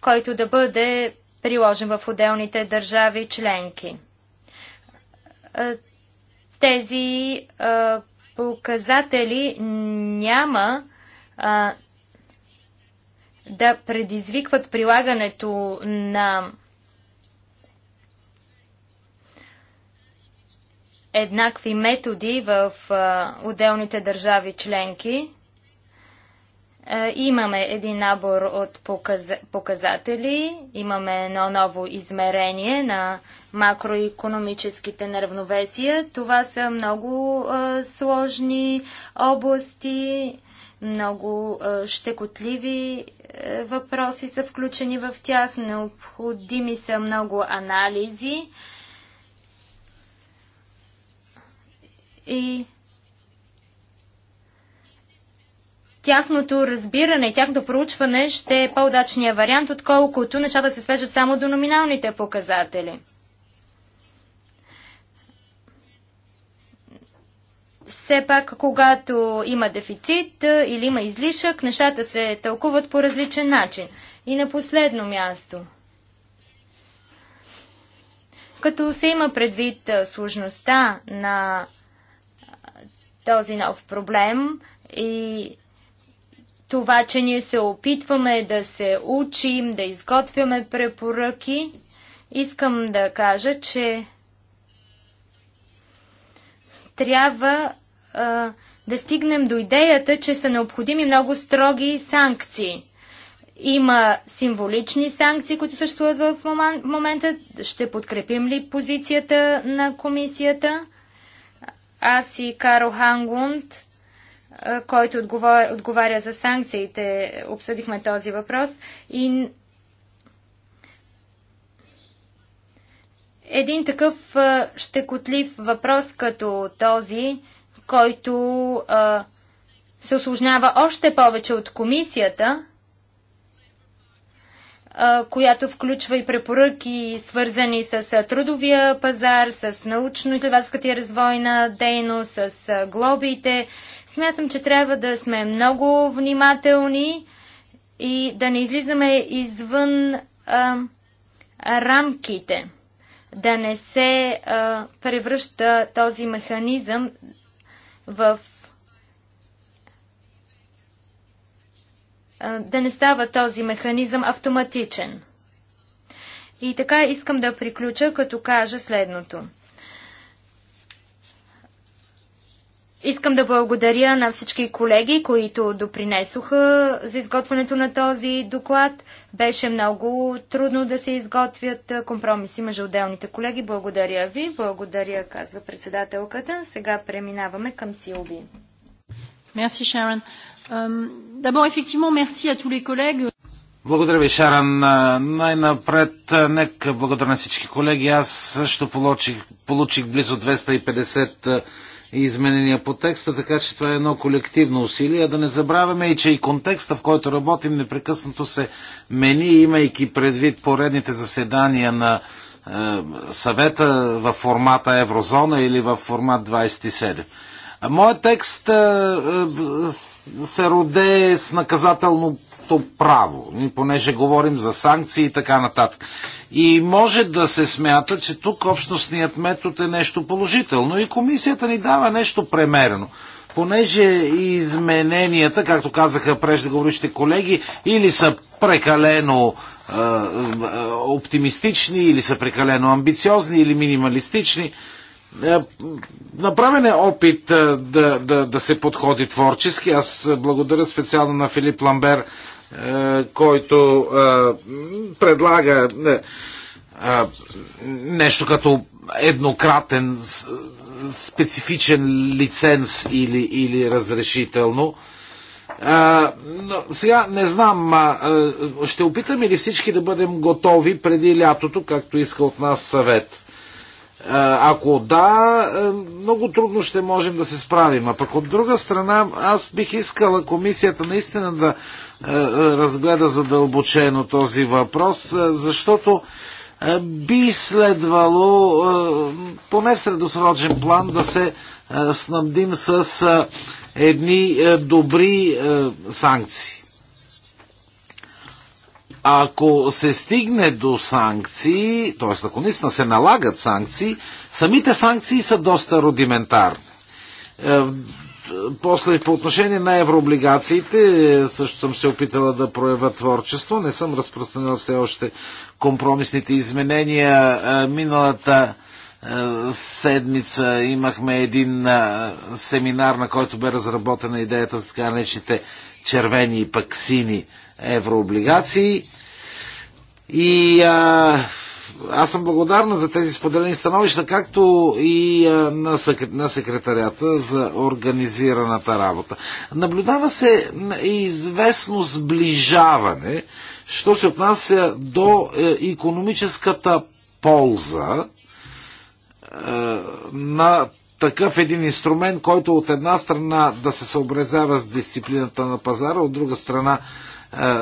който да бъде приложен в отделните държави членки. тези показатели няма да предизвикват прилагането на еднакви методи в отделните държави членки. Е, имаме един набор от показатели, имаме едно ново измерение на макроекономическите неравновесия. Това са много е, сложни области, много е, щекотливи въпроси са включени в тях, необходими са много анализи и тяхното разбиране и тяхното проучване ще е по-удачният вариант, отколкото нещата се свежат само до номиналните показатели. Все пак, когато има дефицит или има излишък, нещата се тълкуват по различен начин. И на последно място. Като се има предвид сложността на този нов проблем и това, че ние се опитваме да се учим, да изготвяме препоръки, искам да кажа, че трябва а, да стигнем до идеята, че са необходими много строги санкции. Има символични санкции, които съществуват в момента. Ще подкрепим ли позицията на комисията? Аз и Каро Ханглунд който отговаря, отговаря за санкциите. Обсъдихме този въпрос и един такъв щекотлив въпрос като този, който се осложнява още повече от комисията, която включва и препоръки, свързани с трудовия пазар, с научно-изследователската и развойна дейност, с глобите. Смятам, че трябва да сме много внимателни и да не излизаме извън а, рамките, да не се а, превръща този механизъм в да не става този механизъм автоматичен. И така искам да приключа, като кажа следното. Искам да благодаря на всички колеги, които допринесоха за изготвянето на този доклад. Беше много трудно да се изготвят компромиси между отделните колеги. Благодаря ви. Благодаря, казва председателката. Сега преминаваме към Силви. Мерси, Шарон. Euh, благодаря ви, Шаран. Най-напред, нека благодаря на всички колеги. Аз също получих, получих близо 250 изменения по текста, така че това е едно колективно усилие. Да не забравяме и, че и контекста, в който работим, непрекъснато се мени, имайки предвид поредните заседания на е, съвета в формата Еврозона или в формат 27. Моят текст е, е, се роде с наказателното право, понеже говорим за санкции и така нататък. И може да се смята, че тук общностният метод е нещо положително и комисията ни дава нещо премерено понеже измененията, както казаха преждеговорищите колеги, или са прекалено е, е, оптимистични, или са прекалено амбициозни, или минималистични. Е, направен е опит е, да, да, да се подходи творчески. Аз благодаря специално на Филип Ламбер, е, който предлага нещо като еднократен специфичен лиценз или, или разрешително. А, сега не знам, а, ще опитаме ли всички да бъдем готови преди лятото, както иска от нас съвет. Ако да, е, много трудно ще можем да се справим. А пък от друга страна, аз бих искала комисията наистина да е, е, разгледа задълбочено този въпрос, защото би следвало поне в средосрочен план да се снабдим с едни добри санкции ако се стигне до санкции, т.е. ако наистина се налагат санкции, самите санкции са доста рудиментарни. Е, после по отношение на еврооблигациите също съм се опитала да проявя творчество. Не съм разпространял все още компромисните изменения. Е, миналата е, седмица имахме един семинар, на който бе разработена идеята за така наречените червени и пък сини еврооблигации. И а, аз съм благодарна за тези споделени становища, както и а, на, секрет, на секретарята за организираната работа. Наблюдава се известно сближаване, що се отнася до е, економическата полза е, на такъв един инструмент, който от една страна да се съобразява с дисциплината на пазара, от друга страна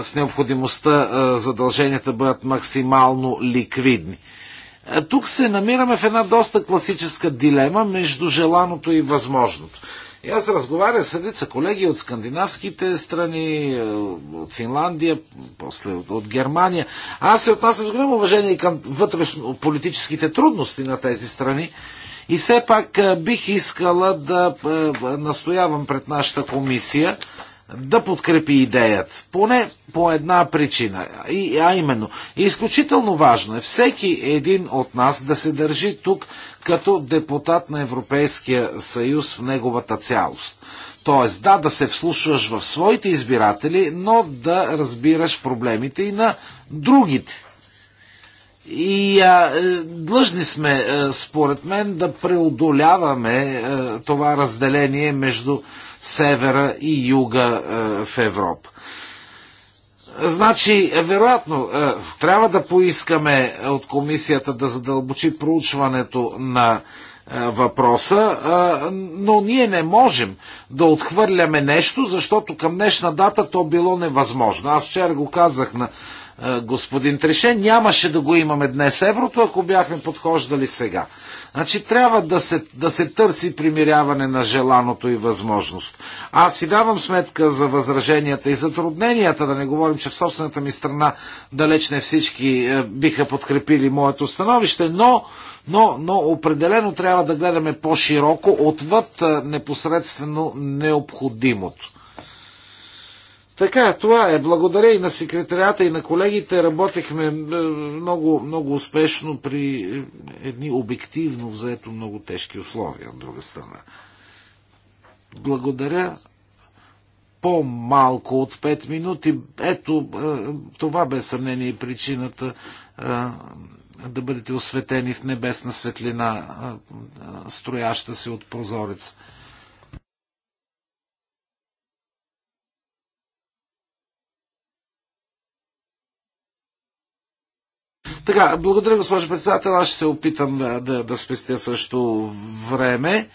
с необходимостта задълженията бъдат максимално ликвидни. Тук се намираме в една доста класическа дилема между желаното и възможното. И аз разговаря с едица колеги от скандинавските страни, е, от Финландия, после от, от Германия. Аз се отнасям с голямо уважение към вътрешно политическите трудности на тези страни. И все пак е, бих искала да е, настоявам пред нашата комисия да подкрепи идеята. Поне по една причина. И, а именно, изключително важно е всеки един от нас да се държи тук като депутат на Европейския съюз в неговата цялост. Тоест, да, да се вслушваш в своите избиратели, но да разбираш проблемите и на другите. И а, е, длъжни сме, е, според мен, да преодоляваме а, е, това разделение между севера и юга е, в Европа. Значи, вероятно, е, трябва да поискаме от комисията да задълбочи проучването на е, въпроса, но ние не можем да отхвърляме нещо, защото към днешна дата то било невъзможно. Аз вчера го казах на господин Треше, нямаше да го имаме днес еврото, ако бяхме подхождали сега. Значи трябва да се, да се търси примиряване на желаното и възможност. Аз си давам сметка за възраженията и затрудненията, да не говорим, че в собствената ми страна далеч не всички е, биха подкрепили моето становище, но, но, но определено трябва да гледаме по-широко, отвъд е, непосредствено необходимото. Така, това е. Благодаря и на секретарята, и на колегите. Работехме е, много, много успешно при е, едни обективно взето много тежки условия, от друга страна. Благодаря. По-малко от 5 минути. Ето, е, това без съмнение е причината да бъдете осветени в небесна светлина, строяща се от прозорец. Така, благодаря, госпожо председател. Аз ще се опитам да, да, да спестя също време.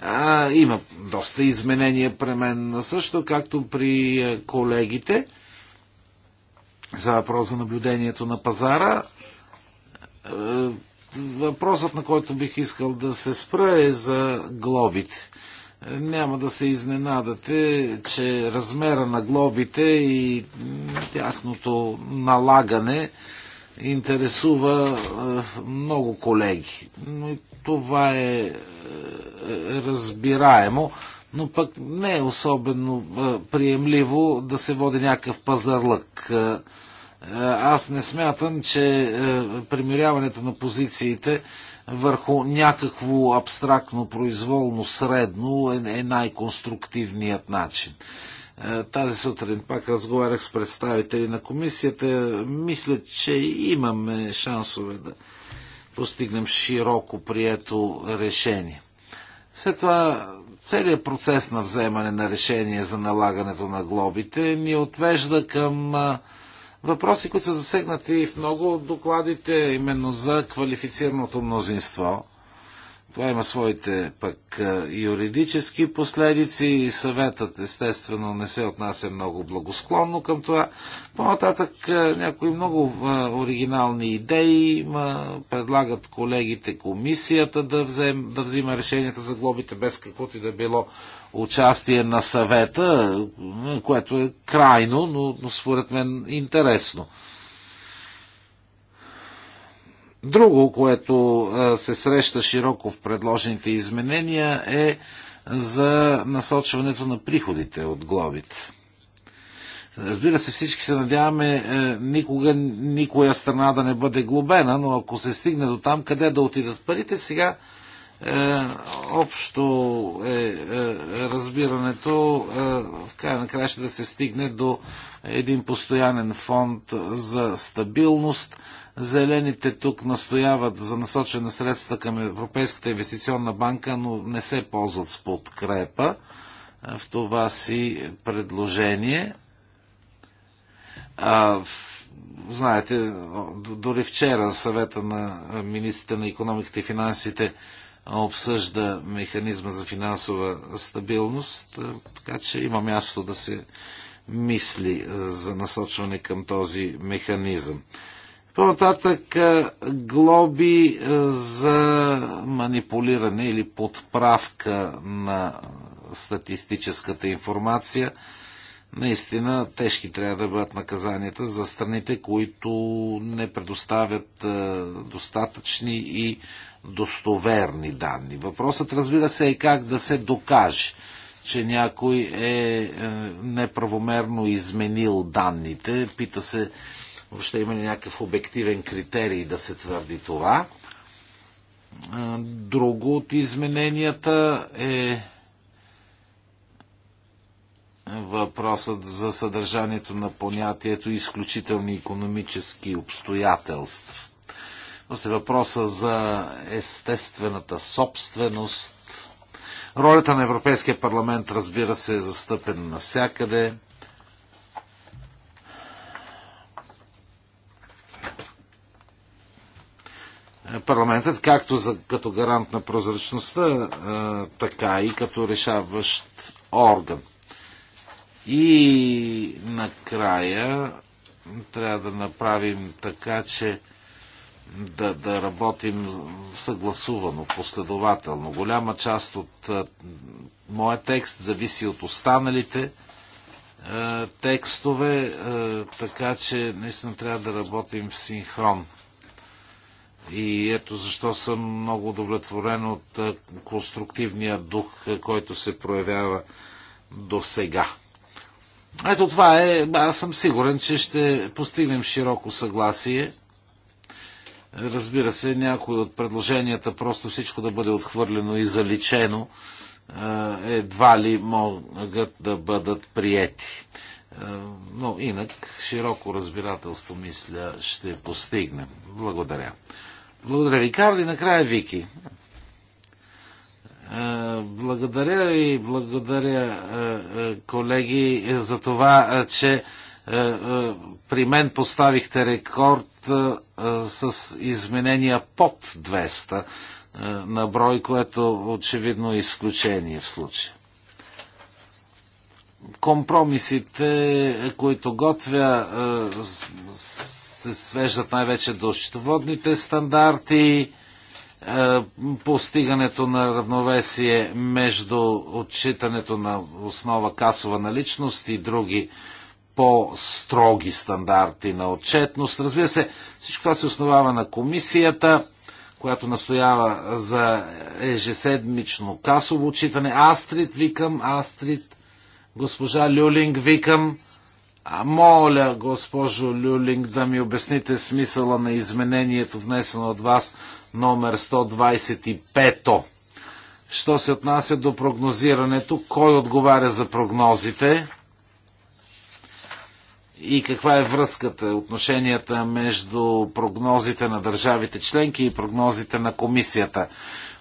А, има доста изменения при мен също, както при колегите за въпрос за наблюдението на пазара. Въпросът, на който бих искал да се спра е за глобите. Няма да се изненадате, че размера на глобите и тяхното налагане интересува е, много колеги. Но и това е, е разбираемо, но пък не е особено е, приемливо да се води някакъв пазарлък. Аз не смятам, че примиряването на позициите върху някакво абстрактно, произволно, средно е най-конструктивният начин. Е, тази сутрин пак разговарях с представители на комисията. Мисля, че имаме шансове да постигнем широко прието решение. След това целият процес на вземане на решение за налагането на глобите ни отвежда към е, въпроси, които са засегнати в много от докладите, именно за квалифицираното мнозинство – това има своите пък юридически последици и съветът естествено не се отнася много благосклонно към това. По-нататък някои много оригинални идеи има, предлагат колегите комисията да, взем, да взима решенията за глобите без каквото и да било участие на съвета, което е крайно, но, но според мен интересно. Друго, което се среща широко в предложените изменения е за насочването на приходите от глобите. Разбира се, всички се надяваме е, никога никоя страна да не бъде глобена, но ако се стигне до там, къде да отидат парите, сега е, общо е, е разбирането е, в края на края ще да се стигне до един постоянен фонд за стабилност, Зелените тук настояват за насочена средства към Европейската инвестиционна банка, но не се ползват с подкрепа е, в това си предложение. А, знаете, дори вчера съвета на министрите на економиката и финансите обсъжда механизма за финансова стабилност, е, така че има място да се мисли е, за насочване към този механизъм. По-нататък глоби за манипулиране или подправка на статистическата информация. Наистина тежки трябва да бъдат наказанията за страните, които не предоставят достатъчни и достоверни данни. Въпросът, разбира се, е как да се докаже, че някой е, е неправомерно изменил данните. Пита се Въобще има ли някакъв обективен критерий да се твърди това? Друго от измененията е въпросът за съдържанието на понятието изключителни економически обстоятелства. После въпроса за естествената собственост. Ролята на Европейския парламент, разбира се, е застъпена навсякъде. парламентът, както за, като гарант на прозрачността, така и като решаващ орган. И накрая трябва да направим така, че да, да работим съгласувано, последователно. Голяма част от а, моя текст зависи от останалите а, текстове, а, така че наистина трябва да работим в синхрон. И ето защо съм много удовлетворен от конструктивния дух, който се проявява до сега. Ето това е, аз съм сигурен, че ще постигнем широко съгласие. Разбира се, някои от предложенията, просто всичко да бъде отхвърлено и заличено, едва ли могат да бъдат приети. Но инак широко разбирателство, мисля, ще постигнем. Благодаря. Благодаря ви, Карли. Накрая Вики. Е, благодаря и благодаря, е, е, колеги, за това, че при мен поставихте рекорд с изменения под 200 на брой, което очевидно е изключение в случая. Компромисите, които готвя, се свеждат най-вече до счетоводните стандарти, е, постигането на равновесие между отчитането на основа касова наличност и други по-строги стандарти на отчетност. Разбира се, всичко това се основава на комисията, която настоява за ежеседмично касово отчитане. Астрид викам, Астрид, госпожа Люлинг викам. А моля, госпожо Люлинг, да ми обясните смисъла на изменението, внесено от вас, номер 125-то. Що се отнася до прогнозирането, кой отговаря за прогнозите и каква е връзката, отношенията между прогнозите на държавите членки и прогнозите на комисията.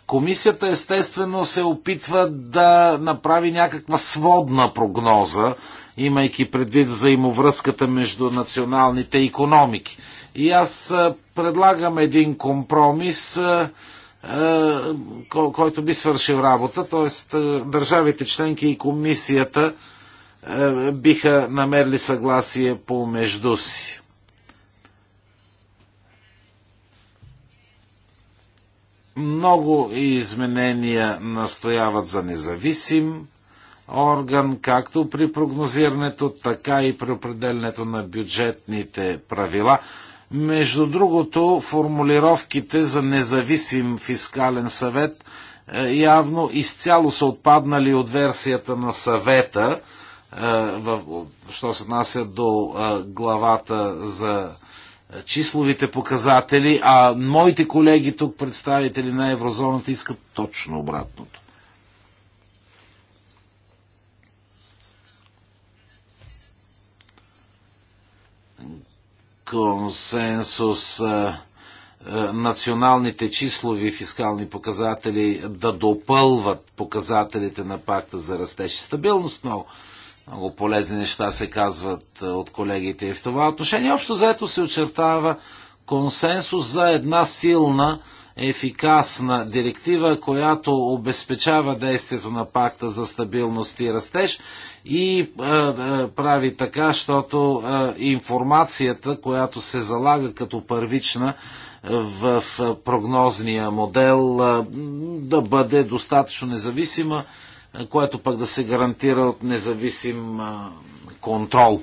Комисията естествено се опитва да направи някаква сводна прогноза имайки предвид взаимовръзката между националните економики. И аз предлагам един компромис, който би свършил работа, т.е. държавите членки и комисията биха намерили съгласие помежду си. Много изменения настояват за независим орган, както при прогнозирането, така и при определенето на бюджетните правила. Между другото, формулировките за независим фискален съвет е, явно изцяло са отпаднали от версията на съвета, е, що се отнася до е, главата за числовите показатели, а моите колеги тук, представители на еврозоната, искат точно обратното. консенсус е, е, националните числови фискални показатели да допълват показателите на пакта за растеж и стабилност. но много полезни неща се казват е, от колегите и в това отношение. Общо заето се очертава консенсус за една силна ефикасна директива, която обезпечава действието на пакта за стабилност и растеж и е, е, прави така, защото е, информацията, която се залага като първична в прогнозния модел, да бъде достатъчно независима, което пък да се гарантира от независим контрол.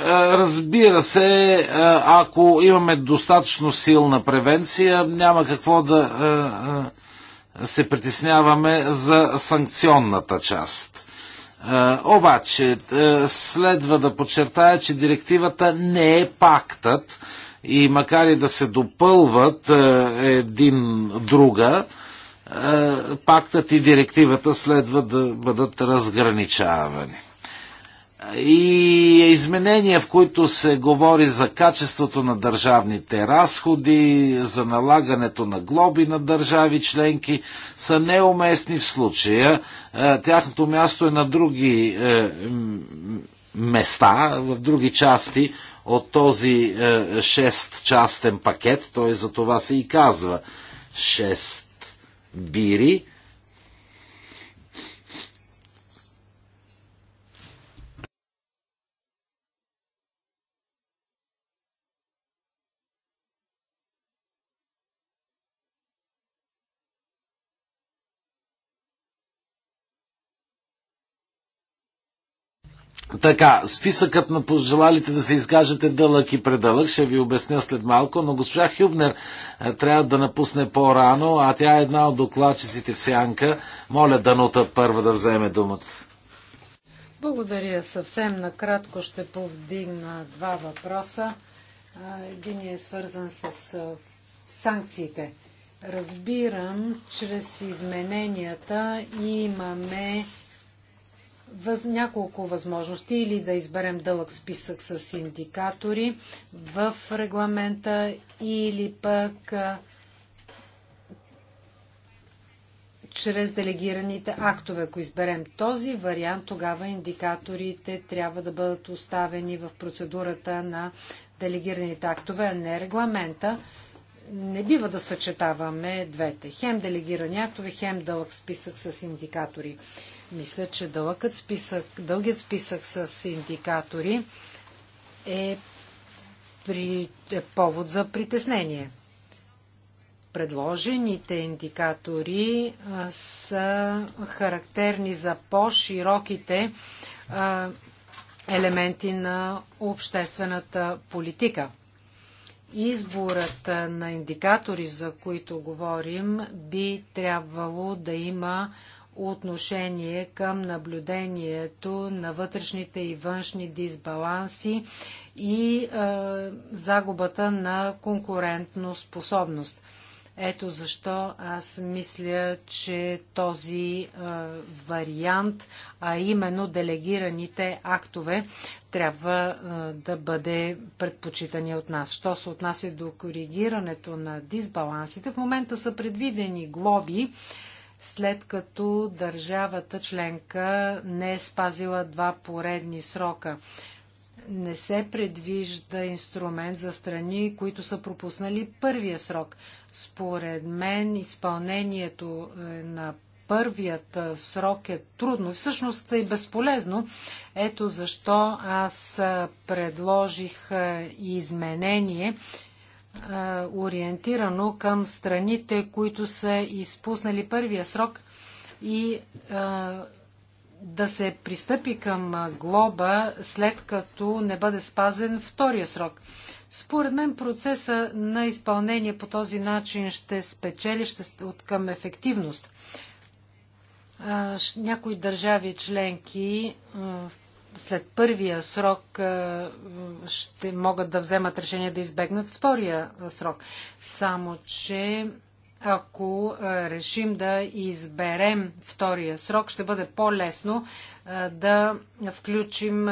Разбира се, ако имаме достатъчно силна превенция, няма какво да се притесняваме за санкционната част. Обаче, следва да подчертая, че директивата не е пактът и макар и да се допълват един друга, пактът и директивата следва да бъдат разграничавани и изменения, в които се говори за качеството на държавните разходи, за налагането на глоби на държави членки, са неуместни в случая. Тяхното място е на други е, места, в други части от този 6-частен е, пакет, той за това се и казва 6 бири Така, списъкът на пожелалите да се изкажете дълъг и предълъг, ще ви обясня след малко, но госпожа Хюбнер е, трябва да напусне по-рано, а тя е една от докладчиците в Сянка. Моля Данута първа да вземе думата. Благодаря. Съвсем накратко ще повдигна два въпроса. Един е свързан с санкциите. Разбирам, чрез измененията имаме въз, няколко възможности или да изберем дълъг списък с индикатори в регламента или пък а, чрез делегираните актове. Ако изберем този вариант, тогава индикаторите трябва да бъдат оставени в процедурата на делегираните актове, а не регламента. Не бива да съчетаваме двете. Хем делегирани актове, хем дълъг списък с индикатори. Мисля, че дългът списък, дългият списък с индикатори е, при, е повод за притеснение. Предложените индикатори а, са характерни за по-широките елементи на обществената политика. Изборът на индикатори, за които говорим, би трябвало да има отношение към наблюдението на вътрешните и външни дисбаланси и е, загубата на конкурентно способност. Ето защо аз мисля, че този е, вариант, а именно делегираните актове, трябва е, да бъде предпочитани от нас. Що се отнася до коригирането на дисбалансите, в момента са предвидени глоби, след като държавата членка не е спазила два поредни срока. Не се предвижда инструмент за страни, които са пропуснали първия срок. Според мен изпълнението е, на първият е, срок е трудно, всъщност е безполезно. Ето защо аз е, предложих изменение е, ориентирано към страните, които са изпуснали първия срок и е, да се пристъпи към е, глоба, след като не бъде спазен втория срок. Според мен процеса на изпълнение по този начин ще спечели ще от към ефективност. Някои държави членки в след първия срок ще могат да вземат решение да избегнат втория срок. Само, че ако решим да изберем втория срок, ще бъде по-лесно да включим,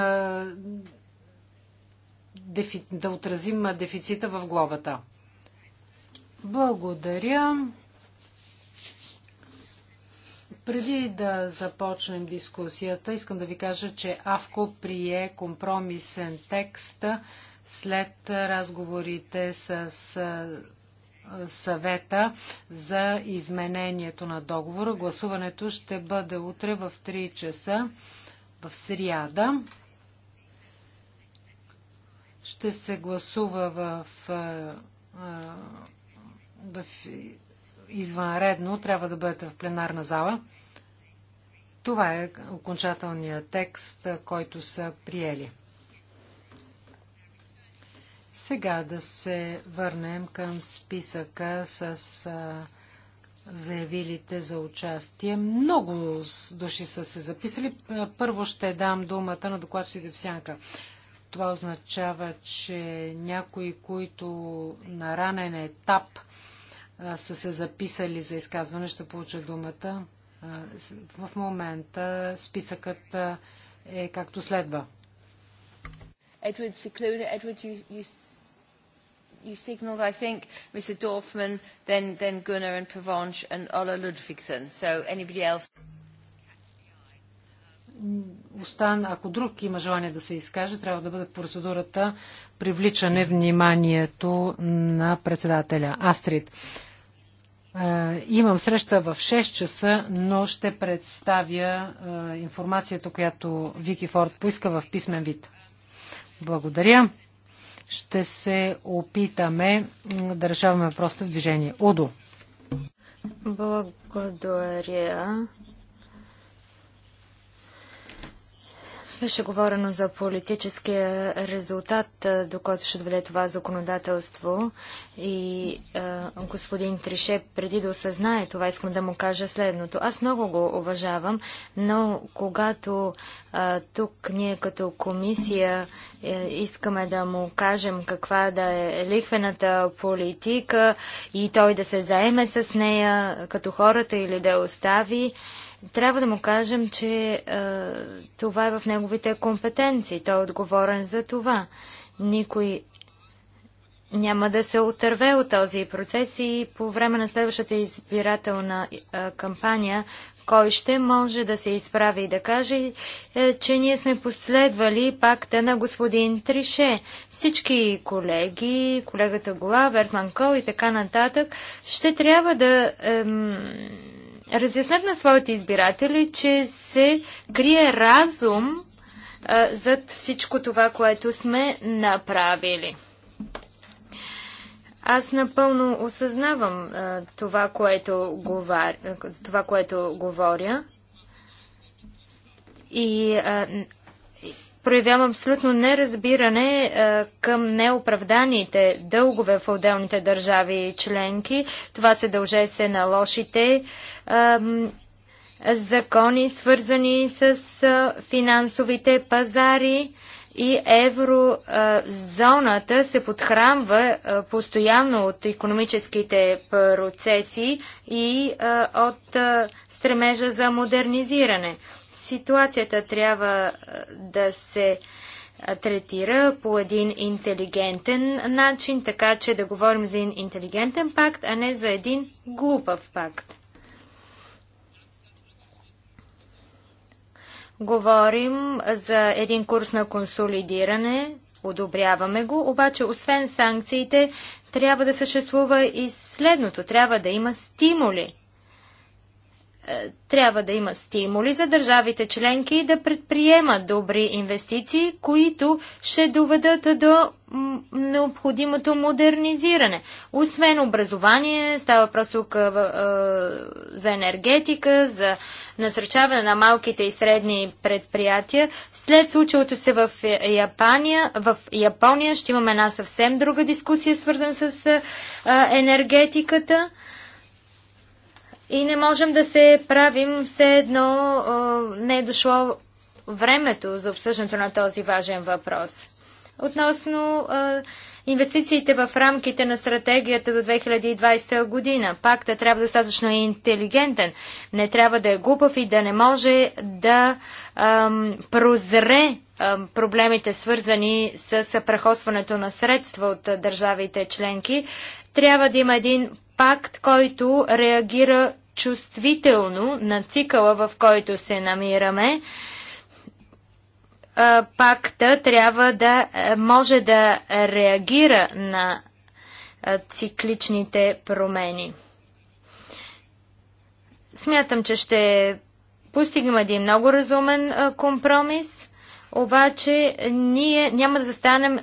да отразим дефицита в глобата. Благодаря. Преди да започнем дискусията, искам да ви кажа, че АВКО прие компромисен текст след разговорите с съвета за изменението на договора. Гласуването ще бъде утре в 3 часа в сряда. Ще се гласува в, в извънредно. Трябва да бъдете в пленарна зала. Това е окончателният текст, който са приели. Сега да се върнем към списъка с заявилите за участие. Много души са се записали. Първо ще дам думата на докладчите в сянка. Това означава, че някои, които на ранен етап са се записали за изказване, ще получат думата. В момента списъкът е както следва. Edward Cicluna, Edward, you, you, you signalled, I think, Mr. Dorfman, then, then Gunnar and Pavanche and Ola Ludvigsen. So anybody else? Остан, ако друг има желание да се изкаже, трябва да бъде процедурата привличане вниманието на председателя. Астрид. Е, имам среща в 6 часа, но ще представя е, информацията, която Вики Форд поиска в писмен вид. Благодаря. Ще се опитаме да решаваме просто в движение. Удо. Благодаря. Беше говорено за политическия резултат, до който ще доведе това законодателство. И е, господин Трише, преди да осъзнае това, искам да му кажа следното. Аз много го уважавам, но когато е, тук ние като комисия е, искаме да му кажем каква да е лихвената политика и той да се заеме с нея като хората или да остави, е, трябва да му кажем, че е, това е в неговите компетенции. Той е отговорен за това. Никой няма да се отърве от този процес и по време на следващата избирателна е, кампания, кой ще може да се изправи и да каже, е, че ние сме последвали пакта на господин Трише. Всички колеги, колегата Гола, Вертман Кол и така нататък, ще трябва да Е, разяснят на своите избиратели, че се крие разум а, зад всичко това, което сме направили. Аз напълно осъзнавам а, това, което говоря, това, което говоря. И а, Проявявам абсолютно неразбиране а, е, към неоправданите дългове в отделните държави и членки. Това се дълже се на лошите а, закони, свързани с е, финансовите пазари и еврозоната е, се подхранва постоянно от економическите процеси и от стремежа за модернизиране ситуацията трябва да се третира по един интелигентен начин, така че да говорим за един интелигентен пакт, а не за един глупав пакт. Говорим за един курс на консолидиране, одобряваме го, обаче освен санкциите трябва да съществува и следното, трябва да има стимули – е, трябва да има стимули за държавите членки да предприемат добри инвестиции, които ще доведат до необходимото модернизиране. Освен образование, става просто е, за енергетика, за насръчаване на малките и средни предприятия. След случилото се в Япония, в Япония ще имаме една съвсем друга дискусия, свързана с е, енергетиката. И не можем да се правим все едно не е дошло времето за обсъждането на този важен въпрос. Относно а, инвестициите в рамките на стратегията до 2020 година. Пакта трябва е достатъчно интелигентен. Не трябва да е глупав и да не може да а, прозре проблемите свързани с прахосването на средства от държавите членки. Трябва да има един пакт, който реагира чувствително на цикъла, в който се намираме, пакта трябва да може да реагира на цикличните промени. Смятам, че ще постигнем един много разумен компромис, обаче ние няма да застанем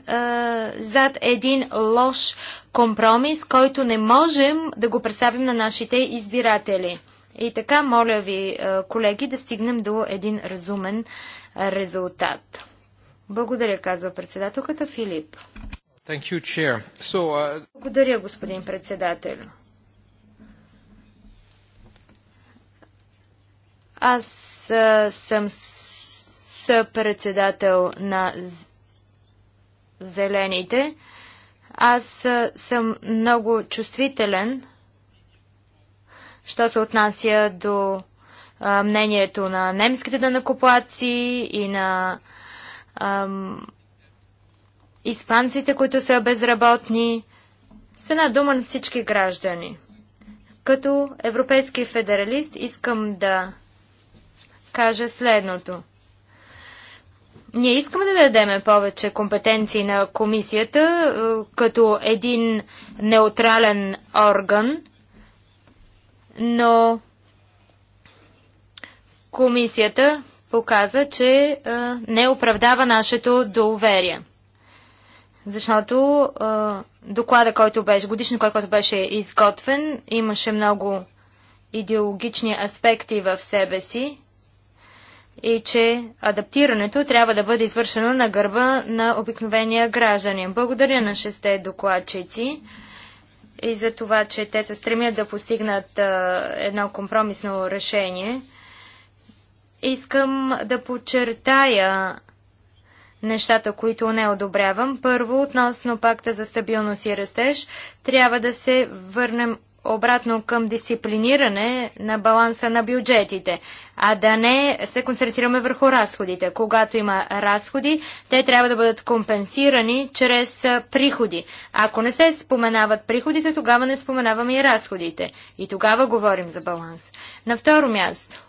зад един лош компромис, който не можем да го представим на нашите избиратели. И така, моля ви, е, колеги, да стигнем до един разумен е, резултат. Благодаря, казва председателката Филип. You, so, uh... Благодаря, господин председател. Аз е, съм съпредседател на Зелените. Аз съм много чувствителен, що се отнася до мнението на немските данакоплаци и на ам, испанците, които са безработни. С една дума на всички граждани. Като европейски федералист искам да кажа следното – ние искаме да дадеме повече компетенции на комисията е, като един неутрален орган, но комисията показа, че е, не оправдава нашето доверие. Защото е, доклада, който беше, годишно, който беше изготвен, имаше много идеологични аспекти в себе си и че адаптирането трябва да бъде извършено на гърба на обикновения гражданин. Благодаря на шесте докладчици и за това, че те се стремят да постигнат а, едно компромисно решение. Искам да подчертая нещата, които не одобрявам. Първо, относно пакта за стабилност и растеж, трябва да се върнем обратно към дисциплиниране на баланса на бюджетите, а да не се концентрираме върху разходите. Когато има разходи, те трябва да бъдат компенсирани чрез приходи. Ако не се споменават приходите, тогава не споменаваме и разходите. И тогава говорим за баланс. На второ място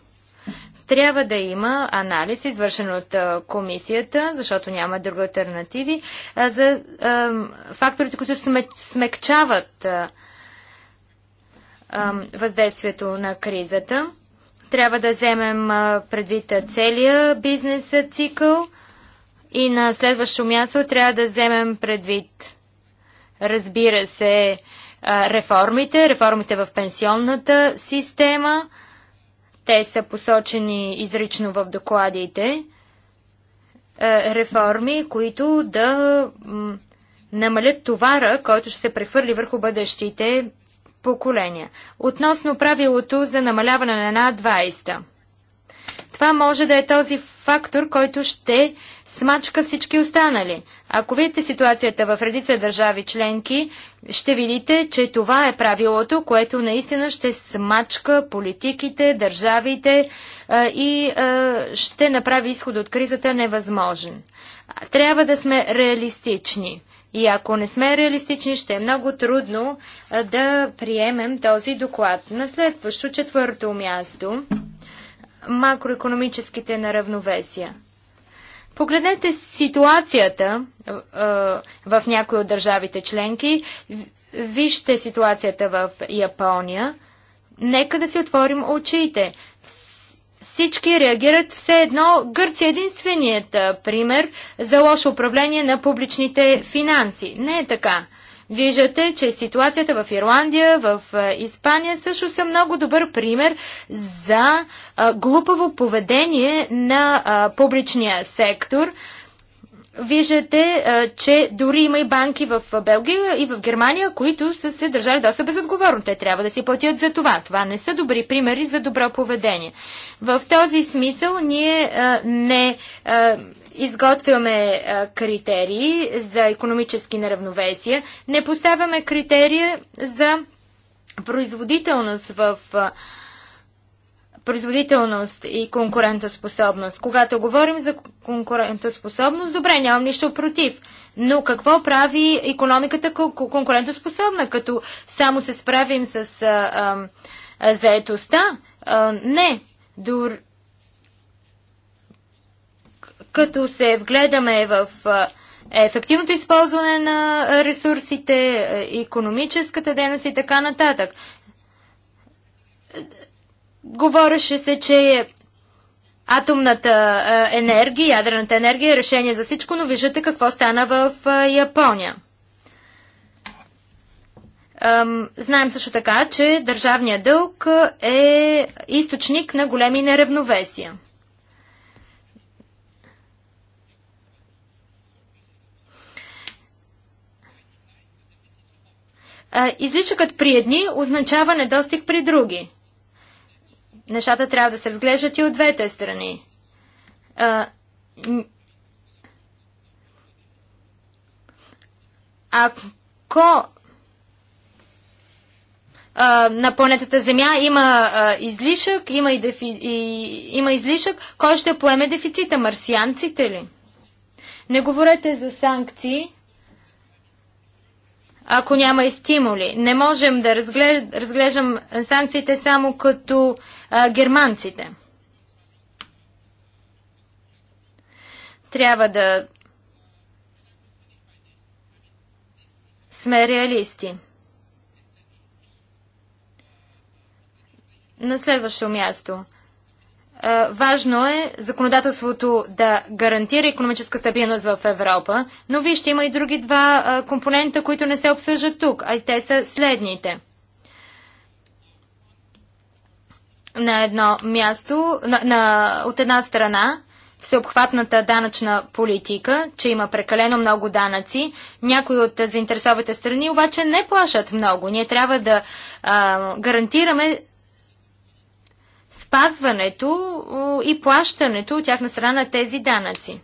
трябва да има анализ, извършен от комисията, защото няма други альтернативи, за факторите, които смекчават въздействието на кризата. Трябва да вземем предвид целия бизнес цикъл и на следващо място трябва да вземем предвид, разбира се, реформите, реформите в пенсионната система. Те са посочени изрично в докладите. Реформи, които да намалят товара, който ще се прехвърли върху бъдещите поколения. Относно правилото за намаляване на на 20. Това може да е този фактор, който ще смачка всички останали. Ако видите ситуацията в редица държави членки, ще видите, че това е правилото, което наистина ще смачка политиките, държавите а, е, и а, е, ще направи изход от кризата невъзможен. Трябва да сме реалистични. И ако не сме реалистични, ще е много трудно да приемем този доклад. На следващо четвърто място макроекономическите неравновесия. Погледнете ситуацията в някои от държавите членки. Вижте ситуацията в Япония. Нека да си отворим очите всички реагират все едно. Гърция е единственият пример за лошо управление на публичните финанси. Не е така. Виждате, че ситуацията в Ирландия, в Испания също са много добър пример за глупаво поведение на публичния сектор – виждате, че дори има и банки в Белгия и в Германия, които са се държали доста безотговорно. Те трябва да си платят за това. Това не са добри примери за добро поведение. В този смисъл ние не изготвяме критерии за економически неравновесия, не поставяме критерия за производителност в а, производителност и конкурентоспособност. Когато говорим за конкурентоспособност, добре, нямам нищо против. Но какво прави економиката конкурентоспособна, като само се справим с а, а, заетостта? А, не. Дор... Като се вгледаме в а, ефективното използване на ресурсите, економическата дейност и така нататък Говореше се, че е атомната е, енергия, ядрената енергия е решение за всичко, но виждате какво стана в е, Япония. Знаем също така, че държавният дълг е източник на големи неравновесия. Излишъкът при едни означава недостиг при други нещата трябва да се разглеждат и от двете страни. А, ако а, на планетата Земя има а, излишък, има, и дефи, и, има излишък, кой ще поеме дефицита? Марсианците ли? Не говорете за санкции ако няма и стимули. Не можем да разглеж... разглеждам санкциите само като а, германците. Трябва да сме реалисти. На следващо място – е, важно е законодателството да гарантира економическа стабилност в Европа, но вижте, има и други два е, компонента, които не се обсъждат тук, а и те са следните. На едно място, на, на, от една страна, всеобхватната данъчна политика, че има прекалено много данъци. Някои от заинтересовите страни обаче не плашат много. Ние трябва да а, гарантираме спазването и плащането от тяхна страна на тези данъци.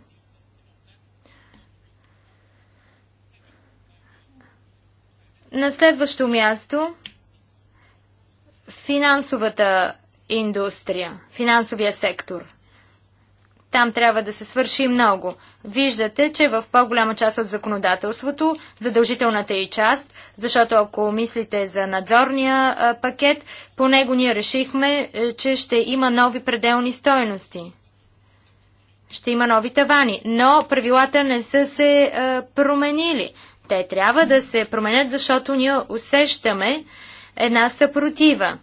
На следващо място финансовата индустрия, финансовия сектор. Там трябва да се свърши много. Виждате, че в по-голяма част от законодателството, задължителната и част, защото ако мислите за надзорния пакет, по него ние решихме, е, че ще има нови пределни стойности. Ще има нови тавани, но правилата не са се променили. Те трябва да се променят, защото ние усещаме една съпротива.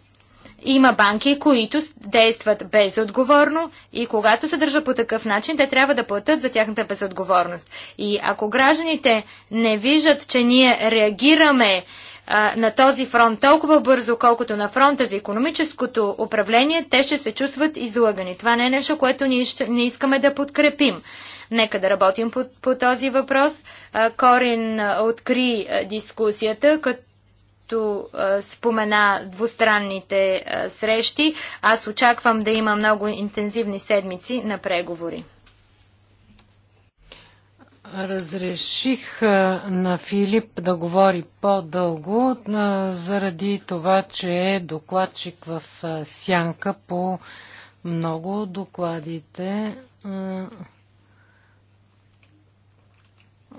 Има банки, които действат безотговорно и когато се държа по такъв начин, те трябва да платят за тяхната безотговорност. И ако гражданите не виждат, че ние реагираме а, на този фронт толкова бързо, колкото на фронта за економическото управление, те ще се чувстват излъгани. Това не е нещо, което ние ще, не искаме да подкрепим. Нека да работим по, по този въпрос. А, откри а, дискусията, като който а, спомена двустранните а, срещи. Аз очаквам да има много интензивни седмици на преговори. Разреших на Филип да говори по-дълго, заради това, че е докладчик в сянка по много докладите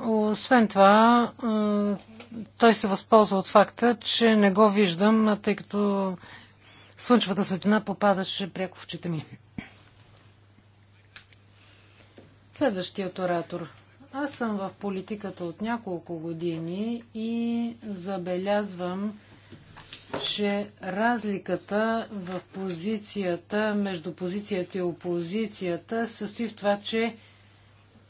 освен това, е, той се възползва от факта, че не го виждам, тъй като слънчевата светлина попадаше пряко в очите ми. Следващият оратор. Аз съм в политиката от няколко години и забелязвам, че разликата в позицията, между позицията и опозицията, състои в това, че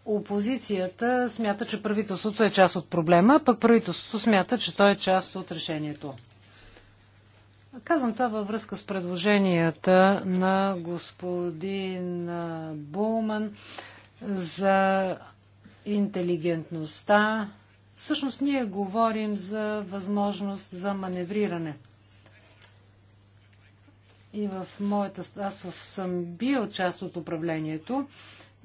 опозицията смята, че правителството е част от проблема, пък правителството смята, че той е част от решението. Казвам това във връзка с предложенията на господин Булман за интелигентността. Всъщност ние говорим за възможност за маневриране. И в моята... Аз съм бил част от управлението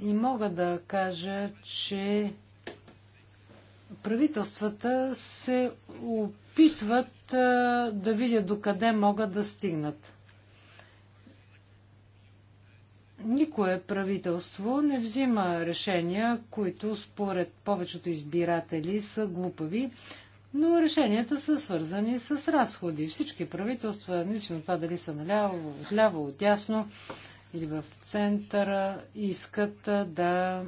и мога да кажа, че правителствата се опитват да видят докъде могат да стигнат. Никое правителство не взима решения, които според повечето избиратели са глупави, но решенията са свързани с разходи. Всички правителства, независимо това дали са наляво, отляво, отясно, или в центъра искат да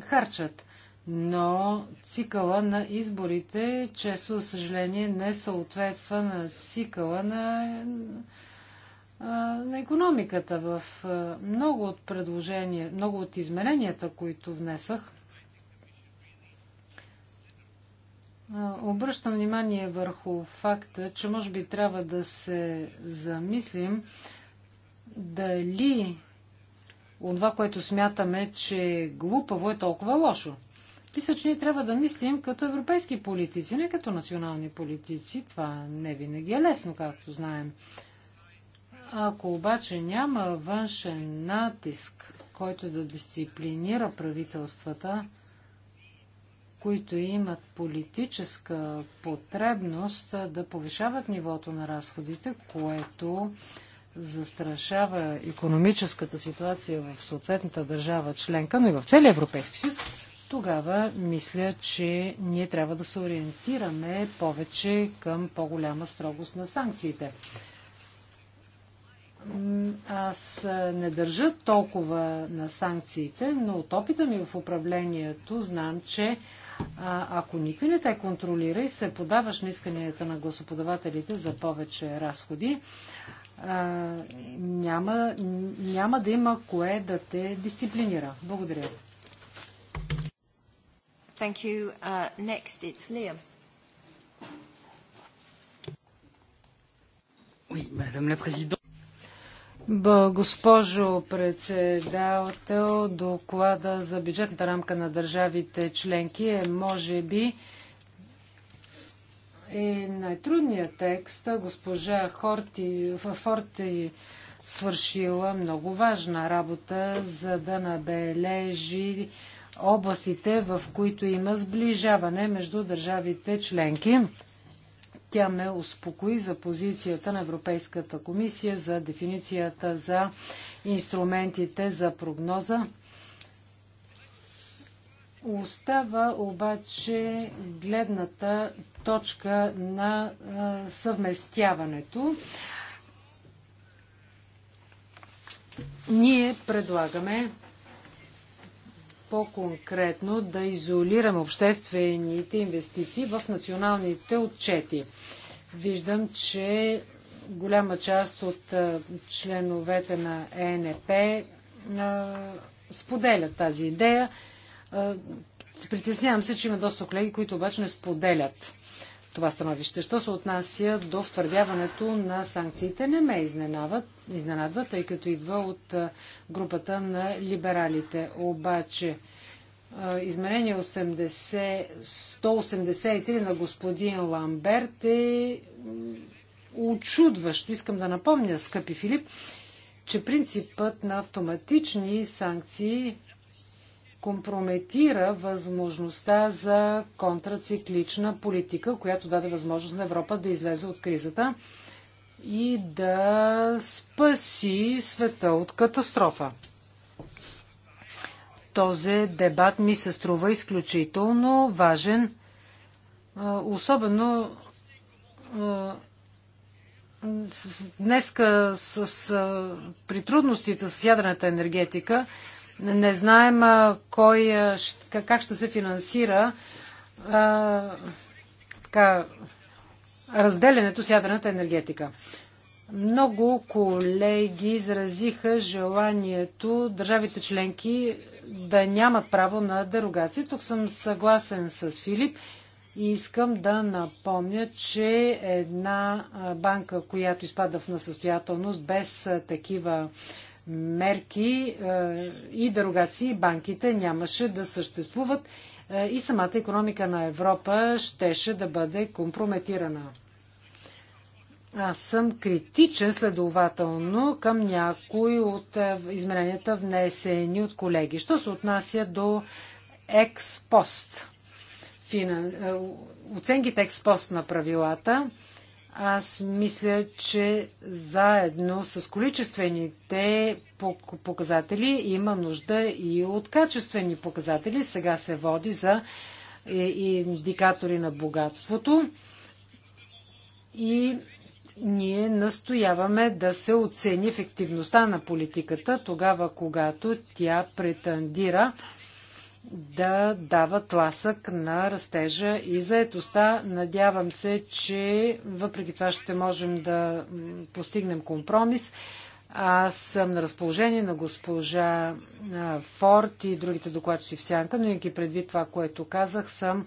харчат. Но цикъла на изборите често, за съжаление, не съответства на цикъла на, на економиката. В много от предложения, много от измененията, които внесах, Обръщам внимание върху факта, че може би трябва да се замислим дали това, което смятаме, че е глупаво е толкова лошо. Мисля, че ние трябва да мислим като европейски политици, не като национални политици. Това не винаги е лесно, както знаем. Ако обаче няма външен натиск, който да дисциплинира правителствата, които имат политическа потребност да повишават нивото на разходите, което застрашава економическата ситуация в съответната държава членка, но и в целия Европейски съюз, тогава мисля, че ние трябва да се ориентираме повече към по-голяма строгост на санкциите. Аз не държа толкова на санкциите, но от опита ми в управлението знам, че а, ако никой не те контролира и се подаваш на исканията на гласоподавателите за повече разходи, а, няма, няма да има кое да те дисциплинира. Благодаря. Thank you. Uh, next, it's Liam. Oui, Madame la Présidente. Бо, Госпожо председател, доклада за бюджетната рамка на държавите членки е, може би, е най-трудният текст. Госпожа Хорти, Форти свършила много важна работа, за да набележи областите, в които има сближаване между държавите членки. Тя ме успокои за позицията на Европейската комисия за дефиницията за инструментите за прогноза Остава обаче гледната точка на съвместяването. Ние предлагаме по-конкретно да изолираме обществените инвестиции в националните отчети. Виждам, че голяма част от членовете на ЕНП споделят тази идея. Притеснявам се, че има доста колеги, които обаче не споделят това становище. Що се отнася до втвърдяването на санкциите, не ме изненадва, тъй като идва от групата на либералите. Обаче изменение 80, 183 на господин Ламберт е очудващо. Искам да напомня, скъпи Филип, че принципът на автоматични санкции компрометира възможността за контрациклична политика, която даде възможност на Европа да излезе от кризата и да спаси света от катастрофа. Този дебат ми се струва изключително важен, особено днеска с, с, при трудностите с ядрената енергетика не знаем кой, как ще се финансира а, така, разделянето с ядрената енергетика. Много колеги изразиха желанието държавите членки да нямат право на дерогация. Тук съм съгласен с Филип и искам да напомня, че една банка, която изпада в насъстоятелност без такива мерки е, и дерогации, банките нямаше да съществуват е, и самата економика на Европа щеше да бъде компрометирана. Аз съм критичен следователно към някои от е, измененията внесени от колеги. Що се отнася до експост? Оценките експост на правилата – аз мисля, че заедно с количествените показатели има нужда и от качествени показатели. Сега се води за е, индикатори на богатството и ние настояваме да се оцени ефективността на политиката тогава, когато тя претендира да дава тласък на растежа и заетостта. Надявам се, че въпреки това ще можем да постигнем компромис. Аз съм на разположение на госпожа Форд и другите докладчици в сянка, но имайки предвид това, което казах, съм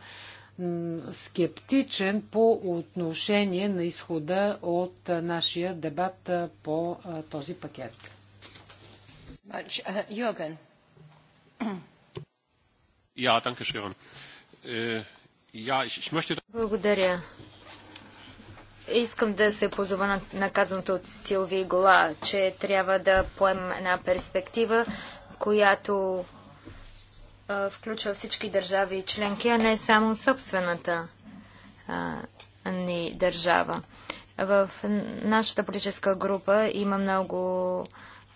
скептичен по отношение на изхода от нашия дебат по този пакет. Much, uh, Ja, danke, Sharon. Äh, ja, ich, ich möchte... Благодаря. Искам да се позова на наказаното от Силви Гола, че трябва да поемем една перспектива, която а, включва всички държави и членки, а не само собствената а, ни държава. В нашата политическа група има много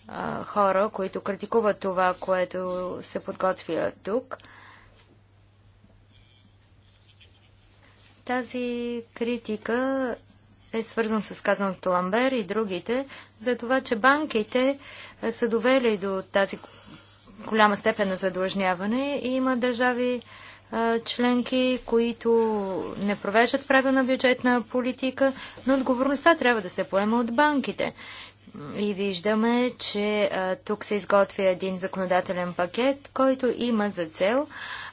а, хора, които критикуват това, което се подготвя тук. А, Тази критика е свързан с казаното Ламбер и другите, за това, че банките са довели до тази голяма степен на задлъжняване и има държави членки, които не провеждат правилна бюджетна политика, но отговорността трябва да се поема от банките. И виждаме, че а, тук се изготвя един законодателен пакет, който има за цел а,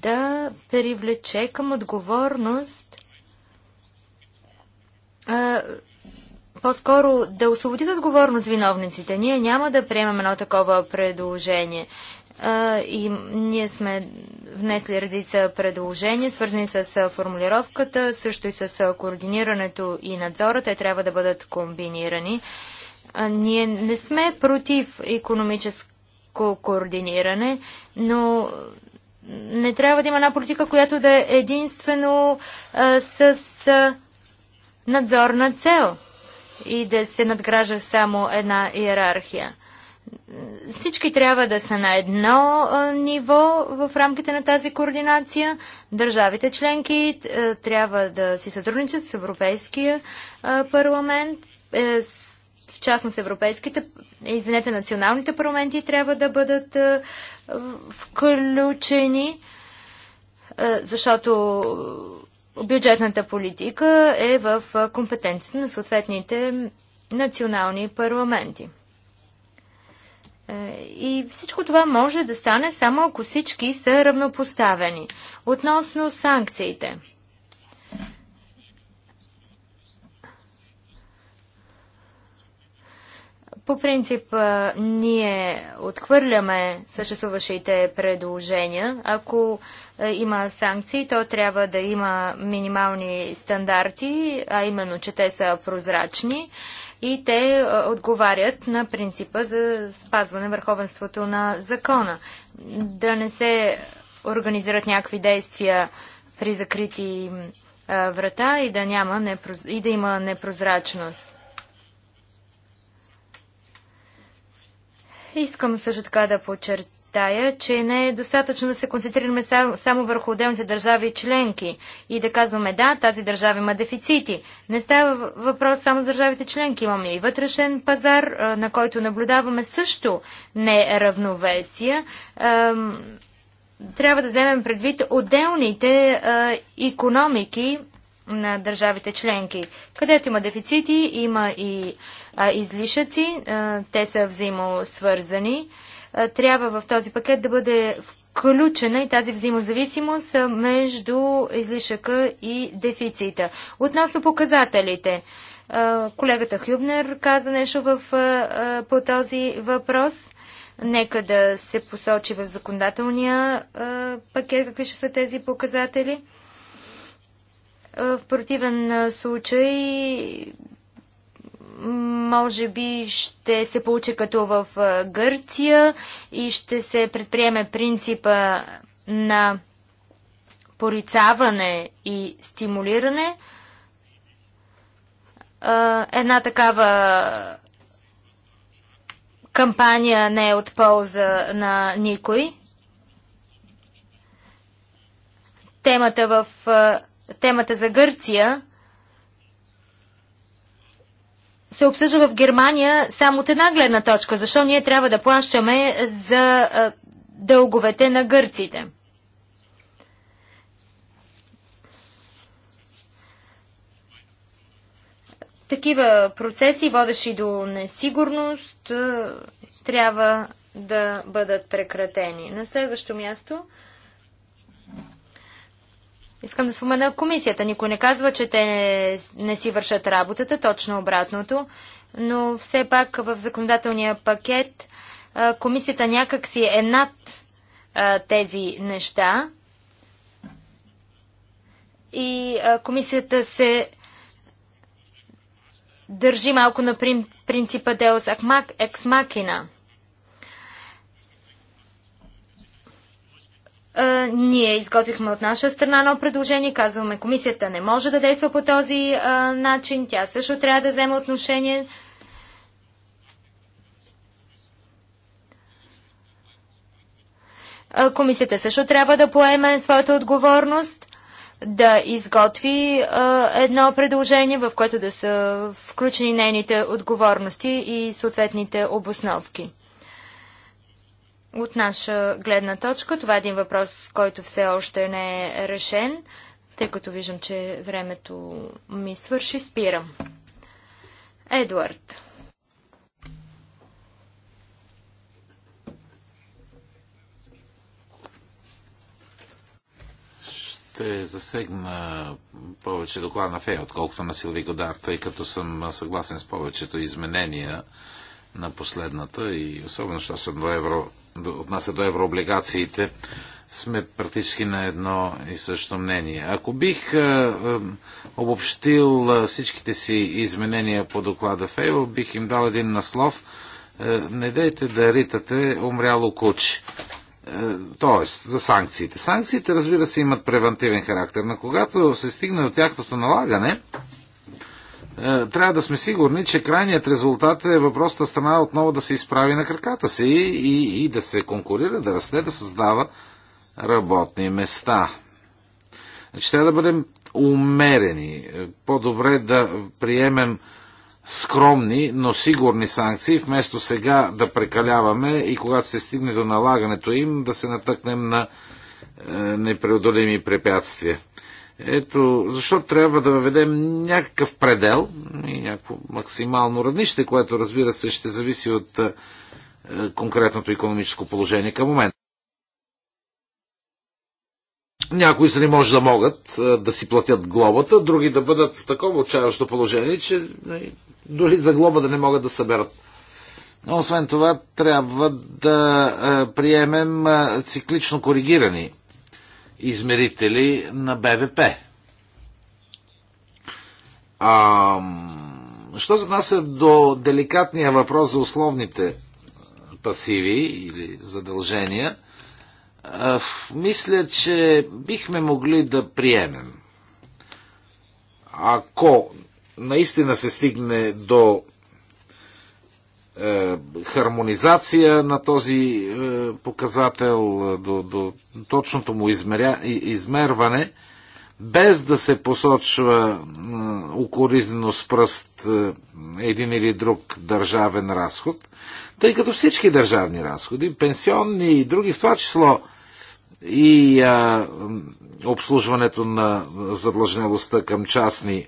да привлече към отговорност по-скоро да освободи отговорност виновниците. Ние няма да приемем едно такова предложение. И ние сме внесли редица предложения, свързани с формулировката, също и с координирането и надзора. Те трябва да бъдат комбинирани. Ние не сме против економическо координиране, но не трябва да има една политика, която да е единствено а, с а, надзорна цел и да се надгражда само една иерархия. Всички трябва да са на едно а, ниво в рамките на тази координация. Държавите членки а, трябва да си сътрудничат с Европейския а, парламент, е, с в частност, европейските, извинете, националните парламенти трябва да бъдат е, включени, е, защото бюджетната политика е в компетенцията на съответните национални парламенти. Е, и всичко това може да стане само ако всички са равнопоставени. Относно санкциите – По принцип, ние отхвърляме съществуващите предложения. Ако има санкции, то трябва да има минимални стандарти, а именно, че те са прозрачни и те отговарят на принципа за спазване върховенството на закона. Да не се организират някакви действия при закрити врата и да, няма непроз... и да има непрозрачност. Искам също така да подчертая, че не е достатъчно да се концентрираме само, само върху отделните държави и членки и да казваме да, тази държава има дефицити. Не става въпрос само за държавите членки. Имаме и вътрешен пазар, на който наблюдаваме също неравновесия. Трябва да вземем предвид отделните економики на държавите членки. Където има дефицити, има и излишъци. Те са взаимосвързани. Трябва в този пакет да бъде включена и тази взаимозависимост между излишъка и дефицита. Относно показателите, колегата Хюбнер каза нещо в, по този въпрос. Нека да се посочи в законодателния пакет какви ще са тези показатели. В противен случай може би ще се получи като в Гърция и ще се предприеме принципа на порицаване и стимулиране. Една такава кампания не е от полза на никой. Темата, в, темата за Гърция се обсъжда в Германия само от една гледна точка. Защо ние трябва да плащаме за дълговете на гърците? Такива процеси, водещи до несигурност, трябва да бъдат прекратени. На следващо място Искам да спомена комисията. Никой не казва, че те не, не си вършат работата, точно обратното, но все пак в законодателния пакет а, комисията някак си е над а, тези неща и а, комисията се държи малко на принципа Deus Ex Machina – ние изготвихме от наша страна едно предложение, казваме комисията не може да действа по този а, начин, тя също трябва да вземе отношение. А, комисията също трябва да поеме своята отговорност, да изготви а, едно предложение, в което да са включени нейните отговорности и съответните обосновки. От наша гледна точка, това е един въпрос, който все още не е решен, тъй като виждам, че времето ми свърши, спирам. Едуард. ще засегна повече доклада на Фея, отколкото на Силви Годар, тъй като съм съгласен с повечето изменения на последната и особено, що съм до евро отнася до еврооблигациите, сме практически на едно и също мнение. Ако бих е, е, обобщил е, всичките си изменения по доклада Фейл, бих им дал един наслов. Не дейте да ритате умряло куче. Тоест, за санкциите. Санкциите, разбира се, имат превентивен характер, но когато се стигне до тяхното налагане, е, трябва да сме сигурни, че крайният резултат е въпросната страна отново да се изправи на краката си и, и да се конкурира, да расте, да създава работни места. Значи трябва да бъдем умерени. По-добре да приемем скромни, но сигурни санкции, вместо сега да прекаляваме и когато се стигне до налагането им, да се натъкнем на е, непреодолими препятствия. Ето, защо трябва да въведем някакъв предел и някакво максимално равнище, което разбира се ще зависи от е, конкретното економическо положение към момента. Някои са не може да могат е, да си платят глобата, други да бъдат в такова отчаяващо положение, че е, дори за глоба да не могат да съберат. Но Освен това, трябва да приемем циклично коригирани измерители на БВП. А, що за нас е до деликатния въпрос за условните пасиви или задължения, а, мисля, че бихме могли да приемем. Ако наистина се стигне до е, хармонизация на този е, показател е, до, до точното му измеря, измерване, без да се посочва укоризнено с пръст един или друг държавен разход, тъй като всички държавни разходи, пенсионни и други, в това число и а, обслужването на задлъжнелостта към частни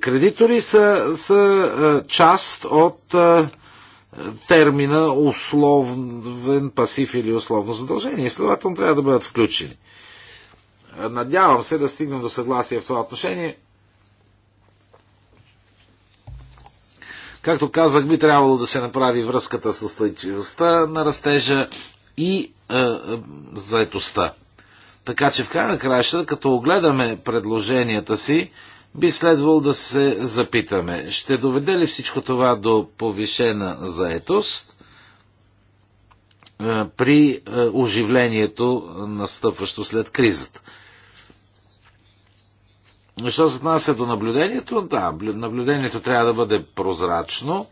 Кредитори са, са е, част от е, термина условен пасив или условно задължение. И следователно трябва да бъдат включени. Надявам се да стигнем до съгласие в това отношение. Както казах, би трябвало да се направи връзката с устойчивостта на растежа и е, е, заетостта. Така че в края на краища, като огледаме предложенията си, би следвало да се запитаме, ще доведе ли всичко това до повишена заетост е, при е, оживлението, настъпващо след кризата? Що се отнася до наблюдението? Да, наблюдението трябва да бъде прозрачно.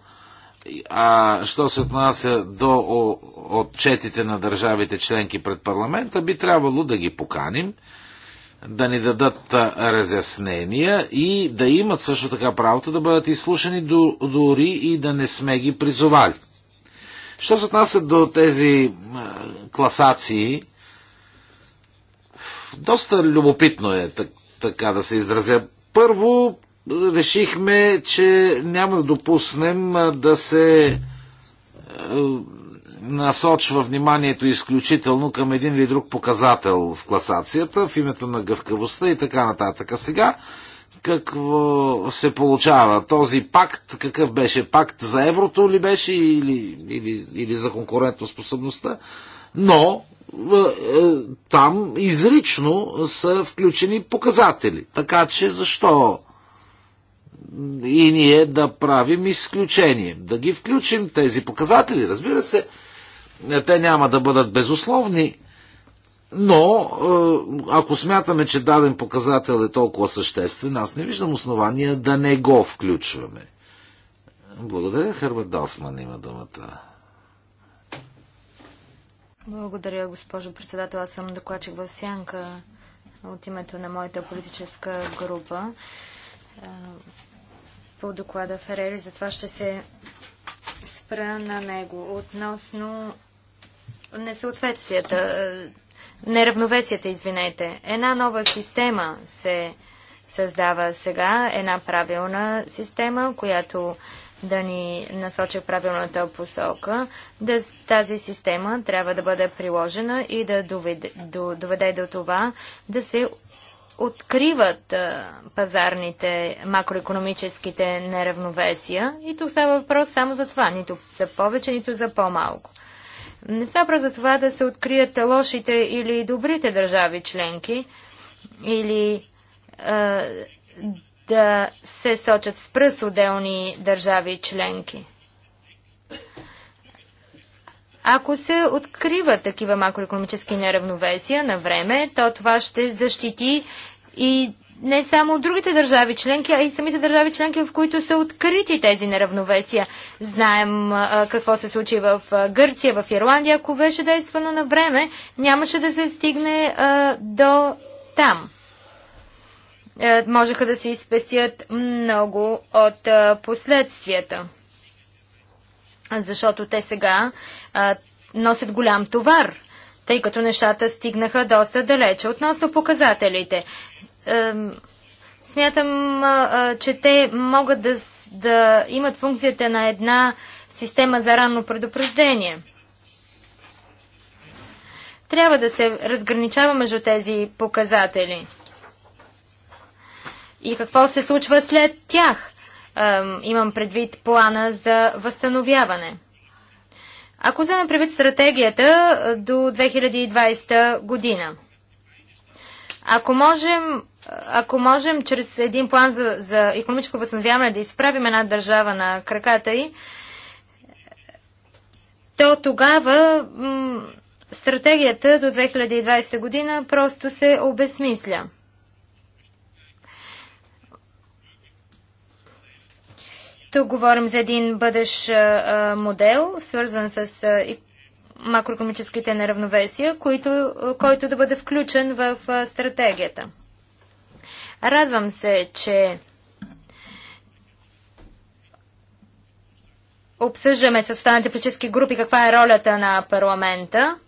А що се отнася до отчетите на държавите членки пред парламента, би трябвало да ги поканим да ни дадат разяснения и да имат също така правото да бъдат изслушани дори и да не сме ги призовали. Що се отнася до тези класации, доста любопитно е, така да се изразя. Първо, решихме, че няма да допуснем да се насочва вниманието изключително към един или друг показател в класацията, в името на гъвкавостта и така нататък. А сега какво се получава? Този пакт, какъв беше? Пакт за еврото ли беше или, или, или за конкурентоспособността? Но е, е, там изрично са включени показатели. Така че защо и ние да правим изключение? Да ги включим тези показатели, разбира се, те няма да бъдат безусловни, но е, ако смятаме, че даден показател е толкова съществен, аз не виждам основания да не го включваме. Благодаря, Херберт Дорфман има думата. Благодаря, госпожо председател. Аз съм докладчик в Сянка от името на моята политическа група е, по доклада Ферери, затова ще се спра на него. Относно несъответствията, е, неравновесията, извинете. Една нова система се създава сега, една правилна система, която да ни насочи правилната посока, да тази система трябва да бъде приложена и да доведе до, доведе до това да се откриват е, пазарните макроекономическите неравновесия и тук става въпрос само за това, нито за повече, нито за по-малко. Не става за това да се открият лошите или добрите държави членки или а, да се сочат с пръст отделни държави членки. Ако се откриват такива макроекономически неравновесия на време, то това ще защити и не само от другите държави членки, а и самите държави членки, в които са открити тези неравновесия. Знаем а, какво се случи в а, Гърция, в Ирландия. Ако беше действано на време, нямаше да се стигне а, до там. А, е, можеха да се изпестят много от а, последствията, защото те сега а, носят голям товар тъй като нещата стигнаха доста далече. Относно показателите, Смятам, че те могат да, да имат функцията на една система за ранно предупреждение. Трябва да се разграничава между тези показатели. И какво се случва след тях? Имам предвид плана за възстановяване. Ако вземем предвид стратегията до 2020 година – ако можем, ако можем чрез един план за, за економическо възстановяване да изправим една държава на краката й, то тогава стратегията до 2020 година просто се обесмисля. Тук говорим за един бъдещ модел, свързан с макроекономическите неравновесия, които, който да бъде включен в стратегията. Радвам се, че обсъждаме с останалите политически групи каква е ролята на парламента.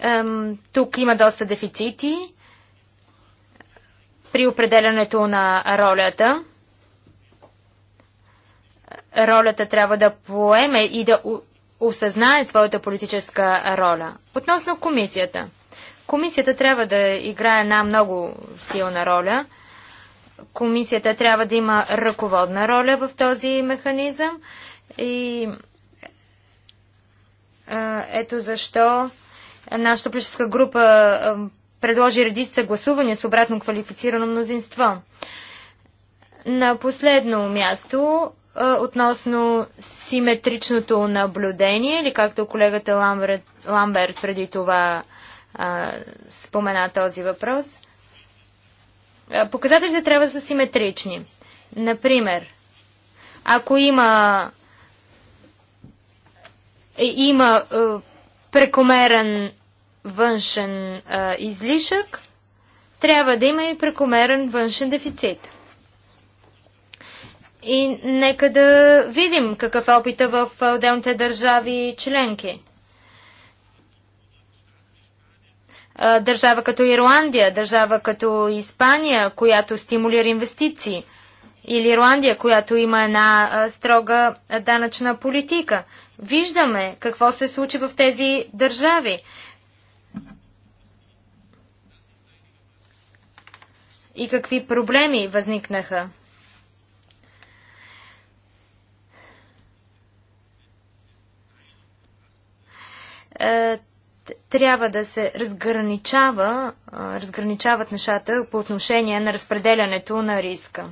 Ем, тук има доста дефицити при определянето на ролята. Ролята трябва да поеме и да осъзнае своята политическа роля. Относно комисията. Комисията трябва да играе една много силна роля. Комисията трябва да има ръководна роля в този механизъм и ето защо нашата политическа група предложи редица гласувания с обратно квалифицирано мнозинство. На последно място относно симетричното наблюдение, или както колегата Ламберт, Ламберт преди това а, спомена този въпрос. Показателите трябва да са симетрични. Например, ако има е, има е, прекомерен външен е, излишък, трябва да има и прекомерен външен дефицит. И нека да видим какъв е опита в отделните държави членки. Държава като Ирландия, държава като Испания, която стимулира инвестиции, или Ирландия, която има една строга данъчна политика. Виждаме какво се случи в тези държави. И какви проблеми възникнаха. Е, трябва да се разграничава, разграничават нещата по отношение на разпределянето на риска.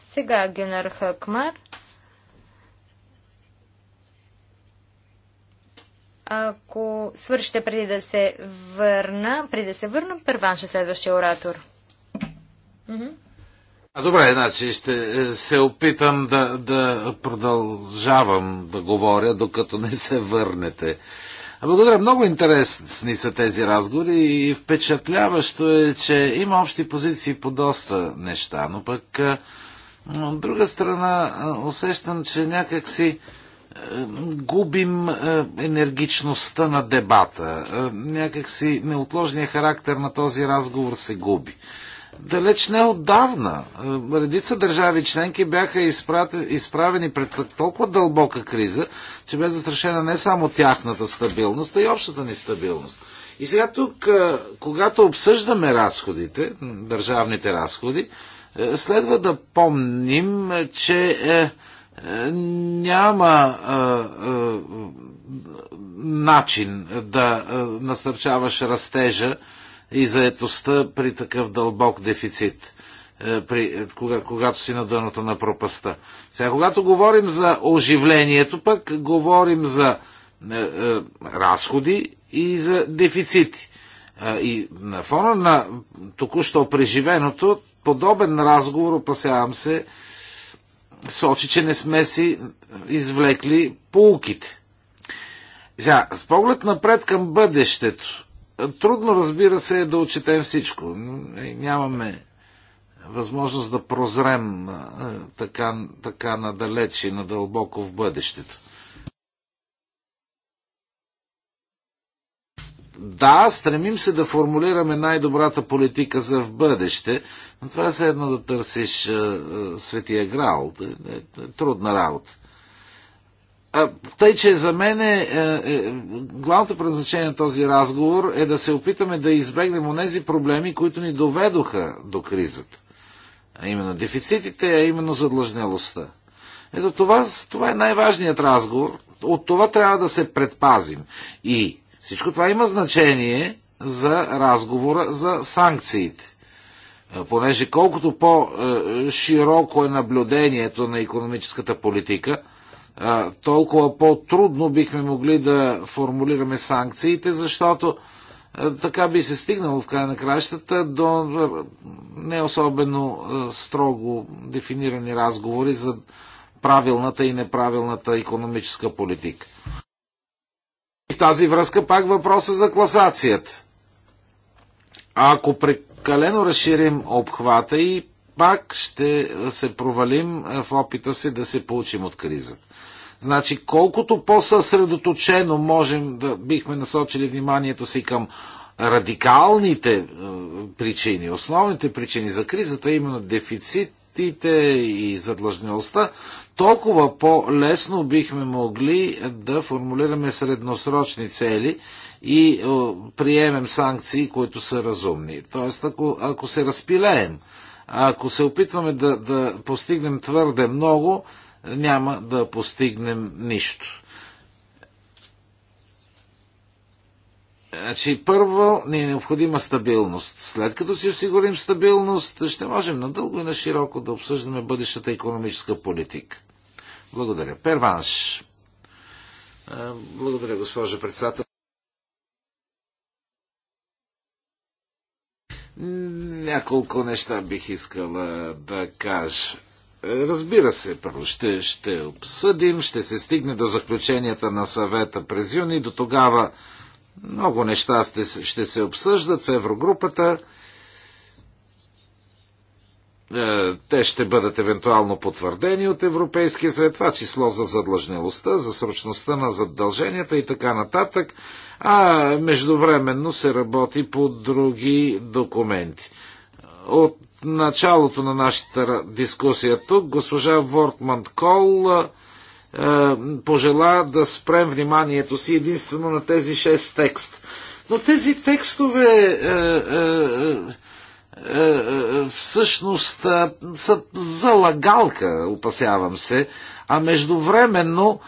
Сега Генер Хъкмар. Ако свършите преди да се върна, преди да се върна, първан ще следващия оратор. А, добре, значи ще е, се опитам да, да продължавам да говоря, докато не се върнете. Благодаря. Много интересни са тези разговори и впечатляващо е, че има общи позиции по доста неща, но пък от друга страна усещам, че някакси губим енергичността на дебата. Някакси неотложният характер на този разговор се губи далеч не отдавна. Е, редица държави членки бяха изправени пред толкова дълбока криза, че бе застрашена не само тяхната стабилност, а и общата ни стабилност. И сега тук, е, когато обсъждаме разходите, държавните разходи, е, следва да помним, че е, няма е, е, начин да насърчаваш растежа и заетостта при такъв дълбок дефицит, е, при, е, кога, когато си на дъното на пропаста. Сега, когато говорим за оживлението, пък говорим за е, е, разходи и за дефицити. Е, и на фона на току-що преживеното, подобен разговор, опасявам се, сочи, че не сме си извлекли полуките. Сега, с поглед напред към бъдещето, Трудно, разбира се, е да отчетем всичко. Е, нямаме възможност да прозрем така, така надалеч и надълбоко в бъдещето. Да, стремим се да формулираме най-добрата политика за в бъдеще, но това е едно да търсиш е, е, светия грал. Е, е, е, трудна работа. Тъй, че за мен е, е, главното предназначение на този разговор е да се опитаме да избегнем онези проблеми, които ни доведоха до кризата. А именно дефицитите, а именно задлъжнялостта. Ето това, това е най-важният разговор. От това трябва да се предпазим. И всичко това има значение за разговора за санкциите. Понеже колкото по-широко е, е наблюдението на економическата политика, толкова по-трудно бихме могли да формулираме санкциите, защото така би се стигнало в край на кращата до не особено строго дефинирани разговори за правилната и неправилната економическа политика. И В тази връзка пак въпроса за класацията. А ако прекалено разширим обхвата и пак ще се провалим в опита си да се получим от кризата. Значи, колкото по-съсредоточено можем да бихме насочили вниманието си към радикалните е, причини, основните причини за кризата, именно дефицитите и задлъжнялостта, толкова по-лесно бихме могли да формулираме средносрочни цели и е, приемем санкции, които са разумни. Тоест, ако, ако се разпилеем, ако се опитваме да, да постигнем твърде много, няма да постигнем нищо. Значи, първо ни е необходима стабилност. След като си осигурим стабилност, ще можем надълго и на широко да обсъждаме бъдещата економическа политика. Благодаря. Перванш. Благодаря, госпожа председател. Няколко неща бих искала да кажа. Разбира се, първо ще, ще обсъдим, ще се стигне до заключенията на съвета през юни. До тогава много неща ще, ще се обсъждат в Еврогрупата. Е, те ще бъдат евентуално потвърдени от Европейския съвет, това число за задлъжнелостта, за срочността на задълженията и така нататък, а междувременно се работи по други документи. От началото на нашата дискусия тук госпожа Вортман Кол е, пожела да спрем вниманието си единствено на тези шест текст. Но тези текстове е, е, е, е, е всъщност са залагалка, опасявам се, а междувременно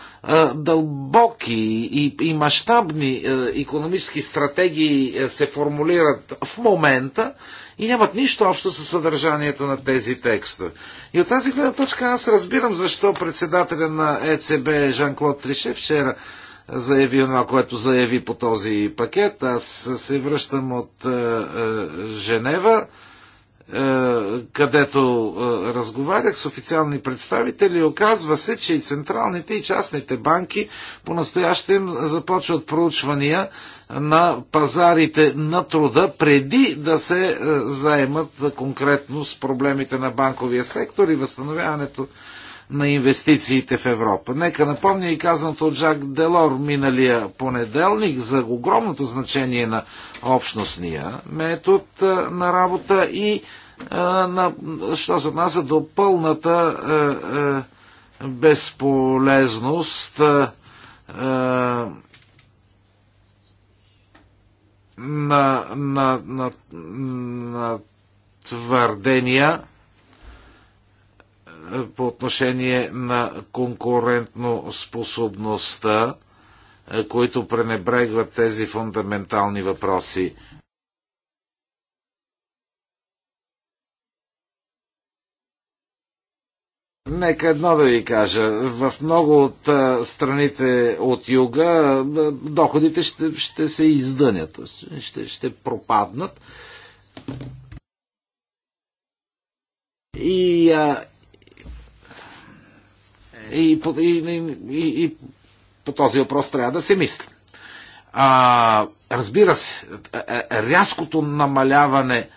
дълбоки и, и мащабни економически стратегии се формулират в момента, и нямат нищо общо с съдържанието на тези текстове. И от тази гледна точка аз разбирам защо председателя на ЕЦБ Жан-Клод Трише вчера заяви това, което заяви по този пакет. Аз се връщам от е, е, Женева. Е, където е, разговарях с официални представители, оказва се, че и централните и частните банки по-настоящем започват проучвания на пазарите на труда преди да се е, заемат конкретно с проблемите на банковия сектор и възстановяването на инвестициите в Европа. Нека напомня и казаното от Жак Делор миналия понеделник за огромното значение на общностния метод на работа и на, що се отнася до пълната е, е, безполезност е, е на, на, на, на твърдения е, по отношение на конкурентно способността, е, които пренебрегват тези фундаментални въпроси. Нека едно да ви кажа. В много от страните от юга доходите ще, ще се издънят, ще, ще пропаднат. И, а, и, по, и, и, и, и по този въпрос трябва да се мисли. А, разбира се, рязкото намаляване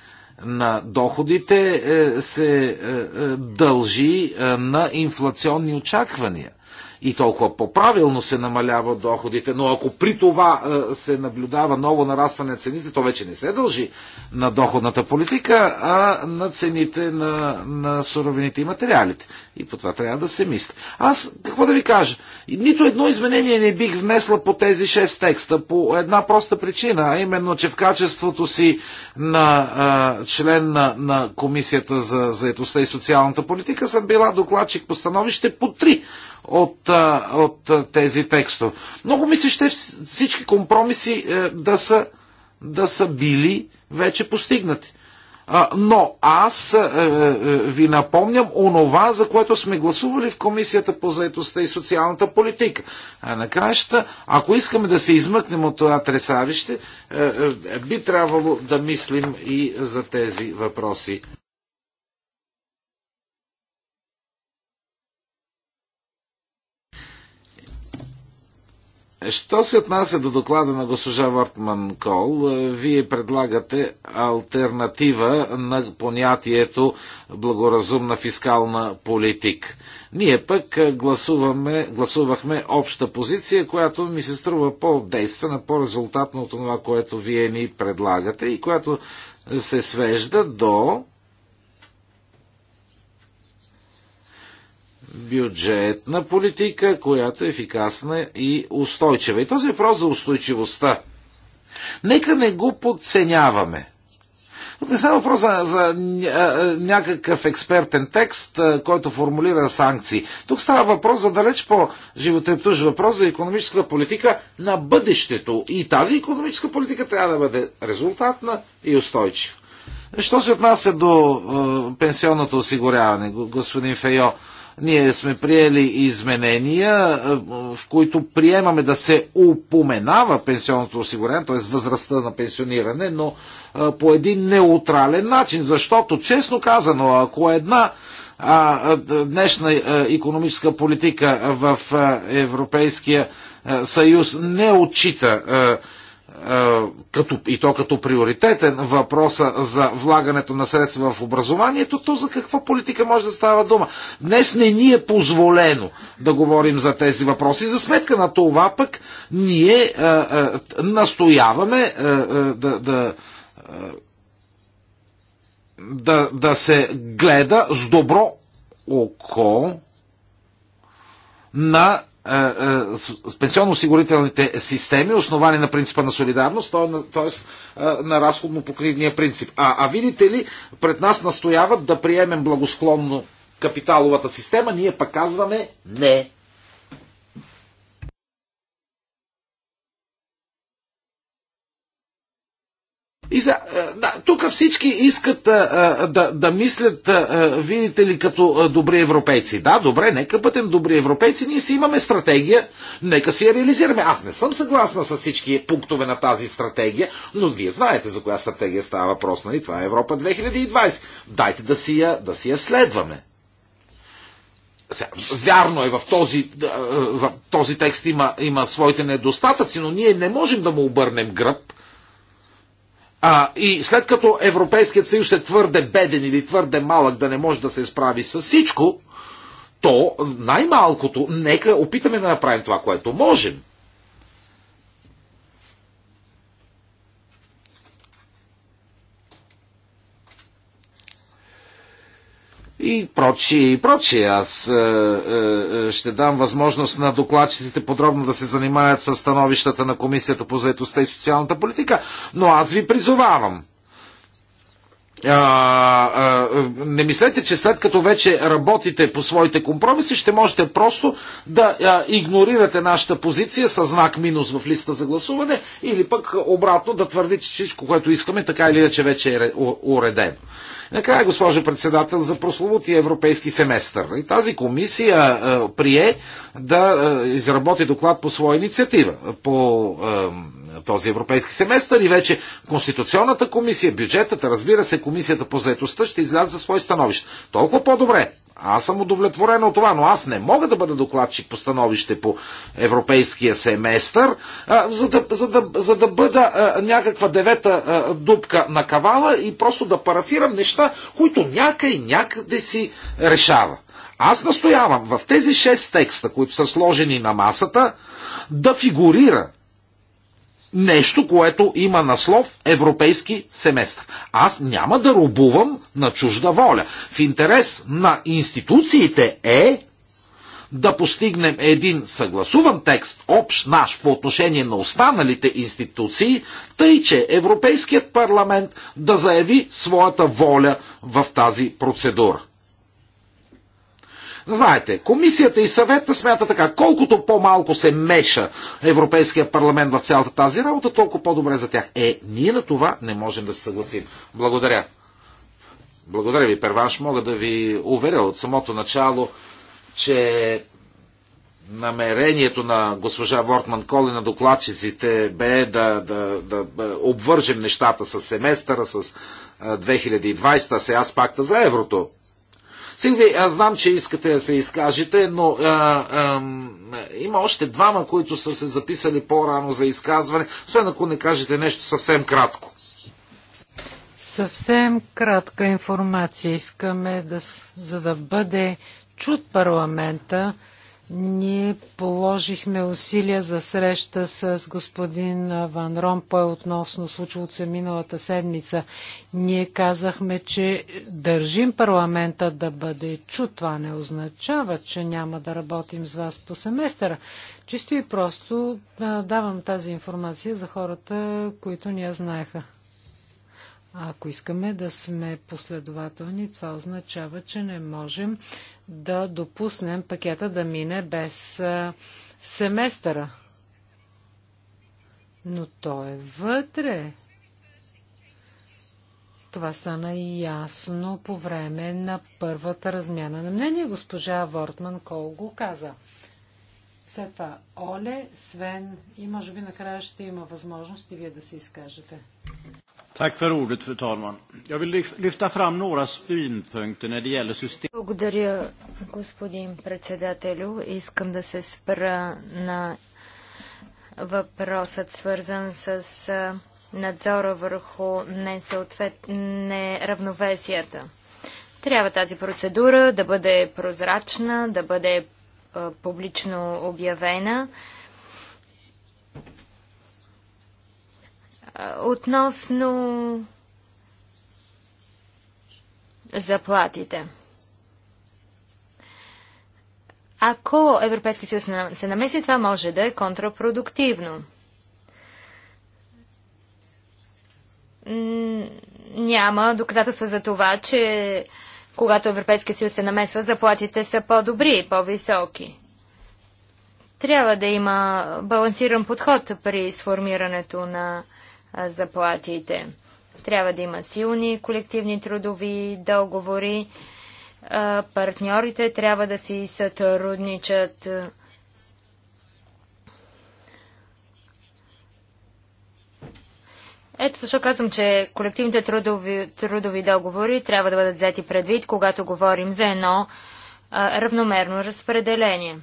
на доходите е, се е, е, дължи на инфлационни очаквания – и толкова по-правилно се намалява доходите, но ако при това е, се наблюдава ново нарастване на цените, то вече не се дължи на доходната политика, а на цените на, на суровините и материалите. И по това трябва да се мисли. Аз какво да ви кажа? Нито едно изменение не бих внесла по тези шест текста по една проста причина, а именно, че в качеството си на а, е, член на, на Комисията за заедостта и социалната политика съм била докладчик по становище по три от, от тези текстове. Много мисля, ще всички компромиси е, да са, да са били вече постигнати. Но аз е, е, ви напомням онова, за което сме гласували в Комисията по заедостта и социалната политика. Накрая, ако искаме да се измъкнем от това тресавище, би трябвало да мислим и за тези въпроси. Що се отнася до доклада на госпожа Вортман Кол, е, вие предлагате альтернатива на понятието благоразумна фискална политик. Ние пък е, гласуваме, гласувахме обща позиция, която ми се струва по-действена, по-резултатна от това, което вие ни предлагате и която се свежда до бюджетна политика, която е ефикасна и устойчива. И този въпрос за устойчивостта. Нека не го подценяваме. Тук не става въпрос за, за някакъв експертен текст, който формулира санкции. Тук става въпрос за далеч по-животрептуж въпрос за економическата политика на бъдещето. И тази економическа политика трябва да бъде резултатна и устойчива. Що се отнася до е, пенсионното осигуряване, господин Фейо? Ние сме приели изменения, е, в които приемаме да се упоменава пенсионното осигурение, т.е. възрастта на пенсиониране, но е, по един неутрален начин, защото честно казано, ако една днешна економическа политика в е, Европейския съюз не отчита е, като, и то като приоритетен въпроса за влагането на средства в образованието, то за каква политика може да става дума? Днес не ни е позволено да говорим за тези въпроси. За сметка на това пък ние а, е, а, е, настояваме а, а, да, да, а, да, да се гледа с добро око на е, е, пенсионно-осигурителните системи, основани на принципа на солидарност, т.е. Е, на разходно-покривния принцип. А, а видите ли, пред нас настояват да приемем благосклонно капиталовата система, ние пък казваме не. И за, е, да, тук всички искат а, е, е, да, да мислят, а, видите ли, като а, добри европейци. Да, добре, нека бъдем добри европейци, ние си имаме стратегия, нека си я реализираме. Аз не съм съгласна с всички пунктове на тази стратегия, но вие знаете за коя стратегия става въпрос, нали? Това е Европа 2020. Дайте да си я, да си я следваме. Вярно е, в този, в този текст има, има своите недостатъци, но ние не можем да му обърнем гръб а, и след като Европейският съюз е твърде беден или твърде малък да не може да се справи с всичко, то най-малкото нека опитаме да направим това, което можем. и прочие, и прочие. Аз е, е, е, ще дам възможност на докладчиците подробно да се занимаят с становищата на Комисията по заедостта и социалната политика, но аз ви призовавам. А, а, не мислете, че след като вече работите по своите компромиси, ще можете просто да а, игнорирате нашата позиция с знак минус в листа за гласуване или пък обратно да твърдите, че всичко, което искаме, така или иначе вече е уредено. Накрая, госпожо председател, за прословутия европейски семестър. И тази комисия а, е, прие да а, е, изработи доклад по своя инициатива по а, е, този европейски семестър и вече Конституционната комисия, бюджетата, разбира се, комисията по заетостта ще изляза за свои становища. Толкова по-добре. Аз съм удовлетворен от това, но аз не мога да бъда докладчик по становище по европейския семестър, а, за, да, за, да, за да бъда а, някаква девета а, дупка на кавала и просто да парафирам неща, които някъде някъде си решава. Аз настоявам в тези шест текста, които са сложени на масата, да фигурира нещо, което има на слов европейски семестър. Аз няма да рубувам на чужда воля. В интерес на институциите е да постигнем един съгласуван текст, общ наш по отношение на останалите институции, тъй че Европейският парламент да заяви своята воля в тази процедура. Знаете, комисията и съвета смята така, колкото по-малко се меша Европейския парламент в цялата тази работа, толкова по-добре за тях. Е, ние на това не можем да се съгласим. Благодаря. Благодаря ви, Перванш. Мога да ви уверя от самото начало, че намерението на госпожа Вортман Коли на докладчиците бе да, да, да обвържем нещата с семестъра, с 2020, а сега с пакта за еврото. Силви, аз знам, че искате да се изкажете, но а, а, има още двама, които са се записали по-рано за изказване, освен ако не кажете нещо съвсем кратко. Съвсем кратка информация искаме, да, за да бъде чуд парламента ние положихме усилия за среща с господин Ван Ромпой относно случилото се миналата седмица. Ние казахме, че държим парламента да бъде чу. Това не означава, че няма да работим с вас по семестъра. Чисто и просто давам тази информация за хората, които ни я знаеха. Ако искаме да сме последователни, това означава, че не можем да допуснем пакета да мине без семестъра. Но то е вътре. Това стана ясно по време на първата размяна на мнение. Госпожа Вортман Кол го каза. След това Оле, Свен и може би накрая ще има възможност и вие да се изкажете. Благодаря, господин председателю. Искам да се спра на въпросът, свързан с надзора върху несъответ... неравновесията. Трябва тази процедура да бъде прозрачна, да бъде публично обявена. Относно заплатите. Ако Европейски съюз се намеси, това може да е контрапродуктивно. Няма доказателства за това, че когато Европейския съюз се намесва, заплатите са по-добри, по-високи. Трябва да има балансиран подход при сформирането на заплатите. Трябва да има силни колективни трудови договори. Партньорите трябва да си сътрудничат. Ето защо казвам, че колективните трудови, трудови договори трябва да бъдат взети предвид, когато говорим за едно равномерно разпределение.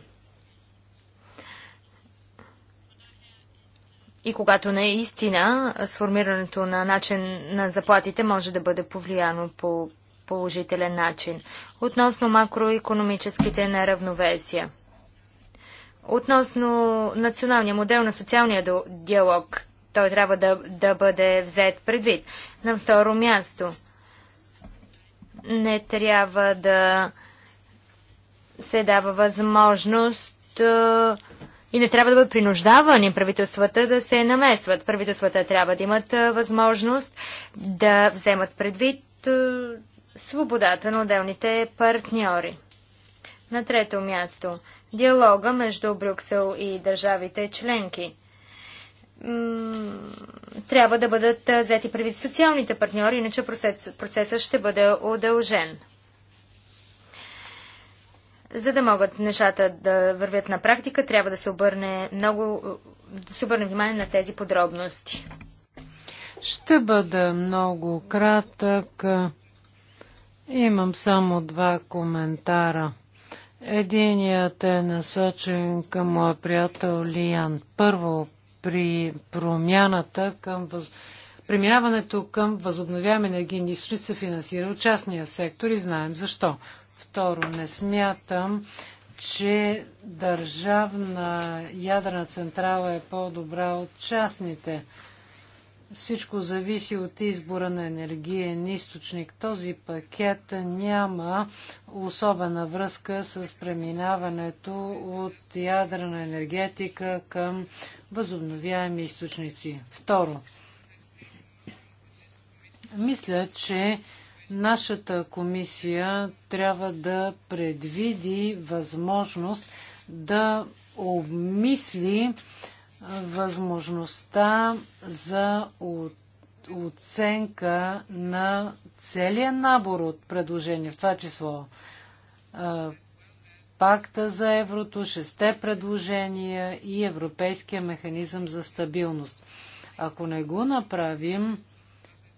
и когато наистина сформирането на начин на заплатите може да бъде повлияно по положителен начин. Относно макроекономическите неравновесия. Относно националния модел на социалния диалог, той трябва да, да бъде взет предвид. На второ място, не трябва да се дава възможност и не трябва да бъдат принуждавани правителствата да се намесват. Правителствата трябва да имат възможност да вземат предвид свободата на отделните партньори. На трето място диалога между Брюксел и държавите членки. Трябва да бъдат взети предвид социалните партньори, иначе процесът ще бъде удължен. За да могат нещата да вървят на практика, трябва да се обърне много да се обърне внимание на тези подробности. Ще бъда много кратък. Имам само два коментара. Единият е насочен към моя приятел Лиян. Първо, при промяната към въз... преминаването към възобновяване на източници се финансира от частния сектор и знаем защо. Второ, не смятам, че държавна ядрена централа е по-добра от частните. Всичко зависи от избора на енергиен източник. Този пакет няма особена връзка с преминаването от ядрена енергетика към възобновяеми източници. Второ, мисля, че Нашата комисия трябва да предвиди възможност да обмисли възможността за оценка на целия набор от предложения, в това число пакта за еврото, шесте предложения и европейския механизъм за стабилност. Ако не го направим,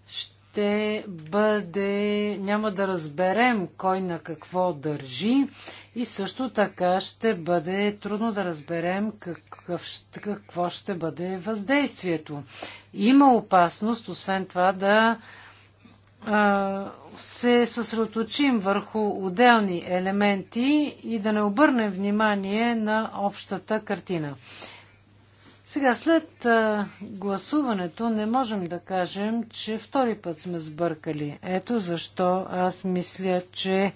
ще ще бъде, няма да разберем кой на какво държи и също така ще бъде трудно да разберем какъв, какво ще бъде въздействието. Има опасност, освен това, да а, се съсредоточим върху отделни елементи и да не обърнем внимание на общата картина. Сега, след а, гласуването, не можем да кажем, че втори път сме сбъркали. Ето защо аз мисля, че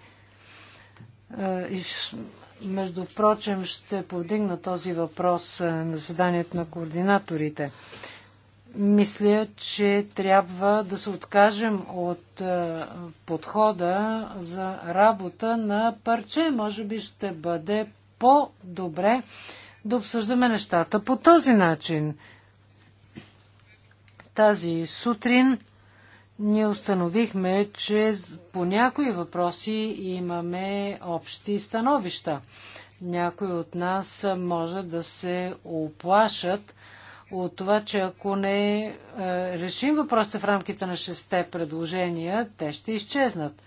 а, иш, между прочим ще повдигна този въпрос а, на заданието на координаторите. Мисля, че трябва да се откажем от а, подхода за работа на парче. Може би ще бъде по-добре да обсъждаме нещата по този начин. Тази сутрин ние установихме, че по някои въпроси имаме общи становища. Някои от нас може да се оплашат от това, че ако не е, решим въпросите в рамките на шесте предложения, те ще изчезнат.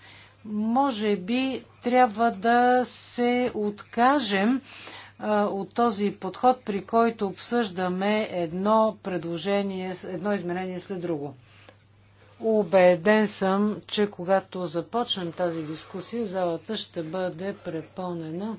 Може би трябва да се откажем от този подход, при който обсъждаме едно предложение, едно изменение след друго. Обеден съм, че когато започнем тази дискусия, залата ще бъде препълнена.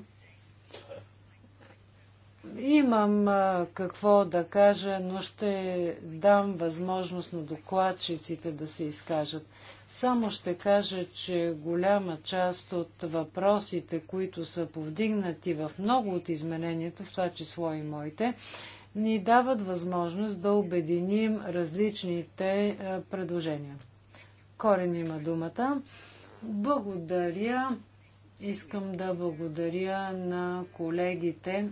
Имам какво да кажа, но ще дам възможност на докладчиците да се изкажат. Само ще кажа, че голяма част от въпросите, които са повдигнати в много от измененията, в това число и моите, ни дават възможност да обединим различните е, предложения. Корен има думата. Благодаря. Искам да благодаря на колегите е,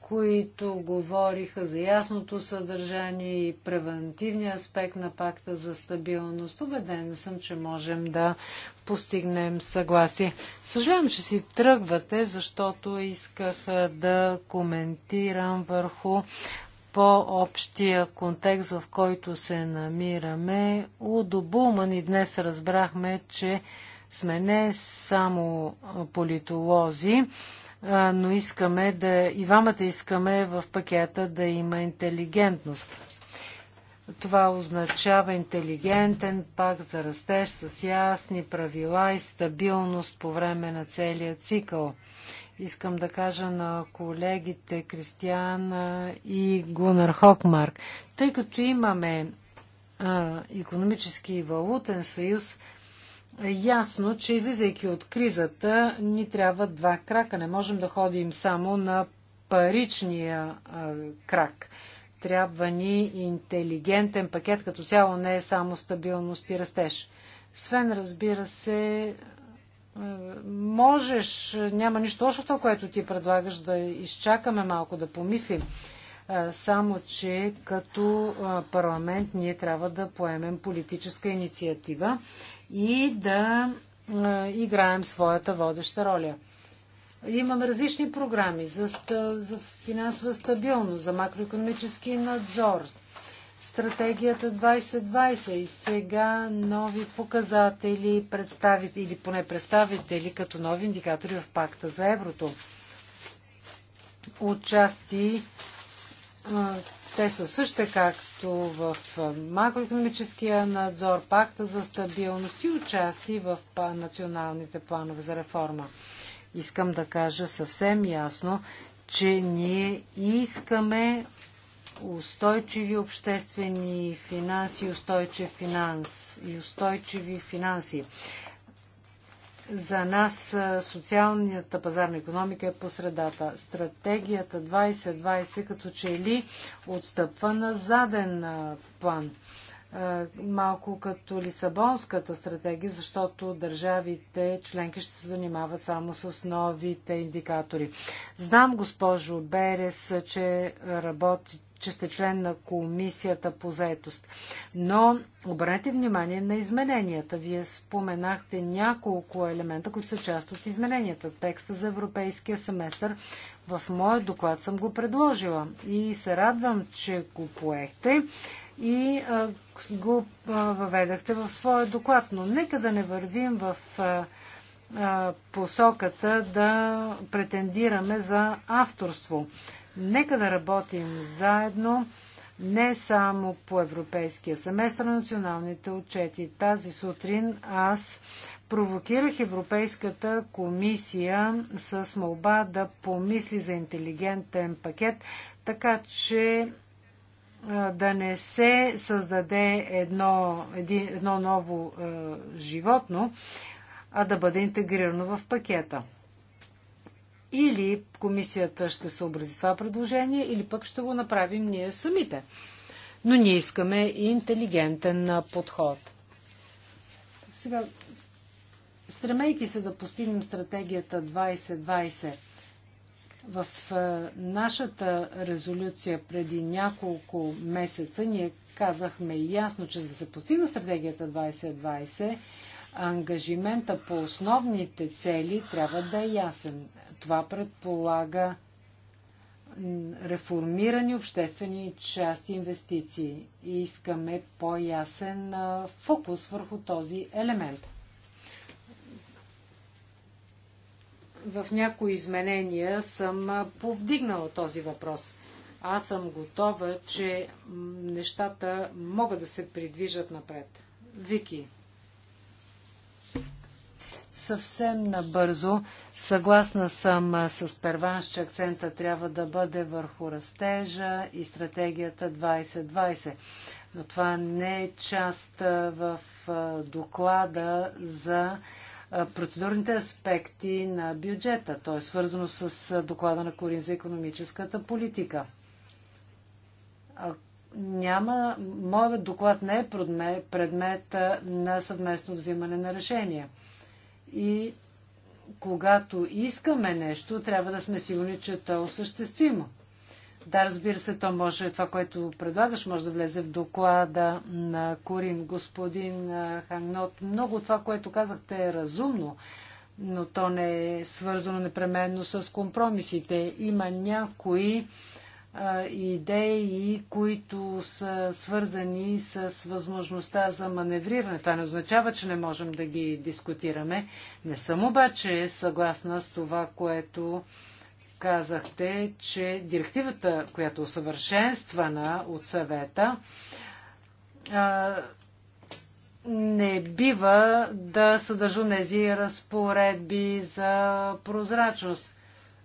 които говориха за ясното съдържание и превентивния аспект на пакта за стабилност. Убеден съм, че можем да постигнем съгласие. Съжалявам, че си тръгвате, защото исках да коментирам върху по-общия контекст, в който се намираме. У Добулман и днес разбрахме, че сме не само политолози, но искаме да, и двамата искаме в пакета да има интелигентност. Това означава интелигентен пак за растеж с ясни правила и стабилност по време на целия цикъл. Искам да кажа на колегите Кристиан и Гунар Хокмарк, тъй като имаме а, економически и валутен съюз, е ясно, че излизайки от кризата, ни трябва два крака. Не можем да ходим само на паричния а, крак. Трябва ни интелигентен пакет, като цяло не е само стабилност и растеж. Свен, разбира се, можеш, няма нищо лошо в това, което ти предлагаш, да изчакаме малко, да помислим. Само, че като парламент ние трябва да поемем политическа инициатива и да играем своята водеща роля. Имаме различни програми за, за финансова стабилност, за макроекономически надзор, стратегията 2020 и сега нови показатели или поне представители като нови индикатори в пакта за еврото. Отчасти те са също както в макроекономическия надзор, пакта за стабилност и участие в националните планове за реформа. Искам да кажа съвсем ясно, че ние искаме устойчиви обществени финанси, устойчив финанс и устойчиви финанси. За нас социалната пазарна економика е по средата. Стратегията 2020 като че ли отстъпва на заден план. Малко като Лисабонската стратегия, защото държавите членки ще се занимават само с новите индикатори. Знам, госпожо Берес, че работите че сте член на комисията по заетост. Но обърнете внимание на измененията. Вие споменахте няколко елемента, които са част от измененията. Текста за европейския семестър в моят доклад съм го предложила и се радвам, че го поехте и а, го а, въведахте в своя доклад. Но нека да не вървим в а, а, посоката да претендираме за авторство. Нека да работим заедно не само по европейския семестър на националните отчети. Тази сутрин аз провокирах Европейската комисия с молба да помисли за интелигентен пакет, така че да не се създаде едно, едно ново е, животно, а да бъде интегрирано в пакета. Или комисията ще съобрази това предложение, или пък ще го направим ние самите. Но ние искаме и интелигентен подход. Сега, стремейки се да постигнем стратегията 2020, в нашата резолюция преди няколко месеца ние казахме ясно, че за да се постигне стратегията 2020, ангажимента по основните цели трябва да е ясен това предполага реформирани обществени части инвестиции и искаме по-ясен фокус върху този елемент. В някои изменения съм повдигнала този въпрос. Аз съм готова, че нещата могат да се придвижат напред. Вики. Съвсем набързо, съгласна съм с Перванш, че акцента трябва да бъде върху растежа и стратегията 2020. Но това не е част в доклада за процедурните аспекти на бюджета. То е свързано с доклада на Корин за економическата политика. няма, моят доклад не е предмет на съвместно взимане на решения. И когато искаме нещо, трябва да сме сигурни, че то е осъществимо. Да, разбира се, то може, това, което предлагаш, може да влезе в доклада на Корин. Господин Хангнот, много това, което казахте е разумно, но то не е свързано непременно с компромисите. Има някои идеи, които са свързани с възможността за маневриране. Това не означава, че не можем да ги дискутираме. Не съм обаче съгласна с това, което казахте, че директивата, която е усъвършенствана от съвета, не бива да съдържа тези разпоредби за прозрачност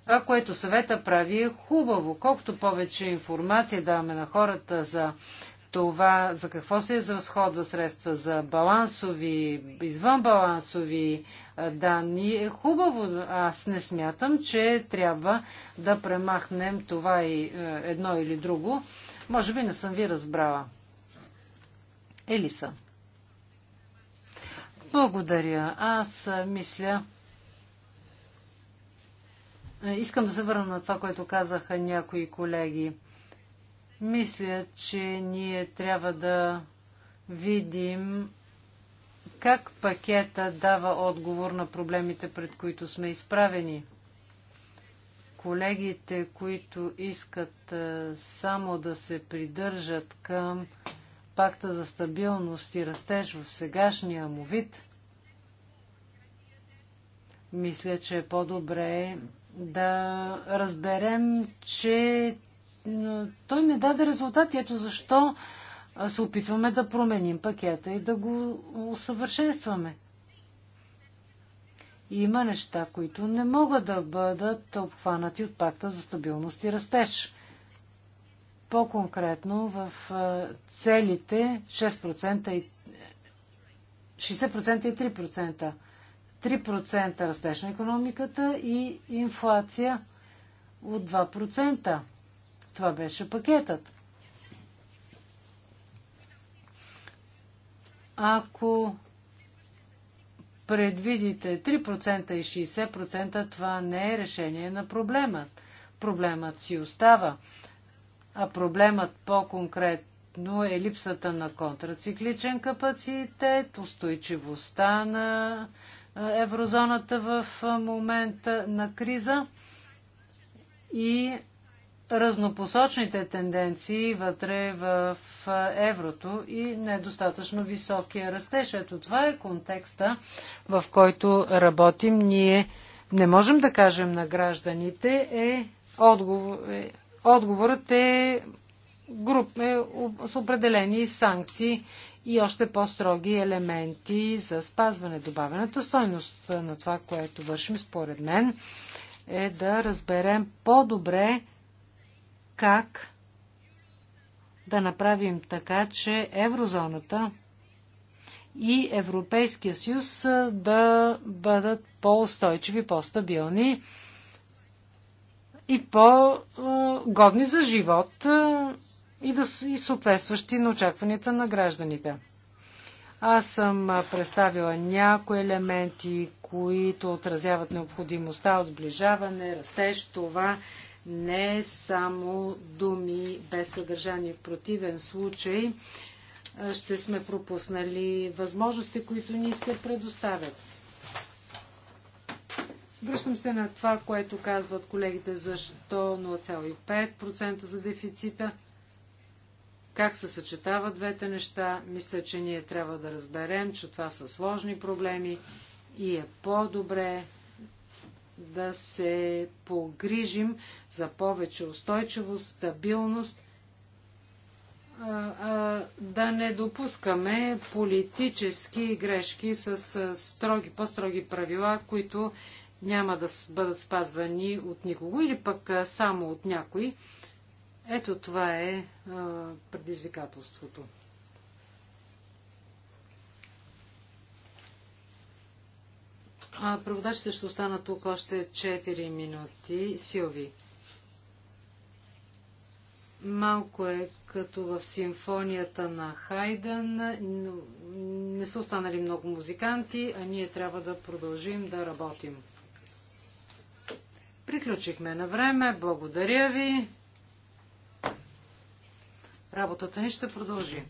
а което съвета прави е хубаво. Колкото повече информация даваме на хората за това, за какво се изразходва средства, за балансови, извънбалансови данни, е хубаво. Аз не смятам, че трябва да премахнем това и е, едно или друго. Може би не съм ви разбрала. Елиса. Благодаря. Аз мисля, е, искам да се върна на това, което казаха някои колеги. Мисля, че ние трябва да видим как пакета дава отговор на проблемите, пред които сме изправени. Колегите, които искат е, само да се придържат към пакта за стабилност и растеж в сегашния му вид, мисля, че е по-добре да разберем, че той не даде резултати. Ето защо се опитваме да променим пакета и да го усъвършенстваме. Има неща, които не могат да бъдат обхванати от пакта за стабилност и растеж. По-конкретно в целите 6% и 60% и 3%. 3% растеж на економиката и инфлация от 2%. Това беше пакетът. Ако предвидите 3% и 60%, това не е решение на проблема. Проблемът си остава. А проблемът по-конкретно е липсата на контрацикличен капацитет, устойчивостта на еврозоната в момента на криза и разнопосочните тенденции вътре в еврото и недостатъчно високия растеж. Ето това е контекста, в който работим. Ние не можем да кажем на гражданите е отговор, е, отговорът е, груп, е с определени санкции и още по-строги елементи за спазване. Добавената стойност на това, което вършим, според мен, е да разберем по-добре как да направим така, че еврозоната и Европейския съюз да бъдат по-устойчиви, по-стабилни и по-годни за живот и, да, и съответстващи на очакванията на гражданите. Аз съм представила някои елементи, които отразяват необходимостта от сближаване, растеж. Това не е само думи без съдържание. В противен случай ще сме пропуснали възможности, които ни се предоставят. Връщам се на това, което казват колегите, защо 0,5% за дефицита – как се съчетават двете неща? Мисля, че ние трябва да разберем, че това са сложни проблеми и е по-добре да се погрижим за повече устойчивост, стабилност, да не допускаме политически грешки с строги, по-строги правила, които няма да бъдат спазвани от никого или пък само от някои. Ето това е предизвикателството. А, преводачите ще останат тук още 4 минути. Силви. Малко е като в симфонията на Хайден. Не са останали много музиканти, а ние трябва да продължим да работим. Приключихме на време. Благодаря ви. Работата ни ще продължи.